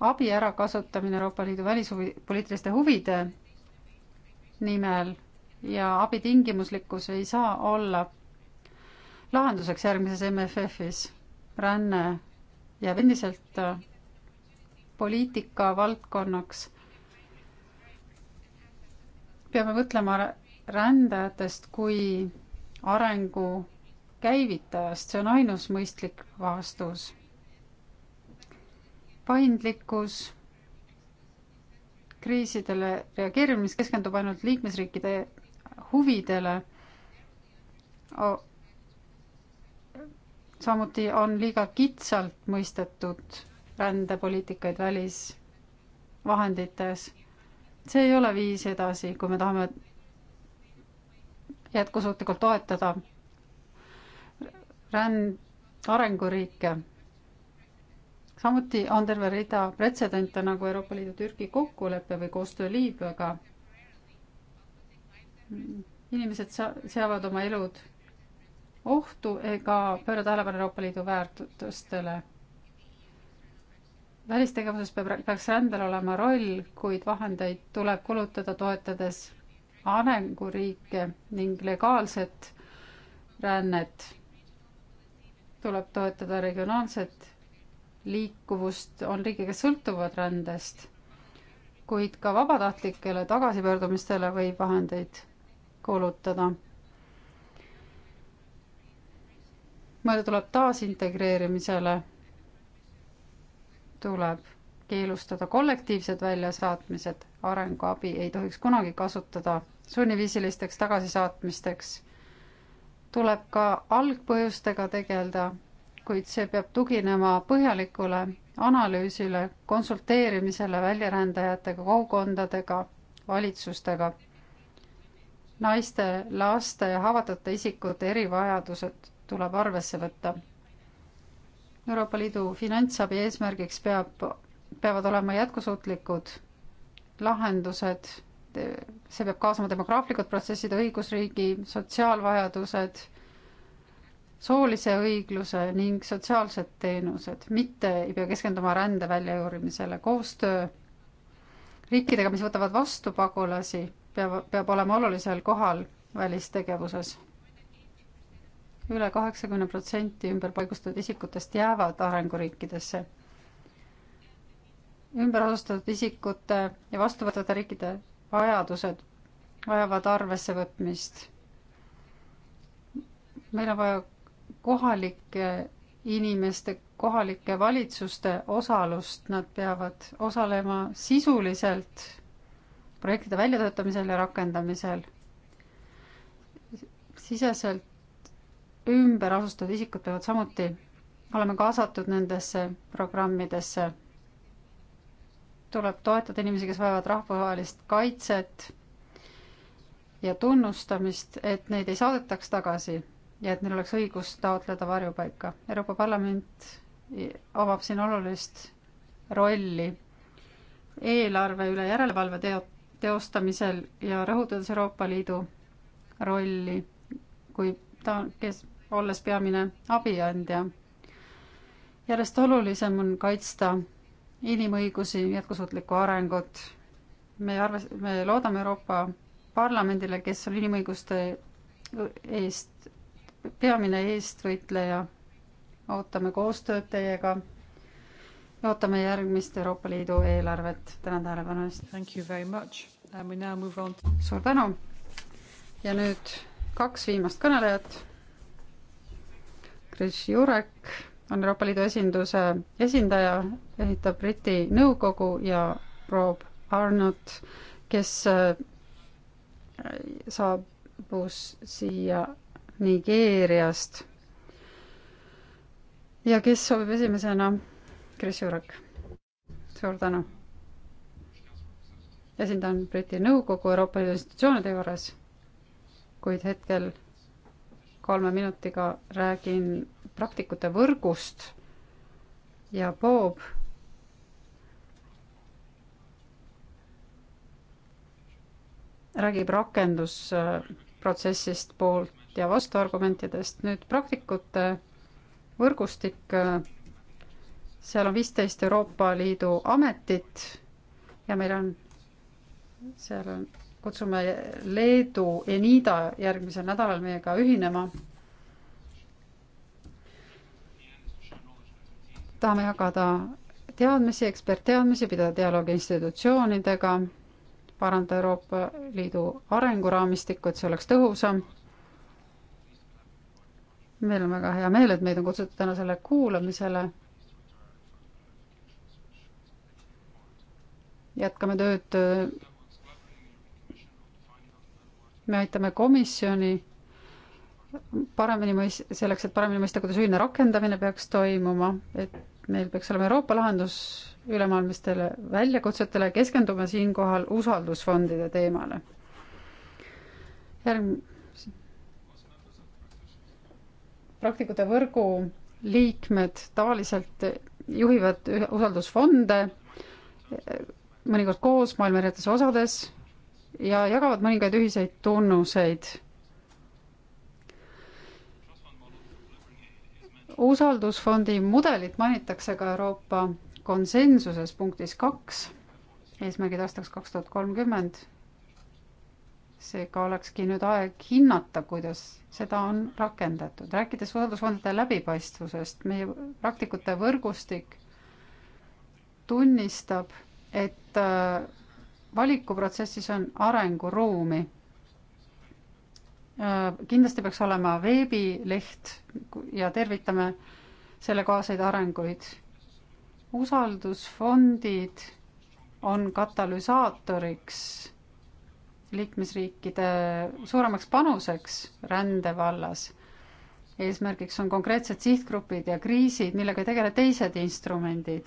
abi ärakasutamine Euroopa Liidu välishuvi, poliitiliste huvide nimel ja abi tingimuslikkus ei saa olla lahenduseks järgmises MFF-is. ränne jääb endiselt äh, poliitika valdkonnaks. peame mõtlema rändajatest kui arengu käivitajast, see on ainus mõistlik vastus. paindlikkus kriisidele reageerimine, mis keskendub ainult liikmesriikide huvidele. samuti on liiga kitsalt mõistetud rändepoliitikaid välisvahendites. see ei ole viis edasi, kui me tahame jätkusuutlikult toetada ränd-, arenguriike samuti on terve rida pretsedente nagu Euroopa Liidu Türgi kokkulepe või koostöö Liibüaga. inimesed seavad oma elud ohtu ega pööra tähelepanu Euroopa Liidu väärtustele. välistegevuses peab, peaks rändel olema roll, kuid vahendeid tuleb kulutada toetades arenguriike ning legaalset rännet tuleb toetada regionaalset liikuvust, on riike, kes sõltuvad rändest, kuid ka vabatahtlikele tagasipöördumistele võib vahendeid kulutada. mõelda tuleb taasintegreerimisele, tuleb keelustada kollektiivsed väljasaatmised, arenguabi ei tohiks kunagi kasutada sunniviisilisteks tagasisaatmisteks. tuleb ka algpõhjustega tegeleda kuid see peab tuginema põhjalikule analüüsile, konsulteerimisele väljarändajatega, kogukondadega, valitsustega. naiste, laste ja haavatavate isikute erivajadused tuleb arvesse võtta. Euroopa Liidu finantsabi eesmärgiks peab, peavad olema jätkusuutlikud lahendused, see peab kaasama demograafikud protsessid, õigusriigi, sotsiaalvajadused soolise õigluse ning sotsiaalsed teenused, mitte ei pea keskenduma rände väljajuurimisele, koostöö riikidega, mis võtavad vastu pagulasi, peab, peab olema olulisel kohal välistegevuses üle. üle kaheksakümne protsenti ümberpaigustatud isikutest jäävad arenguriikidesse. ümberasustatud isikute ja vastuvõtvate riikide vajadused vajavad arvesse võtmist. meil on vaja kohalike inimeste, kohalike valitsuste osalust, nad peavad osalema sisuliselt projektide väljatöötamisel ja rakendamisel. siseselt ümber asustatud isikud peavad samuti olema kaasatud nendesse programmidesse. tuleb toetada inimesi, kes vajavad rahvusvahelist kaitset ja tunnustamist, et neid ei saadetaks tagasi ja et neil oleks õigus taotleda varjupaika. Euroopa Parlament omab siin olulist rolli eelarve üle järelevalve teo-, teostamisel ja rõhutades Euroopa Liidu rolli, kui ta, kes, olles peamine abiandja. järjest olulisem on kaitsta inimõigusi, jätkusuutlikku arengut. me arves-, me loodame Euroopa Parlamendile, kes on inimõiguste eest peamine eestvõitleja. ootame koostööd teiega. ootame järgmist Euroopa Liidu eelarvet. tänan tähelepanu eest. suur tänu. ja nüüd kaks viimast kõnelejat. Kris Jurek on Euroopa Liidu esinduse esindaja, ehitab Briti nõukogu ja Rob Arnott, kes äh, saabus siia Nigeeriast. ja kes soovib esimesena? Kris Jurak. suur tänu. esindan Briti Nõukogu Euroopa Liidu institutsioonide juures, kuid hetkel kolme minutiga räägin praktikute võrgust ja Bob räägib rakendusprotsessist poolt ja vastuargumentidest. nüüd praktikute võrgustik, seal on viisteist Euroopa Liidu ametit ja meil on, seal on, kutsume Leedu Enida järgmisel nädalal meiega ühinema. tahame jagada teadmisi, ekspertteadmisi, pidada dialoogi institutsioonidega, parandada Euroopa Liidu arenguraamistikku, et see oleks tõhusam meil on väga hea meel, et meid on kutsutud tänasele kuulamisele. jätkame tööd. me aitame komisjoni paremini mõis-, selleks, et paremini mõista, kuidas ühine rakendamine peaks toimuma, et meil peaks olema Euroopa lahendus ülemaailmsetele väljakutsetele, keskendume siinkohal usaldusfondide teemale. järgmine praktikute võrgu liikmed tavaliselt juhivad usaldusfonde, mõnikord koos maailma erinevates osades ja jagavad mõningaid ühiseid tunnuseid. usaldusfondi mudelit mainitakse ka Euroopa konsensuses punktis kaks, eesmärgid aastaks kaks tuhat kolmkümmend seega olekski nüüd aeg hinnata, kuidas seda on rakendatud. rääkides usaldusfondide läbipaistvusest, meie praktikute võrgustik tunnistab, et äh, valikuprotsessis on arenguruumi. Äh, kindlasti peaks olema veebileht ja tervitame sellekohaseid arenguid. usaldusfondid on katalüsaatoriks liikmesriikide suuremaks panuseks rände vallas. eesmärgiks on konkreetsed sihtgrupid ja kriisid, millega ei tegele teised instrumendid.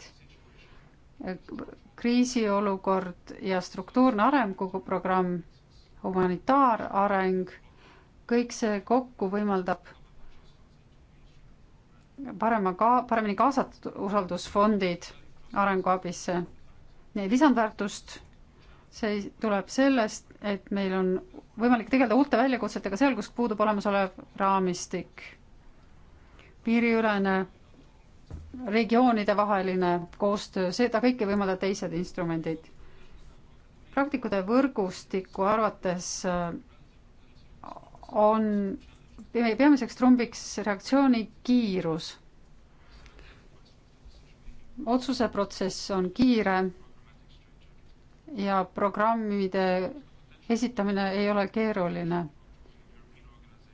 kriisiolukord ja struktuurne arenguprogramm, humanitaarareng, kõik see kokku võimaldab parema ka, paremini kaasatud usaldusfondid arenguabisse. lisandväärtust see tuleb sellest, et meil on võimalik tegeleda uute väljakutsetega seal, kus puudub olemasolev raamistik. piiriülene, regioonidevaheline koostöö, seda kõike võimaldavad teised instrumendid. praktikute võrgustiku arvates äh, on meie peamiseks trumbiks reaktsiooni kiirus. otsuseprotsess on kiire ja programmide esitamine ei ole keeruline.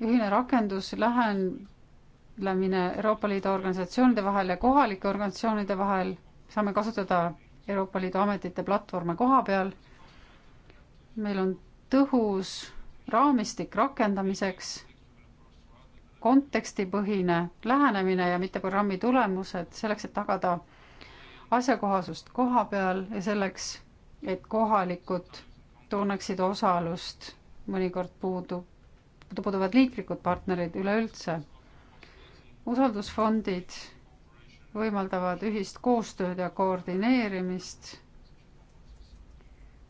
ühine rakendus, lähenemine Euroopa Liidu organisatsioonide vahel ja kohalike organisatsioonide vahel, saame kasutada Euroopa Liidu ametite platvorme koha peal. meil on tõhus raamistik rakendamiseks, kontekstipõhine lähenemine ja mitte programmi tulemused selleks, et tagada asjakohasust koha peal ja selleks et kohalikud tunneksid osalust, mõnikord puudub, puuduvad liiklikud partnerid üleüldse. usaldusfondid võimaldavad ühist koostööd ja koordineerimist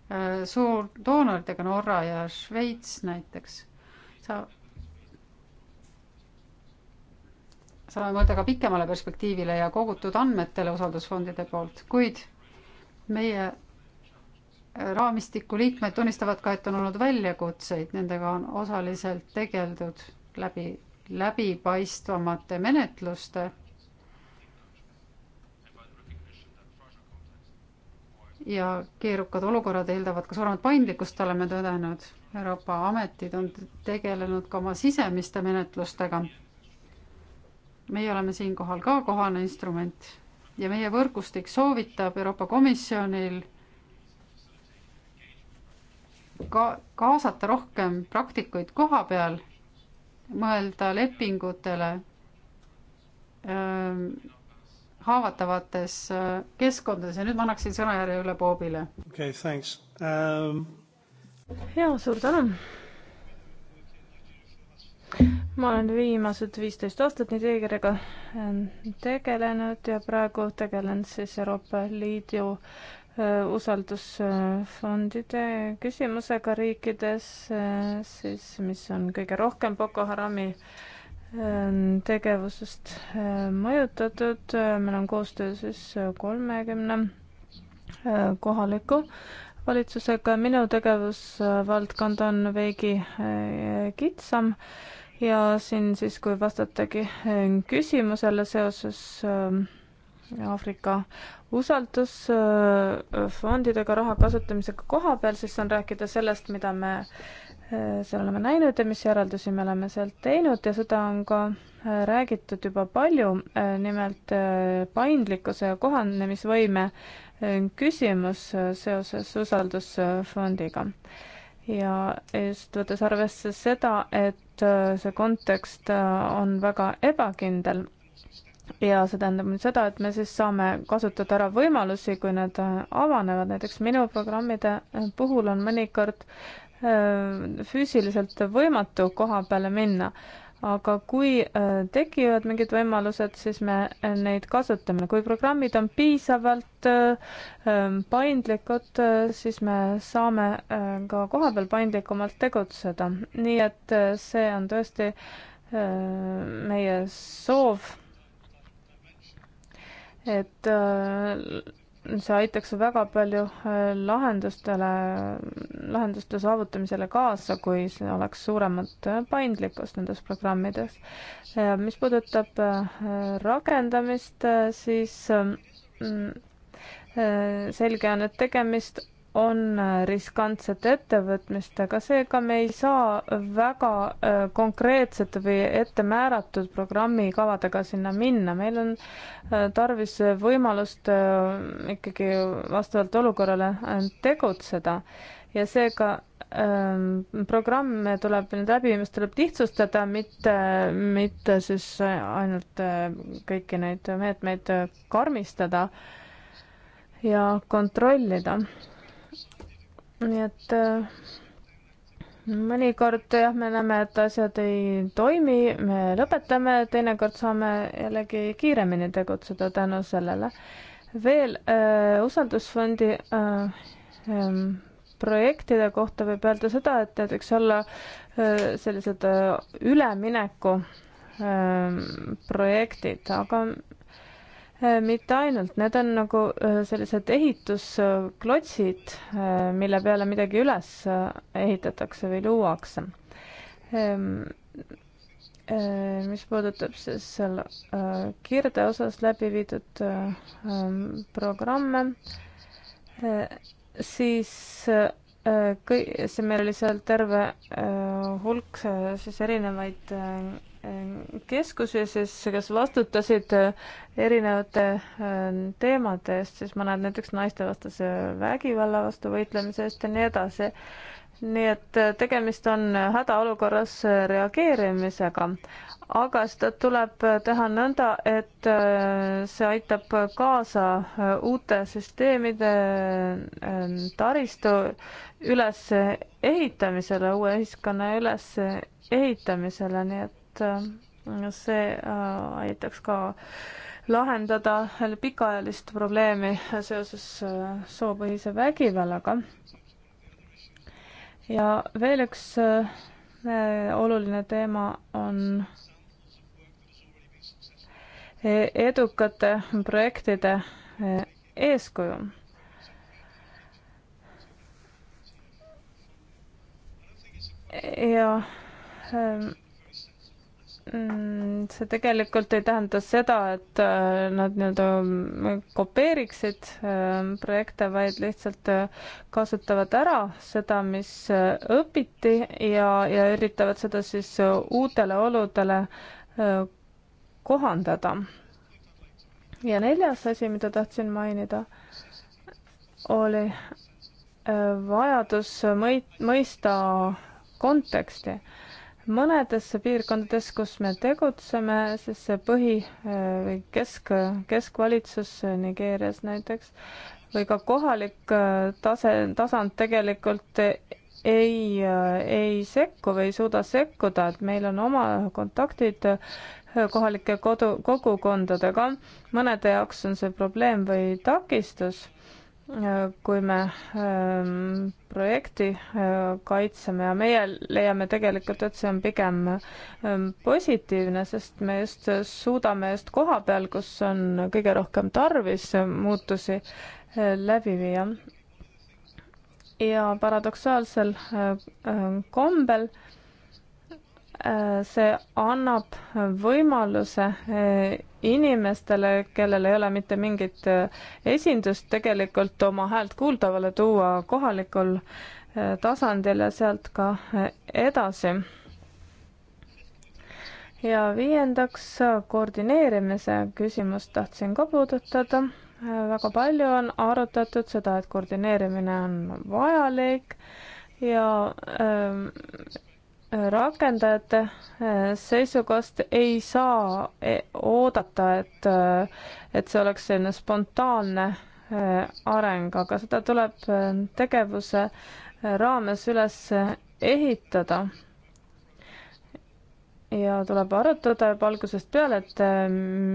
äh, suur doonoritega, Norra ja Šveits näiteks. sa, saame mõelda ka pikemale perspektiivile ja kogutud andmetele usaldusfondide poolt, kuid meie raamistiku liikmed tunnistavad ka, et on olnud väljakutseid, nendega on osaliselt tegeldud läbi läbipaistvamate menetluste ja keerukad olukorrad eeldavad ka suuremat paindlikkust, oleme tõdenud. Euroopa ametid on tegelenud ka oma sisemiste menetlustega. meie oleme siinkohal ka kohane instrument ja meie võrgustik soovitab Euroopa Komisjonil ka-, kaasata rohkem praktikuid koha peal, mõelda lepingutele ähm, haavatavates äh, keskkondades ja nüüd ma annaksin sõnajärje üle Boobile. okei okay,, thanks um....
ja suur tänu. ma olen viimased viisteist aastat nii teekirjaga ähm, tegelenud ja praegu tegelen siis Euroopa Liidu Äh, usaldusfondide küsimusega riikides, äh, siis mis on kõige rohkem Boko Harami äh, tegevusest mõjutatud, meil on koostöö siis kolmekümne kohaliku valitsusega, minu tegevusvaldkond on veidi kitsam ja siin siis, kui vastatagi küsimusele seoses Aafrika usaldusfondidega raha kasutamisega koha peal, siis saan rääkida sellest, mida me äh, seal oleme näinud ja mis järeldusi me oleme sealt teinud ja seda on ka äh, räägitud juba palju, äh, nimelt paindlikkuse ja kohanemisvõime küsimus seoses usaldusfondiga. ja just võttes arvesse seda, et see kontekst on väga ebakindel, ja see tähendab nüüd seda, et me siis saame kasutada ära võimalusi, kui need äh, avanevad, näiteks minu programmide äh, puhul on mõnikord äh, füüsiliselt võimatu koha peale minna, aga kui tekivad mingid võimalused, siis me neid kasutame. kui programmid on piisavalt ähm, paindlikud, siis me saame ka kohapeal paindlikumalt tegutseda. nii et see on tõesti meie soov et äh, see aitaks väga palju äh, lahendustele, lahenduste saavutamisele kaasa, kui oleks suuremat äh, paindlikkust nendes programmides. mis puudutab rakendamist, siis mm, selge on, et tegemist on äh, riskantsete ettevõtmistega, seega me ei saa väga äh, konkreetsete või ettemääratud programmikavadega sinna minna, meil on äh, tarvis võimalust ikkagi vastavalt olukorrale tegutseda ja seega ähm, programme tuleb, nende läbiviimist tuleb lihtsustada, mitte, mitte siis ainult kõiki neid meetmeid karmistada ja kontrollida nii et äh, mõnikord jah, me näeme, et asjad ei toimi, me lõpetame, teinekord saame jällegi kiiremini tegutseda tänu sellele. veel äh, usaldusfondi äh, äh, projektide kohta võib öelda seda, et need võiks olla äh, sellised äh, ülemineku äh, projektid, aga Äh, mitte ainult, need on nagu äh, sellised ehitusklotsid, äh, mille peale midagi üles ehitatakse või luuakse. Ähm, mis puudutab siis seal kirde osas läbi viidud ähm, programme, siis kõi-, see meil oli seal terve hulk siis erinevaid keskuses, kes vastutasid äh, erinevate äh, teemade eest, siis ma näen näiteks naistevastase vägivalla vastu võitlemise eest ja nii edasi. nii et äh, tegemist on hädaolukorras reageerimisega, aga seda tuleb teha nõnda, et see aitab kaasa uute süsteemide taristu ülesehitamisele, uue ühiskonna ülesehitamisele, nii et et äh, see äh, aitaks ka lahendada pikaajalist probleemi seoses äh, soopõhise vägivallaga. ja veel üks oluline teema on edukate projektide eeskuju ja ähm, Mm, see tegelikult ei tähenda seda, et äh, nad nii-öelda kopeeriksid äh, projekte, vaid lihtsalt äh, kasutavad ära seda, mis õpiti ja, ja üritavad seda siis uutele oludele kohandada. ja neljas asi, mida tahtsin mainida, oli vajadus mõi-, mõista konteksti mõnedes piirkondades, kus me tegutseme, siis see põhi eh, või kesk, keskvalitsus Nigeerias näiteks või ka kohalik eh, tase, tasand tegelikult ei, eh, ei sekku või ei suuda sekkuda, et meil on oma kontaktid kohalike kodu, kogukondadega. mõnede jaoks on see probleem või takistus kui me ähm, projekti äh, kaitseme ja meie leiame tegelikult, et see on pigem ähm, positiivne, sest me just suudame just koha peal, kus on kõige rohkem tarvis, äh, muutusi äh, läbi viia. ja paradoksaalsel kombel see annab võimaluse inimestele, kellel ei ole mitte mingit äh, esindust, tegelikult oma häält kuuldavale tuua kohalikul äh, tasandil ja sealt ka äh, edasi. ja viiendaks, koordineerimise küsimust tahtsin ka puudutada. väga palju on arutatud seda, et koordineerimine on vajalik ja öö, ähm, rakendajate äh, seisukohast ei saa e, oodata, et, äh, et see oleks selline spontaanne äh, areng, aga seda tuleb tegevuse raames üles ehitada. ja tuleb arutada juba algusest peale, et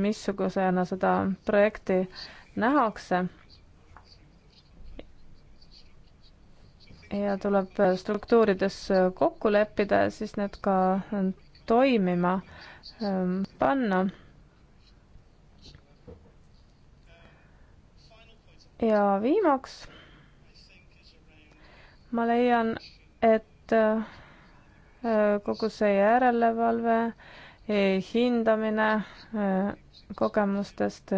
missugusena seda projekti nähakse ja tuleb struktuurides kokku leppida ja siis need ka toimima ähm, panna. ja viimaks ma leian, et äh, kogu see järelevalve, äh, hindamine, äh, kogemustest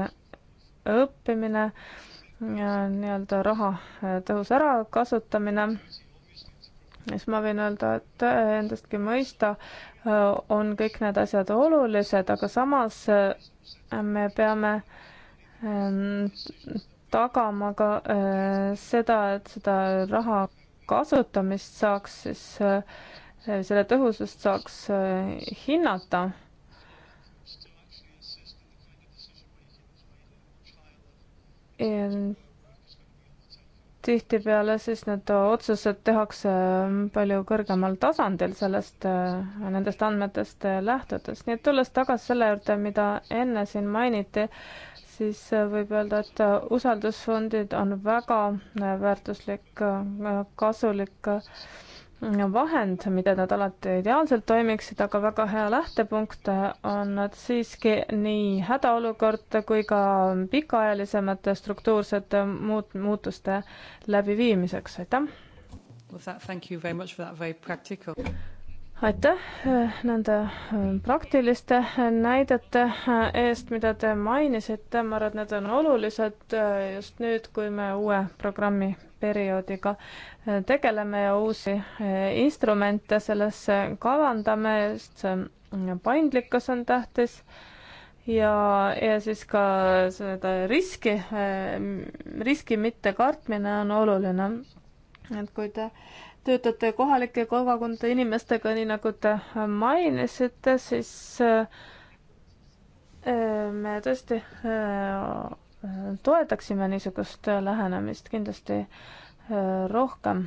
õppimine nii-öelda raha äh, tõhus ärakasutamine, siis ma võin öelda, et äh, endastki mõista äh, on kõik need asjad olulised, aga samas me peame ähm, tagama ka seda, et seda raha kasutamist saaks siis, selle tõhusust saaks hinnata Ehm, tihtipeale siis need otsused tehakse ehm, palju kõrgemal tasandil sellest, äh, nendest andmetest äh, lähtudes. nii et tulles tagasi selle juurde, mida enne siin mainiti, siis äh, võib öelda, et usaldusfondid on väga väärtuslik, kasulik Mm, vahend, mida nad alati ideaalselt toimiksid, aga väga hea lähtepunkt äh, on nad siiski nii hädaolukord kui ka pikaajalisemate struktuursete muut-, muutuste läbiviimiseks, aitäh! aitäh äh, nende äh, praktiliste äh, näidete eest, mida te mainisite, ma arvan, et need on olulised just nüüd, kui me uue programmi perioodiga tegeleme ja uusi instrumente sellesse kavandame, sest see paindlikkus on tähtis ja, ja siis ka seda riski, riski mittekartmine on oluline. et kui te äh, töötate kohalike kogukondade inimestega, nii nagu te mainisite, siis äh, me tõesti äh, toetaksime niisugust lähenemist kindlasti äh, rohkem.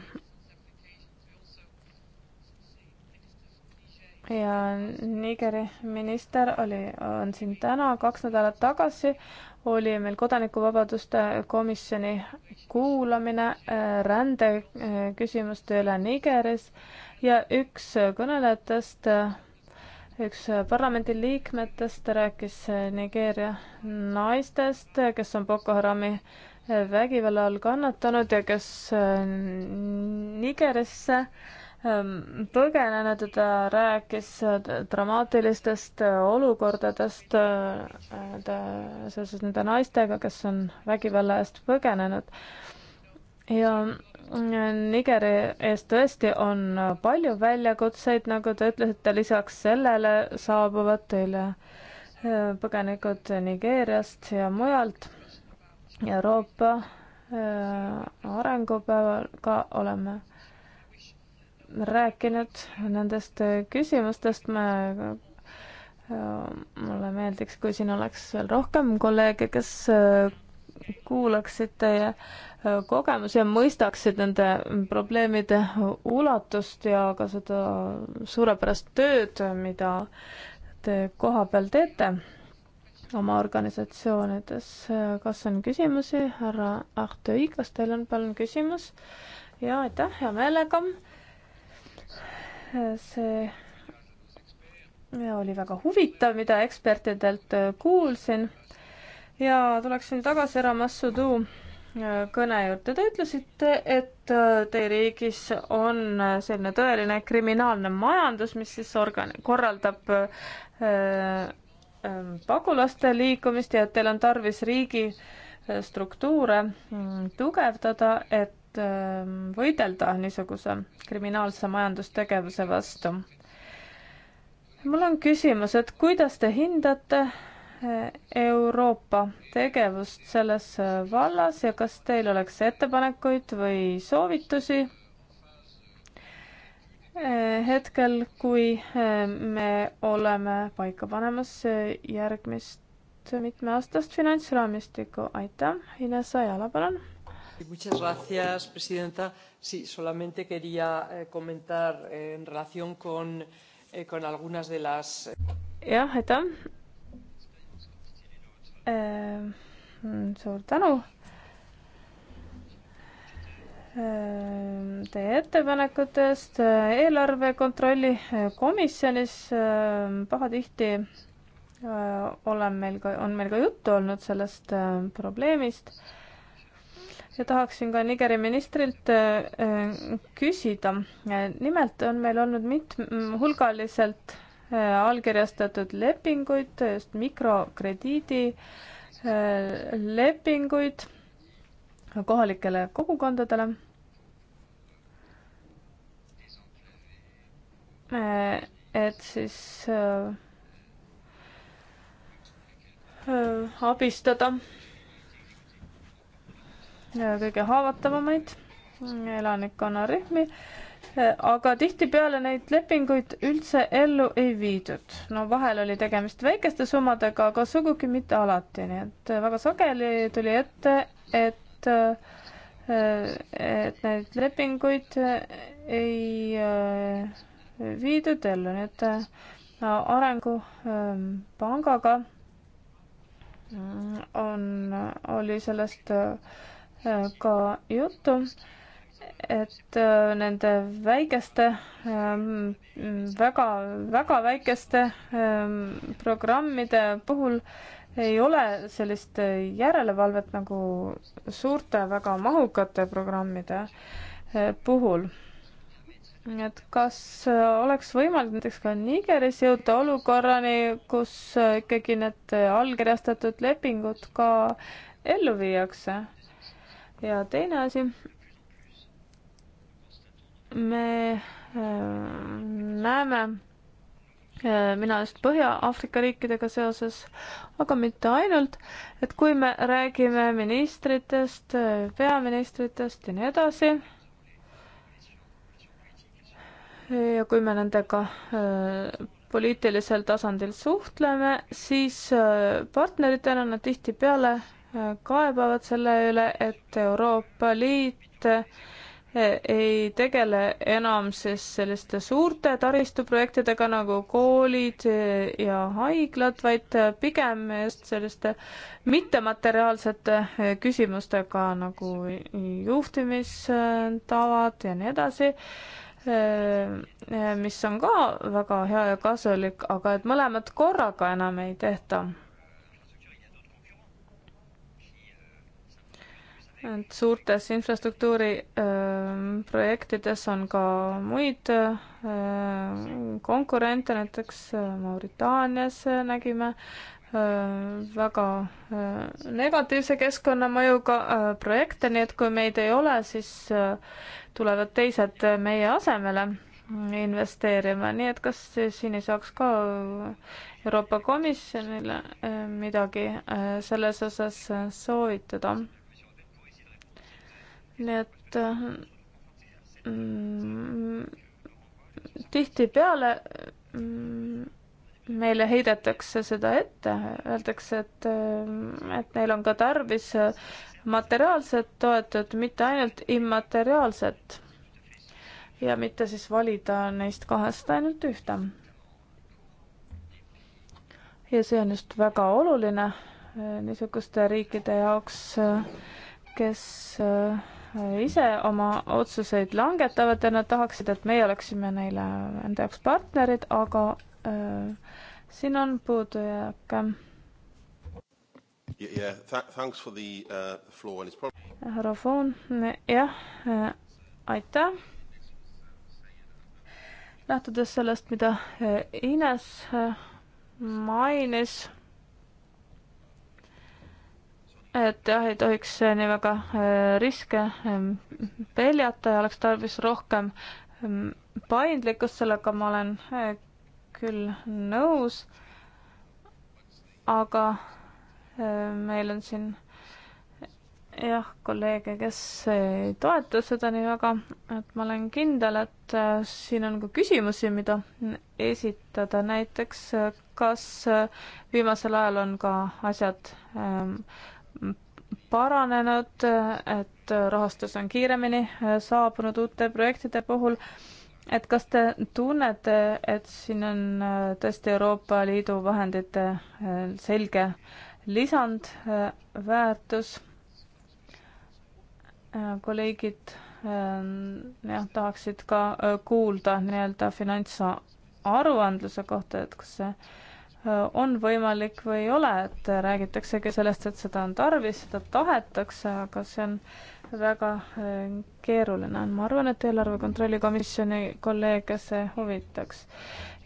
ja Nigeri minister oli, on siin täna kaks nädalat tagasi oli meil kodanikuvabaduste komisjoni kuulamine äh, rändeküsimuste äh, üle Nigeris ja üks kõnelejatest, äh, üks parlamendi liikmetest rääkis Nigeeria naistest, kes on Boko Harami vägivalla all kannatanud ja kes Nigerisse äh, Ähm, põgenenud, ta rääkis äh, dramaatilistest äh, olukordadest äh, ta, seoses nende naistega, kes on vägivalla eest põgenenud. ja Nigeri ees tõesti on palju väljakutseid, nagu te ütlesite, lisaks sellele saabuvad teile põgenikud Nigeeriast ja mujalt. Euroopa arengupäeval ka oleme rääkinud nendest küsimustest, me äh, mulle meeldiks, kui siin oleks veel rohkem kolleege, kes äh, kuulaksid teie äh, kogemusi ja mõistaksid nende probleemide ulatust ja ka seda suurepärast tööd, mida te koha peal teete oma organisatsioonides. kas on küsimusi, härra Ahtõi, kas teil on palun küsimus? ja aitäh, hea meelega see ja oli väga huvitav, mida ekspertidelt äh, kuulsin. ja tuleksin tagasi härra Massudu äh, kõne juurde. Te ütlesite, et äh, teie riigis on selline tõeline kriminaalne majandus, mis siis organ-, korraldab äh, äh, pagulaste liikumist ja et teil on tarvis riigi struktuure mm, tugevdada, et Ähm, võidelda niisuguse kriminaalse majandustegevuse vastu. mul on küsimus, et kuidas te hindate äh, Euroopa tegevust selles äh, vallas ja kas teil oleks ettepanekuid või soovitusi? Äh, hetkel, kui me oleme paika panemas järgmist mitmeaastast finantsraamistikku, aitäh, Ines Ajala, palun
Muchas gracias, presidenta. Sí, solamente quería
eh, comentar eh, en relación con, eh, con algunas de las. jah, aitäh. suur tänu. Teie ettepanekute eest eelarve kontrolli komisjonis pahatihti olen meil ka, on meil ka juttu olnud sellest probleemist ja tahaksin ka Nigeri ministrilt äh, äh, küsida. Äh, nimelt on meil olnud mit-, mm, hulgaliselt allkirjastatud lepinguid, just mikrokrediidi lepinguid kohalikele kogukondadele. et siis abistada kõige haavatavamaid elanikkonnarühmi, aga tihtipeale neid lepinguid üldse ellu ei viidud. no vahel oli tegemist väikeste summadega, aga sugugi mitte alati, nii et väga sageli tuli ette, et et neid lepinguid ei eh, viidud ellu, nii et eh, arengupangaga eh, mm, on, oli sellest ka juttu, et äh, nende väikeste, ähm, väga, väga väikeste ähm, programmide puhul ei ole sellist järelevalvet nagu suurte, väga mahukate programmide äh, puhul et kas äh, oleks võimalik näiteks ka Nigeris jõuda olukorrani, kus ikkagi need allkirjastatud lepingud ka ellu viiakse? ja teine asi, me äh, näeme, äh, mina just Põhja-Aafrika riikidega seoses, aga mitte ainult, et kui me räägime ministritest, äh, peaministritest ja nii edasi, ja kui me nendega poliitilisel tasandil suhtleme, siis partneritena nad tihtipeale kaebavad selle üle, et Euroopa Liit ei tegele enam siis selliste suurte taristuprojektidega nagu koolid ja haiglad, vaid pigem just selliste mittemateriaalsete küsimustega nagu juhtimistavad ja nii edasi mis on ka väga hea ja kasulik, aga et mõlemat korraga enam ei tehta et suurtes infrastruktuuriprojektides ähm, on ka muid ähm, konkurente, näiteks äh, Mauritaanias äh, nägime äh, väga negatiivse keskkonnamõjuga projekte, nii et kui meid ei ole, siis tulevad teised meie asemele investeerima, nii et kas siin ei saaks ka Euroopa Komisjonile midagi selles osas soovitada? nii et mm, tihtipeale mm, meile heidetakse seda ette, öeldakse, et, mm, et neil on ka tarvis materiaalset toetust, mitte ainult immateriaalset. ja mitte siis valida neist kahest ainult ühte. ja see on just väga oluline eh, niisuguste riikide jaoks, eh, kes äh, ise oma otsuseid langetavad ja nad tahaksid, et meie oleksime neile enda jaoks partnerid, aga äh, siin on puudujääke. Uh, härra Foon, jah, äh, aitäh. lähtudes sellest, mida äh, Ines äh, mainis et jah, ei tohiks nii väga äh, riske ähm, peljata ja oleks tarvis rohkem ähm, paindlikkust, sellega ma olen äh, küll nõus, aga äh, meil on siin jah, kolleege, kes ei toeta seda nii väga, et ma olen kindel, et siin on ka küsimusi, mida esitada, näiteks kas viimasel ajal on ka asjad ähm, paranenud, et rahastus on kiiremini äh, saabunud uute projektide puhul. et kas te tunnete, et siin on äh, tõesti Euroopa Liidu vahendite äh, selge lisandväärtus? kolleegid jah, tahaksid ka kuulda nii-öelda finantsaruandluse kohta, et kas see Äh, on võimalik või ei ole, et räägitaksegi sellest, et seda on tarvis, seda tahetakse, aga see on väga äh, keeruline. ma arvan, et eelarve kontrolli komisjoni kolleege see huvitaks.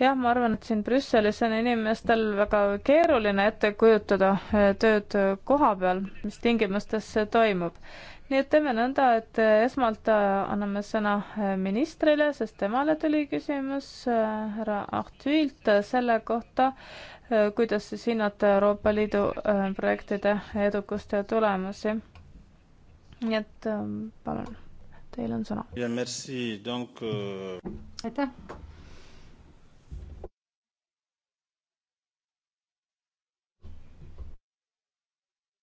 jah, ma arvan, et siin Brüsselis on inimestel väga keeruline ette kujutada äh, tööd koha peal, mis tingimustes see toimub nii et teeme nõnda, et äh, esmalt äh, anname sõna äh, ministrile, sest temale tuli küsimus härra Ahtüilt selle kohta, kuidas siis hinnata Euroopa Liidu projektide edukust ja tulemusi. nii et ähm, palun, teil on sõna. Euh, aitäh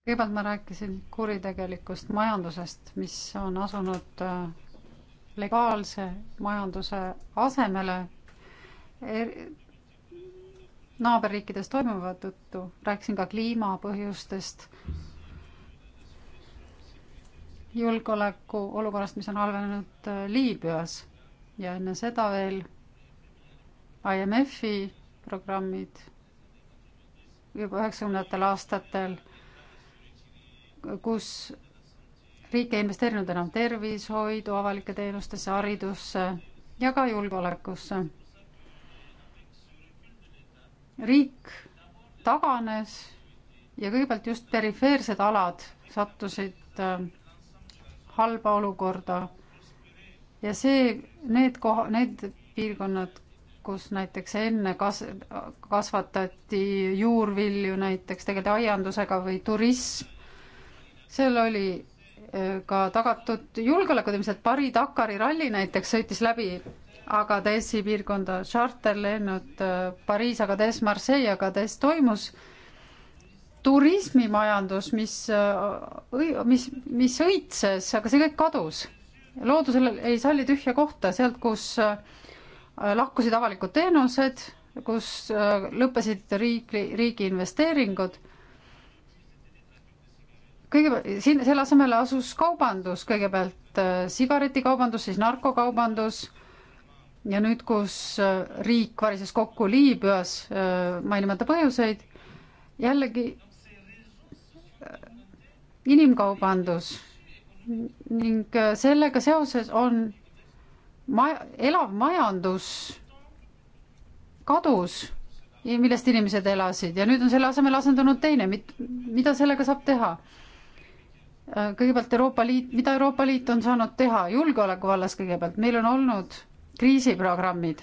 kõigepealt ma rääkisin kuritegelikust majandusest, mis on asunud äh, legaalse majanduse asemele er, naaberriikides toimuva tõttu, rääkisin ka kliimapõhjustest, julgeoleku olukorrast, mis on halvenenud äh, Liibüas ja enne seda veel IMF-i programmid juba üheksakümnendatel aastatel kus riik ei investeerinud enam tervishoidu, avalike teenustesse, haridusse ja ka julgeolekusse. riik taganes ja kõigepealt just perifeersed alad sattusid äh, halba olukorda. ja see, need koha, need piirkonnad, kus näiteks enne kas-, kasvatati juurvilju näiteks, tegeleti aiandusega või turism, seal oli äh, ka tagatud julgeolekud, ilmselt pari Dakari ralli näiteks sõitis läbi Agadesi piirkonda, charterlennud äh, Pariis, Agades, Marseille, Agades toimus turismimajandus, mis, äh, mis, mis õitses, aga see kõik kadus. loodusel ei salli tühja kohta, sealt, kus lahkusid avalikud teenused, kus lõppesid riigi, riigi investeeringud kõigepealt siin selle asemele asus kaubandus, kõigepealt äh, sigaretikaubandus, siis narkokaubandus ja nüüd, kus äh, riik varises kokku Liibüas äh, mainimata põhjuseid, jällegi inimkaubandus ning sellega seoses on maja, elav majandus kadus, millest inimesed elasid ja nüüd on selle asemel asendunud teine, mida sellega saab teha? Äh, kõigepealt Euroopa Liit, mida Euroopa Liit on saanud teha julgeoleku vallas kõigepealt, meil on olnud kriisiprogrammid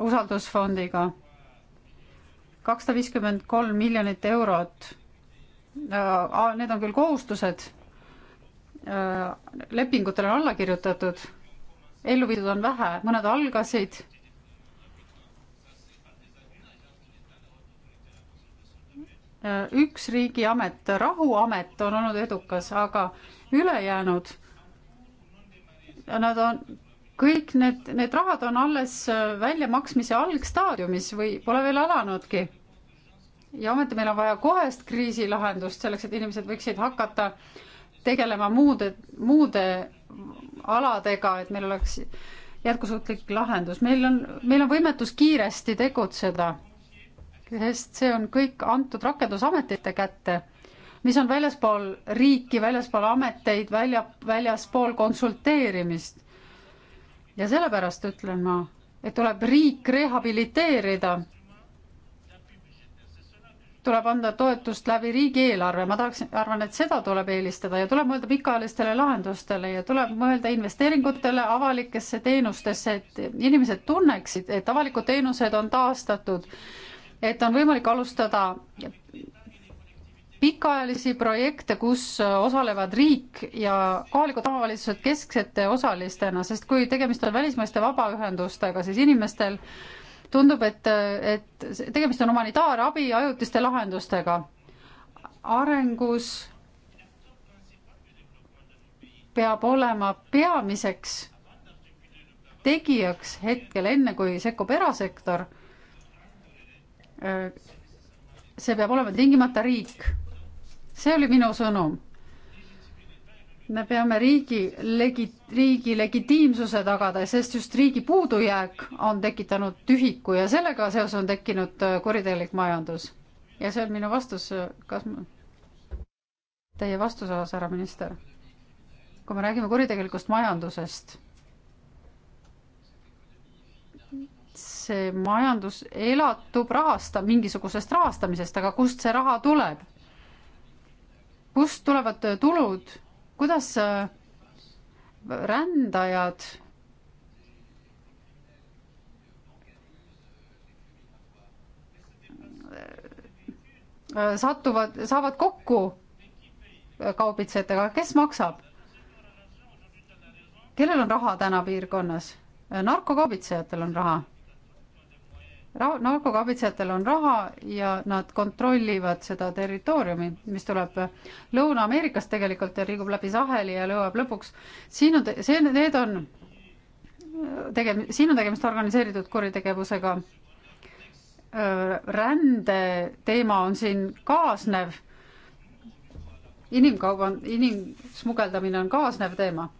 usaldusfondiga, kakssada viiskümmend kolm miljonit eurot. Äh, need on küll kohustused, äh, lepingutele on alla kirjutatud, ellu viidud on vähe, mõned algasid Äh, üks riigiamet, rahuamet on olnud edukas, aga ülejäänud, nad on, kõik need, need rahad on alles äh, väljamaksmise algstaadiumis või pole veel alanudki. ja ometi meil on vaja kohest kriisilahendust selleks, et inimesed võiksid hakata tegelema muude, muude aladega, et meil oleks jätkusuutlik lahendus. meil on, meil on võimetus kiiresti tegutseda sest see on kõik antud rakendusametite kätte, mis on väljaspool riiki, väljaspool ameteid, välja, väljaspool konsulteerimist. ja sellepärast ütlen ma, et tuleb riik rehabiliteerida. tuleb anda toetust läbi riigieelarve, ma tahaks, arvan, et seda tuleb eelistada ja tuleb mõelda pikaajalistele lahendustele ja tuleb mõelda investeeringutele avalikesse teenustesse, et inimesed tunneksid, et avalikud teenused on taastatud et on võimalik alustada pikaajalisi projekte, kus osalevad riik ja kohalikud omavalitsused kesksete osalistena, sest kui tegemist on välismaiste vabaühendustega, siis inimestel tundub, et, et tegemist on humanitaarabi ajutiste lahendustega. arengus peab olema peamiseks tegijaks hetkel, enne kui sekkub erasektor Äh, see peab olema tingimata riik. see oli minu sõnum. me peame riigi legi-, riigi legitiimsuse tagada, sest just riigi puudujääk on tekitanud tühiku ja sellega seoses on tekkinud äh, kuritegelik majandus. ja see on minu vastus, äh, kas ma... Teie vastuse osas, härra minister, kui me räägime kuritegelikust majandusest see majandus elatub rahasta, mingisugusest rahastamisest, aga kust see raha tuleb? kust tulevad tulud, kuidas äh, rändajad satuvad, saavad kokku kaubitsejatega, kes maksab? kellel on raha täna piirkonnas? narkokaubitsejatel on raha narkokaabitsejatel on raha ja nad kontrollivad seda territooriumi, mis tuleb Lõuna-Ameerikast tegelikult ja liigub läbi Saheli ja lõuab lõpuks. siin on, see, need on tegem-, siin on tegemist organiseeritud kuritegevusega. rände teema on siin kaasnev. inimkauba, inimsmugeldamine on kaasnev teema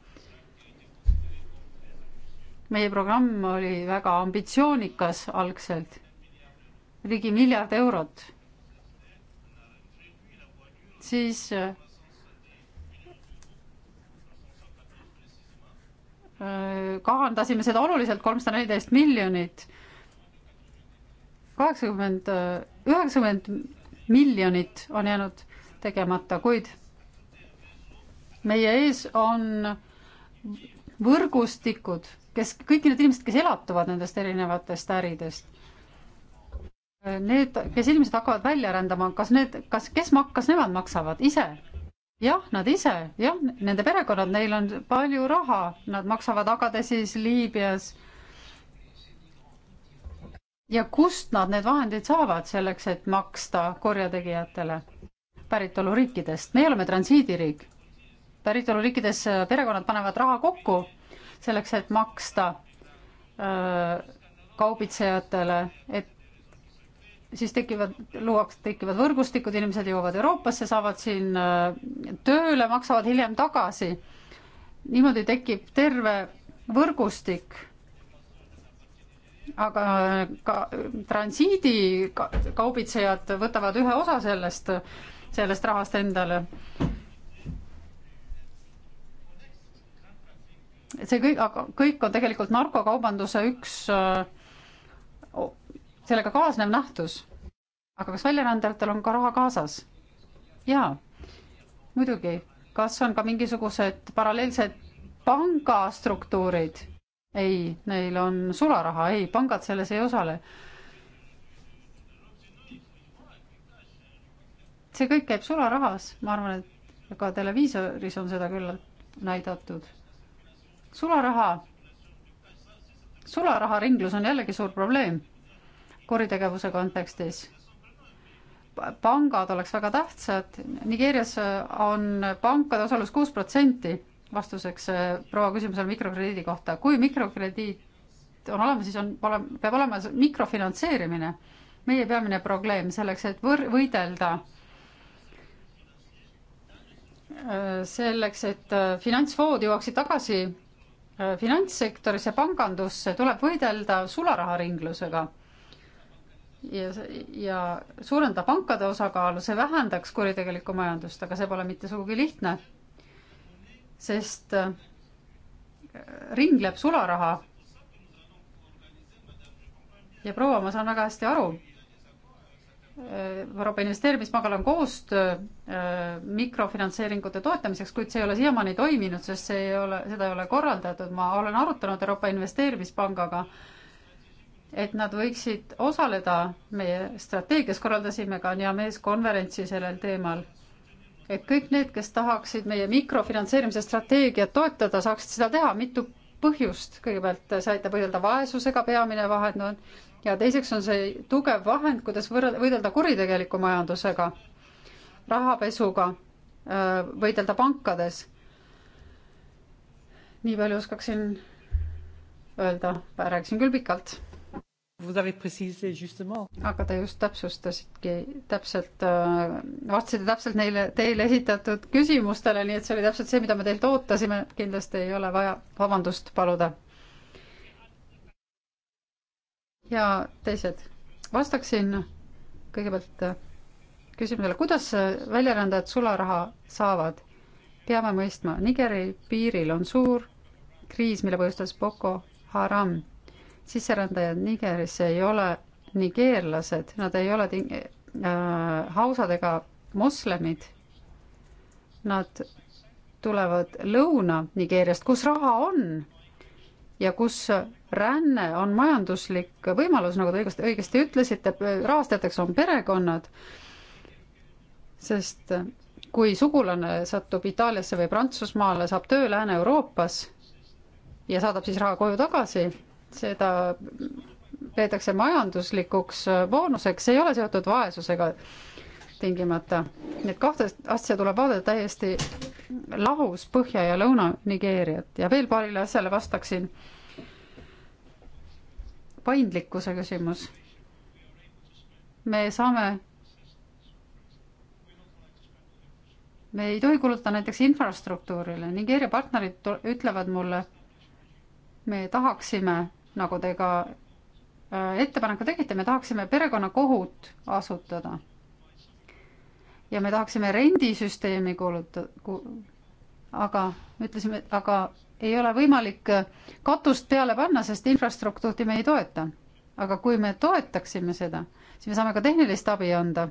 meie programm oli väga ambitsioonikas algselt, ligi miljard eurot. siis äh, kahandasime seda oluliselt, kolmsada neliteist miljonit, kaheksakümmend, äh, üheksakümmend miljonit on jäänud tegemata, kuid meie ees on võrgustikud kes, kõik need inimesed, kes elatuvad nendest erinevatest äridest. Need, kes inimesed hakkavad välja rändama, kas need, kas, kes mak-, kas nemad maksavad ise? jah, nad ise, jah, nende perekonnad, neil on palju raha, nad maksavad Agadesis, Liibüas. ja kust nad need vahendid saavad selleks, et maksta korjategijatele päritoluriikidest? meie oleme transiidiriik. päritoluriikides perekonnad panevad raha kokku selleks, et maksta kaubitsejatele, et siis tekivad, luuakse, tekivad võrgustikud, inimesed jõuavad Euroopasse, saavad siin tööle, maksavad hiljem tagasi. niimoodi tekib terve võrgustik. aga ka transiidi kaubitsejad võtavad ühe osa sellest, sellest rahast endale see kõik, aga kõik on tegelikult narkokaubanduse üks sellega kaasnev nähtus. aga kas väljarändajatel on ka raha kaasas? jaa, muidugi. kas on ka mingisugused paralleelsed pangastruktuurid? ei, neil on sularaha, ei, pangad selles ei osale. see kõik käib sularahas, ma arvan, et ka televiisoris on seda küllalt näidatud sularaha, sularaharinglus on jällegi suur probleem kuritegevuse kontekstis. pangad oleks väga tähtsad, Nigeerias on pankade osalus kuus protsenti, vastuseks äh, proua küsimusele mikrokrediidi kohta, kui mikrokrediit on olemas, siis on, peab olema mikrofinantseerimine, meie peamine probleem selleks, et võr-, võidelda äh, selleks, et äh, finantsvood jõuaksid tagasi Äh, finantssektorisse, pangandusse tuleb võidelda sularaharinglusega ja, ja suurendada pankade osakaalu, see vähendaks kuritegelikku majandust, aga see pole mitte sugugi lihtne, sest äh, ringleb sularaha. ja proua, ma saan väga hästi aru, Äh, Euroopa Investeerimispangale on koostöö äh, mikrofinantseeringute toetamiseks, kuid see ei ole siiamaani toiminud, sest see ei ole, seda ei ole korraldatud. ma olen arutanud Euroopa Investeerimispangaga, et nad võiksid osaleda meie strateegias, korraldasime ka Niamees konverentsi sellel teemal. et kõik need, kes tahaksid meie mikrofinantseerimise strateegiat toetada, saaksid seda teha. mitu põhjust, kõigepealt see aitab võidelda vaesusega, peamine vahe, no ja teiseks on see tugev vahend, kuidas võrrelda, võidelda kuritegeliku majandusega, rahapesuga, äh, võidelda pankades. nii palju oskaksin öelda, rääkisin küll pikalt. aga te just täpsustasidki täpselt, äh, vastasite täpselt neile, teile esitatud küsimustele, nii et see oli täpselt see, mida me teilt ootasime, kindlasti ei ole vaja vabandust paluda ja teised. vastaksin kõigepealt äh, küsimusele, kuidas äh, väljarändajad sularaha saavad? peame mõistma, Nigeri piiril on suur kriis, mille põhjustas Boko Haram. sisserändajad Nigerisse ei ole nigeerlased, nad ei ole ting-, äh, hausad ega moslemid. Nad tulevad Lõuna-Nigeeriast, kus raha on ja kus ränne on majanduslik võimalus, nagu te õigesti, õigesti ütlesite, rahastajateks on perekonnad, sest kui sugulane satub Itaaliasse või Prantsusmaale, saab töö Lääne-Euroopas ja saadab siis raha koju tagasi, seda peetakse majanduslikuks boonuseks, see ei ole seotud vaesusega tingimata. nii et kahte asja tuleb vaadata täiesti lahus Põhja- ja Lõuna-Nigeeriat ja veel paarile asjale vastaksin. paindlikkuse küsimus. me saame, me ei tohi kulutada näiteks infrastruktuurile, Nigeeria partnerid ütlevad mulle, me tahaksime, nagu te ka äh, ettepaneku tegite, me tahaksime perekonnakohut asutada ja me tahaksime rendisüsteemi kuulutada ku,, aga me ütlesime, aga ei ole võimalik katust peale panna, sest infrastruktuuri me ei toeta. aga kui me toetaksime seda, siis me saame ka tehnilist abi anda.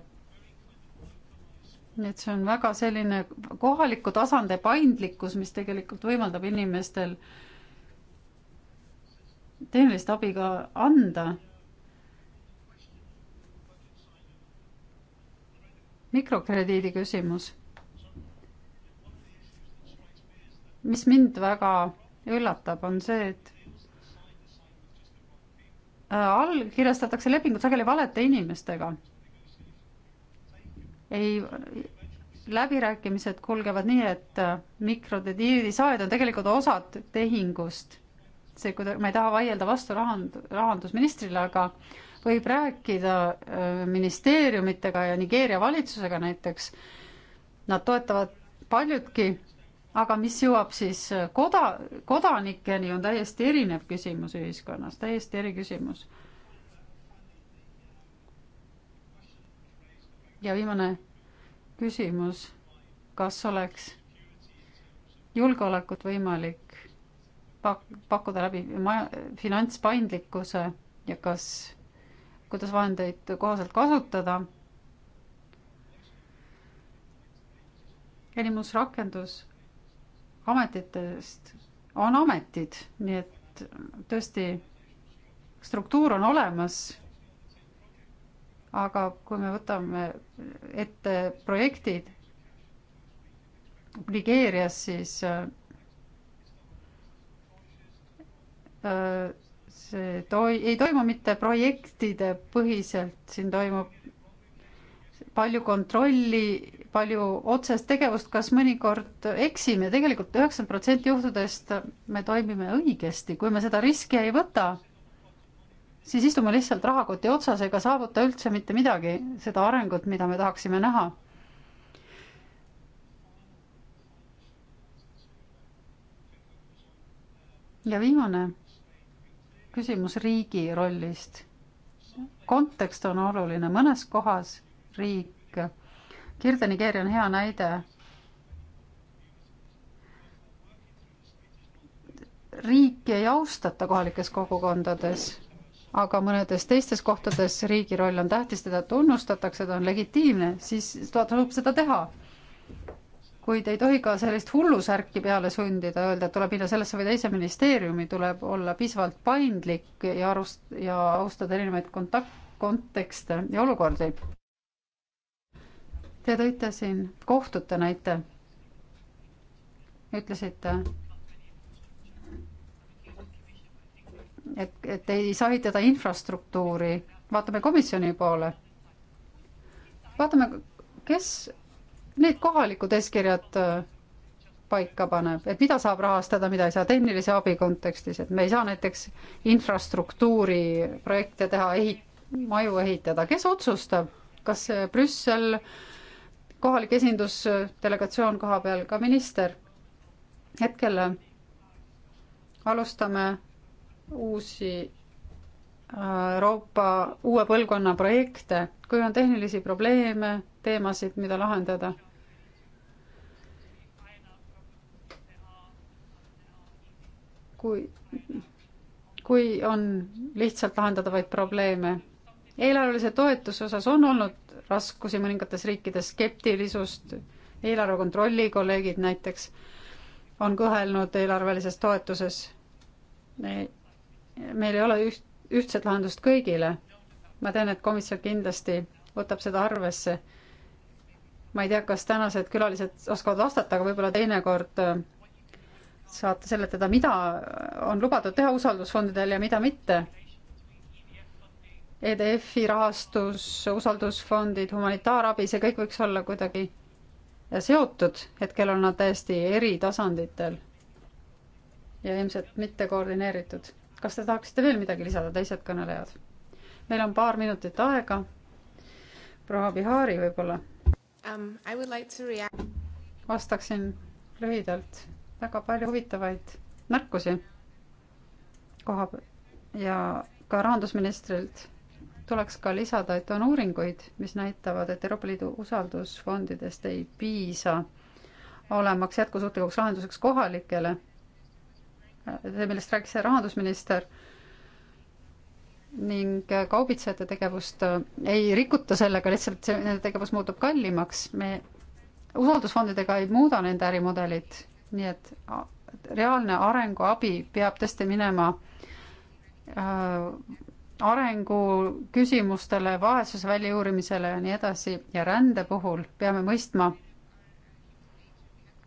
nii et see on väga selline kohaliku tasandi paindlikkus, mis tegelikult võimaldab inimestel tehnilist abi ka anda mikrokrediidi küsimus. mis mind väga üllatab, on see, et äh, allkirjastatakse lepingud sageli valete inimestega. ei, läbirääkimised kulgevad nii, et äh, mikrokrediidi saajad on tegelikult osad tehingust. see, kui ta, ma ei taha vaielda vastu rahand-, rahandusministrile, aga võib rääkida äh, ministeeriumitega ja Nigeeria valitsusega näiteks, nad toetavad paljutki, aga mis jõuab siis äh, koda, kodanikeni, on täiesti erinev küsimus ühiskonnas, täiesti eri küsimus. ja viimane küsimus, kas oleks julgeolekut võimalik pak-, pakkuda läbi maja, finantspaindlikkuse ja kas kuidas vahendeid kohaselt kasutada. erimus rakendus ametitest on ametid, nii et tõesti struktuur on olemas. aga kui me võtame ette projektid Nigeerias, siis äh, see toi-, ei toimu mitte projektide põhiselt, siin toimub palju kontrolli, palju otsest tegevust, kas mõnikord eksime, tegelikult üheksakümmend protsenti juhtudest me toimime õigesti, kui me seda riski ei võta, siis istume lihtsalt rahakoti otsas ega saavuta üldse mitte midagi, seda arengut, mida me tahaksime näha. ja viimane küsimus riigi rollist. kontekst on oluline, mõnes kohas riik, Kirde-Nigeeria on hea näide. riiki ei austata kohalikes kogukondades, aga mõnedes teistes kohtades riigi roll on tähtis, teda tunnustatakse, ta on legitiimne, siis tuleb seda teha kuid ei tohi ka sellist hullusärki peale sundida, öelda, et tuleb minna sellesse või teise ministeeriumi, tuleb olla piisavalt paindlik ja arust- ja austada erinevaid kontakt, kontekste ja olukordi. Te tõite siin kohtute näite. ütlesite, et, et ei saa ehitada infrastruktuuri. vaatame komisjoni poole. vaatame, kes need kohalikud eeskirjad äh, paika paneb, et mida saab rahastada, mida ei saa tehnilise abi kontekstis, et me ei saa näiteks infrastruktuuri projekte teha, ehit-, maju ehitada, kes otsustab, kas äh, Brüssel, kohalik esindus, äh, delegatsioon koha peal, ka minister. hetkel alustame uusi Euroopa uue põlvkonna projekte, kui on tehnilisi probleeme, teemasid, mida lahendada kui, kui on lihtsalt lahendatavaid probleeme. eelarvelise toetuse osas on olnud raskusi mõningates riikides, skeptilisust, eelarve kontrolli kolleegid näiteks on kõhelnud eelarvelises toetuses. meil ei ole üht, ühtset lahendust kõigile. ma tean, et komisjon kindlasti võtab seda arvesse. ma ei tea, kas tänased külalised oskavad vastata, aga võib-olla teinekord saate seletada, mida on lubatud teha usaldusfondidel ja mida mitte? EDF-i rahastus, usaldusfondid, humanitaarabi, see kõik võiks olla kuidagi seotud, hetkel on nad täiesti eri tasanditel ja ilmselt mitte koordineeritud. kas te tahaksite veel midagi lisada, teised kõnelejad? meil on paar minutit aega. proua Bihari võib-olla
um,. Like react...
vastaksin lühidalt väga palju huvitavaid märkusi koha ja ka rahandusministrilt tuleks ka lisada, et on uuringuid, mis näitavad, et Euroopa Liidu usaldusfondidest ei piisa olemaks jätkusuutlikuks lahenduseks kohalikele. see, millest rääkis rahandusminister ning kaubitsejate tegevust ei rikuta sellega, lihtsalt see tegevus muutub kallimaks, me usaldusfondidega ei muuda nende ärimudelit nii et reaalne arenguabi peab tõesti minema äh, arengu küsimustele, vaesuse väljajuurimisele ja nii edasi ja rände puhul peame mõistma,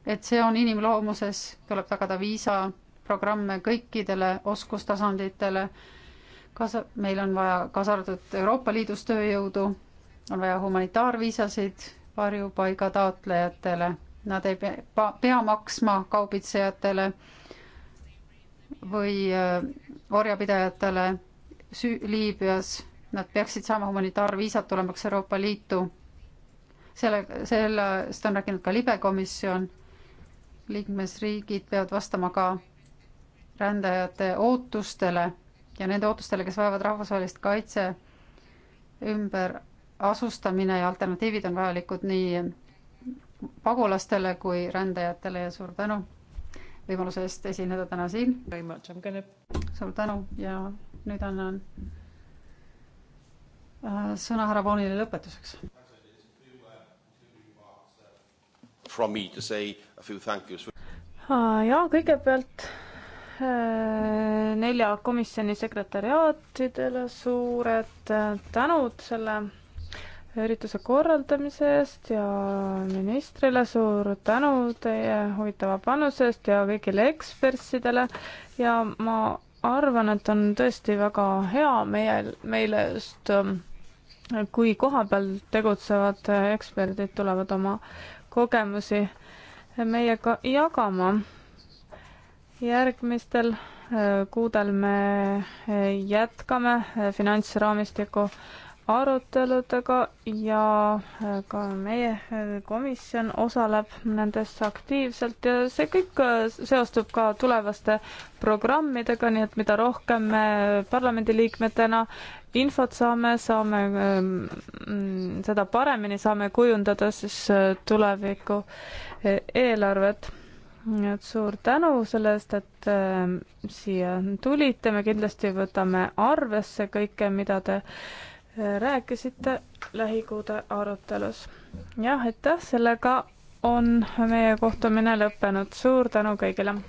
et see on inimloomuses, tuleb tagada viisaprogramme kõikidele oskustasanditele, kaasa, meil on vaja kaasa arvatud Euroopa Liidus tööjõudu, on vaja humanitaarviisasid varjupaigataotlejatele nad ei pea maksma kaubitsejatele või äh, orjapidajatele Süü-, Liibüas, nad peaksid saama humanitaarviisat tulemaks Euroopa Liitu. selle, sellest on rääkinud ka libekomisjon, liikmesriigid peavad vastama ka rändajate ootustele ja nende ootustele, kes vajavad rahvusvahelist kaitse, ümberasustamine ja alternatiivid on vajalikud nii pagulastele kui rändajatele ja suur tänu võimaluse eest esineda täna siin. Gonna... suur tänu ja nüüd annan äh, sõna härra Voonile lõpetuseks.
ja kõigepealt äh, nelja komisjoni sekretäriaatidele suured äh, tänud selle ürituse korraldamise eest ja ministrile suur tänu teie huvitava panuse eest ja kõigile ekspertsidele ja ma arvan, et on tõesti väga hea meie, meile just ähm, kui kohapeal tegutsevad eksperdid tulevad oma kogemusi meiega jagama. järgmistel äh, kuudel me äh, jätkame äh, finantsraamistiku aruteludega ja äh, ka meie äh, komisjon osaleb nendes aktiivselt ja see kõik äh, seostub ka tulevaste programmidega, nii et mida rohkem me parlamendiliikmetena infot saame, saame ähm, mm, seda paremini saame kujundada siis tuleviku eelarvet nii et suur tänu selle eest, et äh, siia tulite, me kindlasti võtame arvesse kõike, mida te rääkisite lähikuude arutelus. jah, aitäh, sellega on meie kohtumine lõppenud, suur tänu kõigile!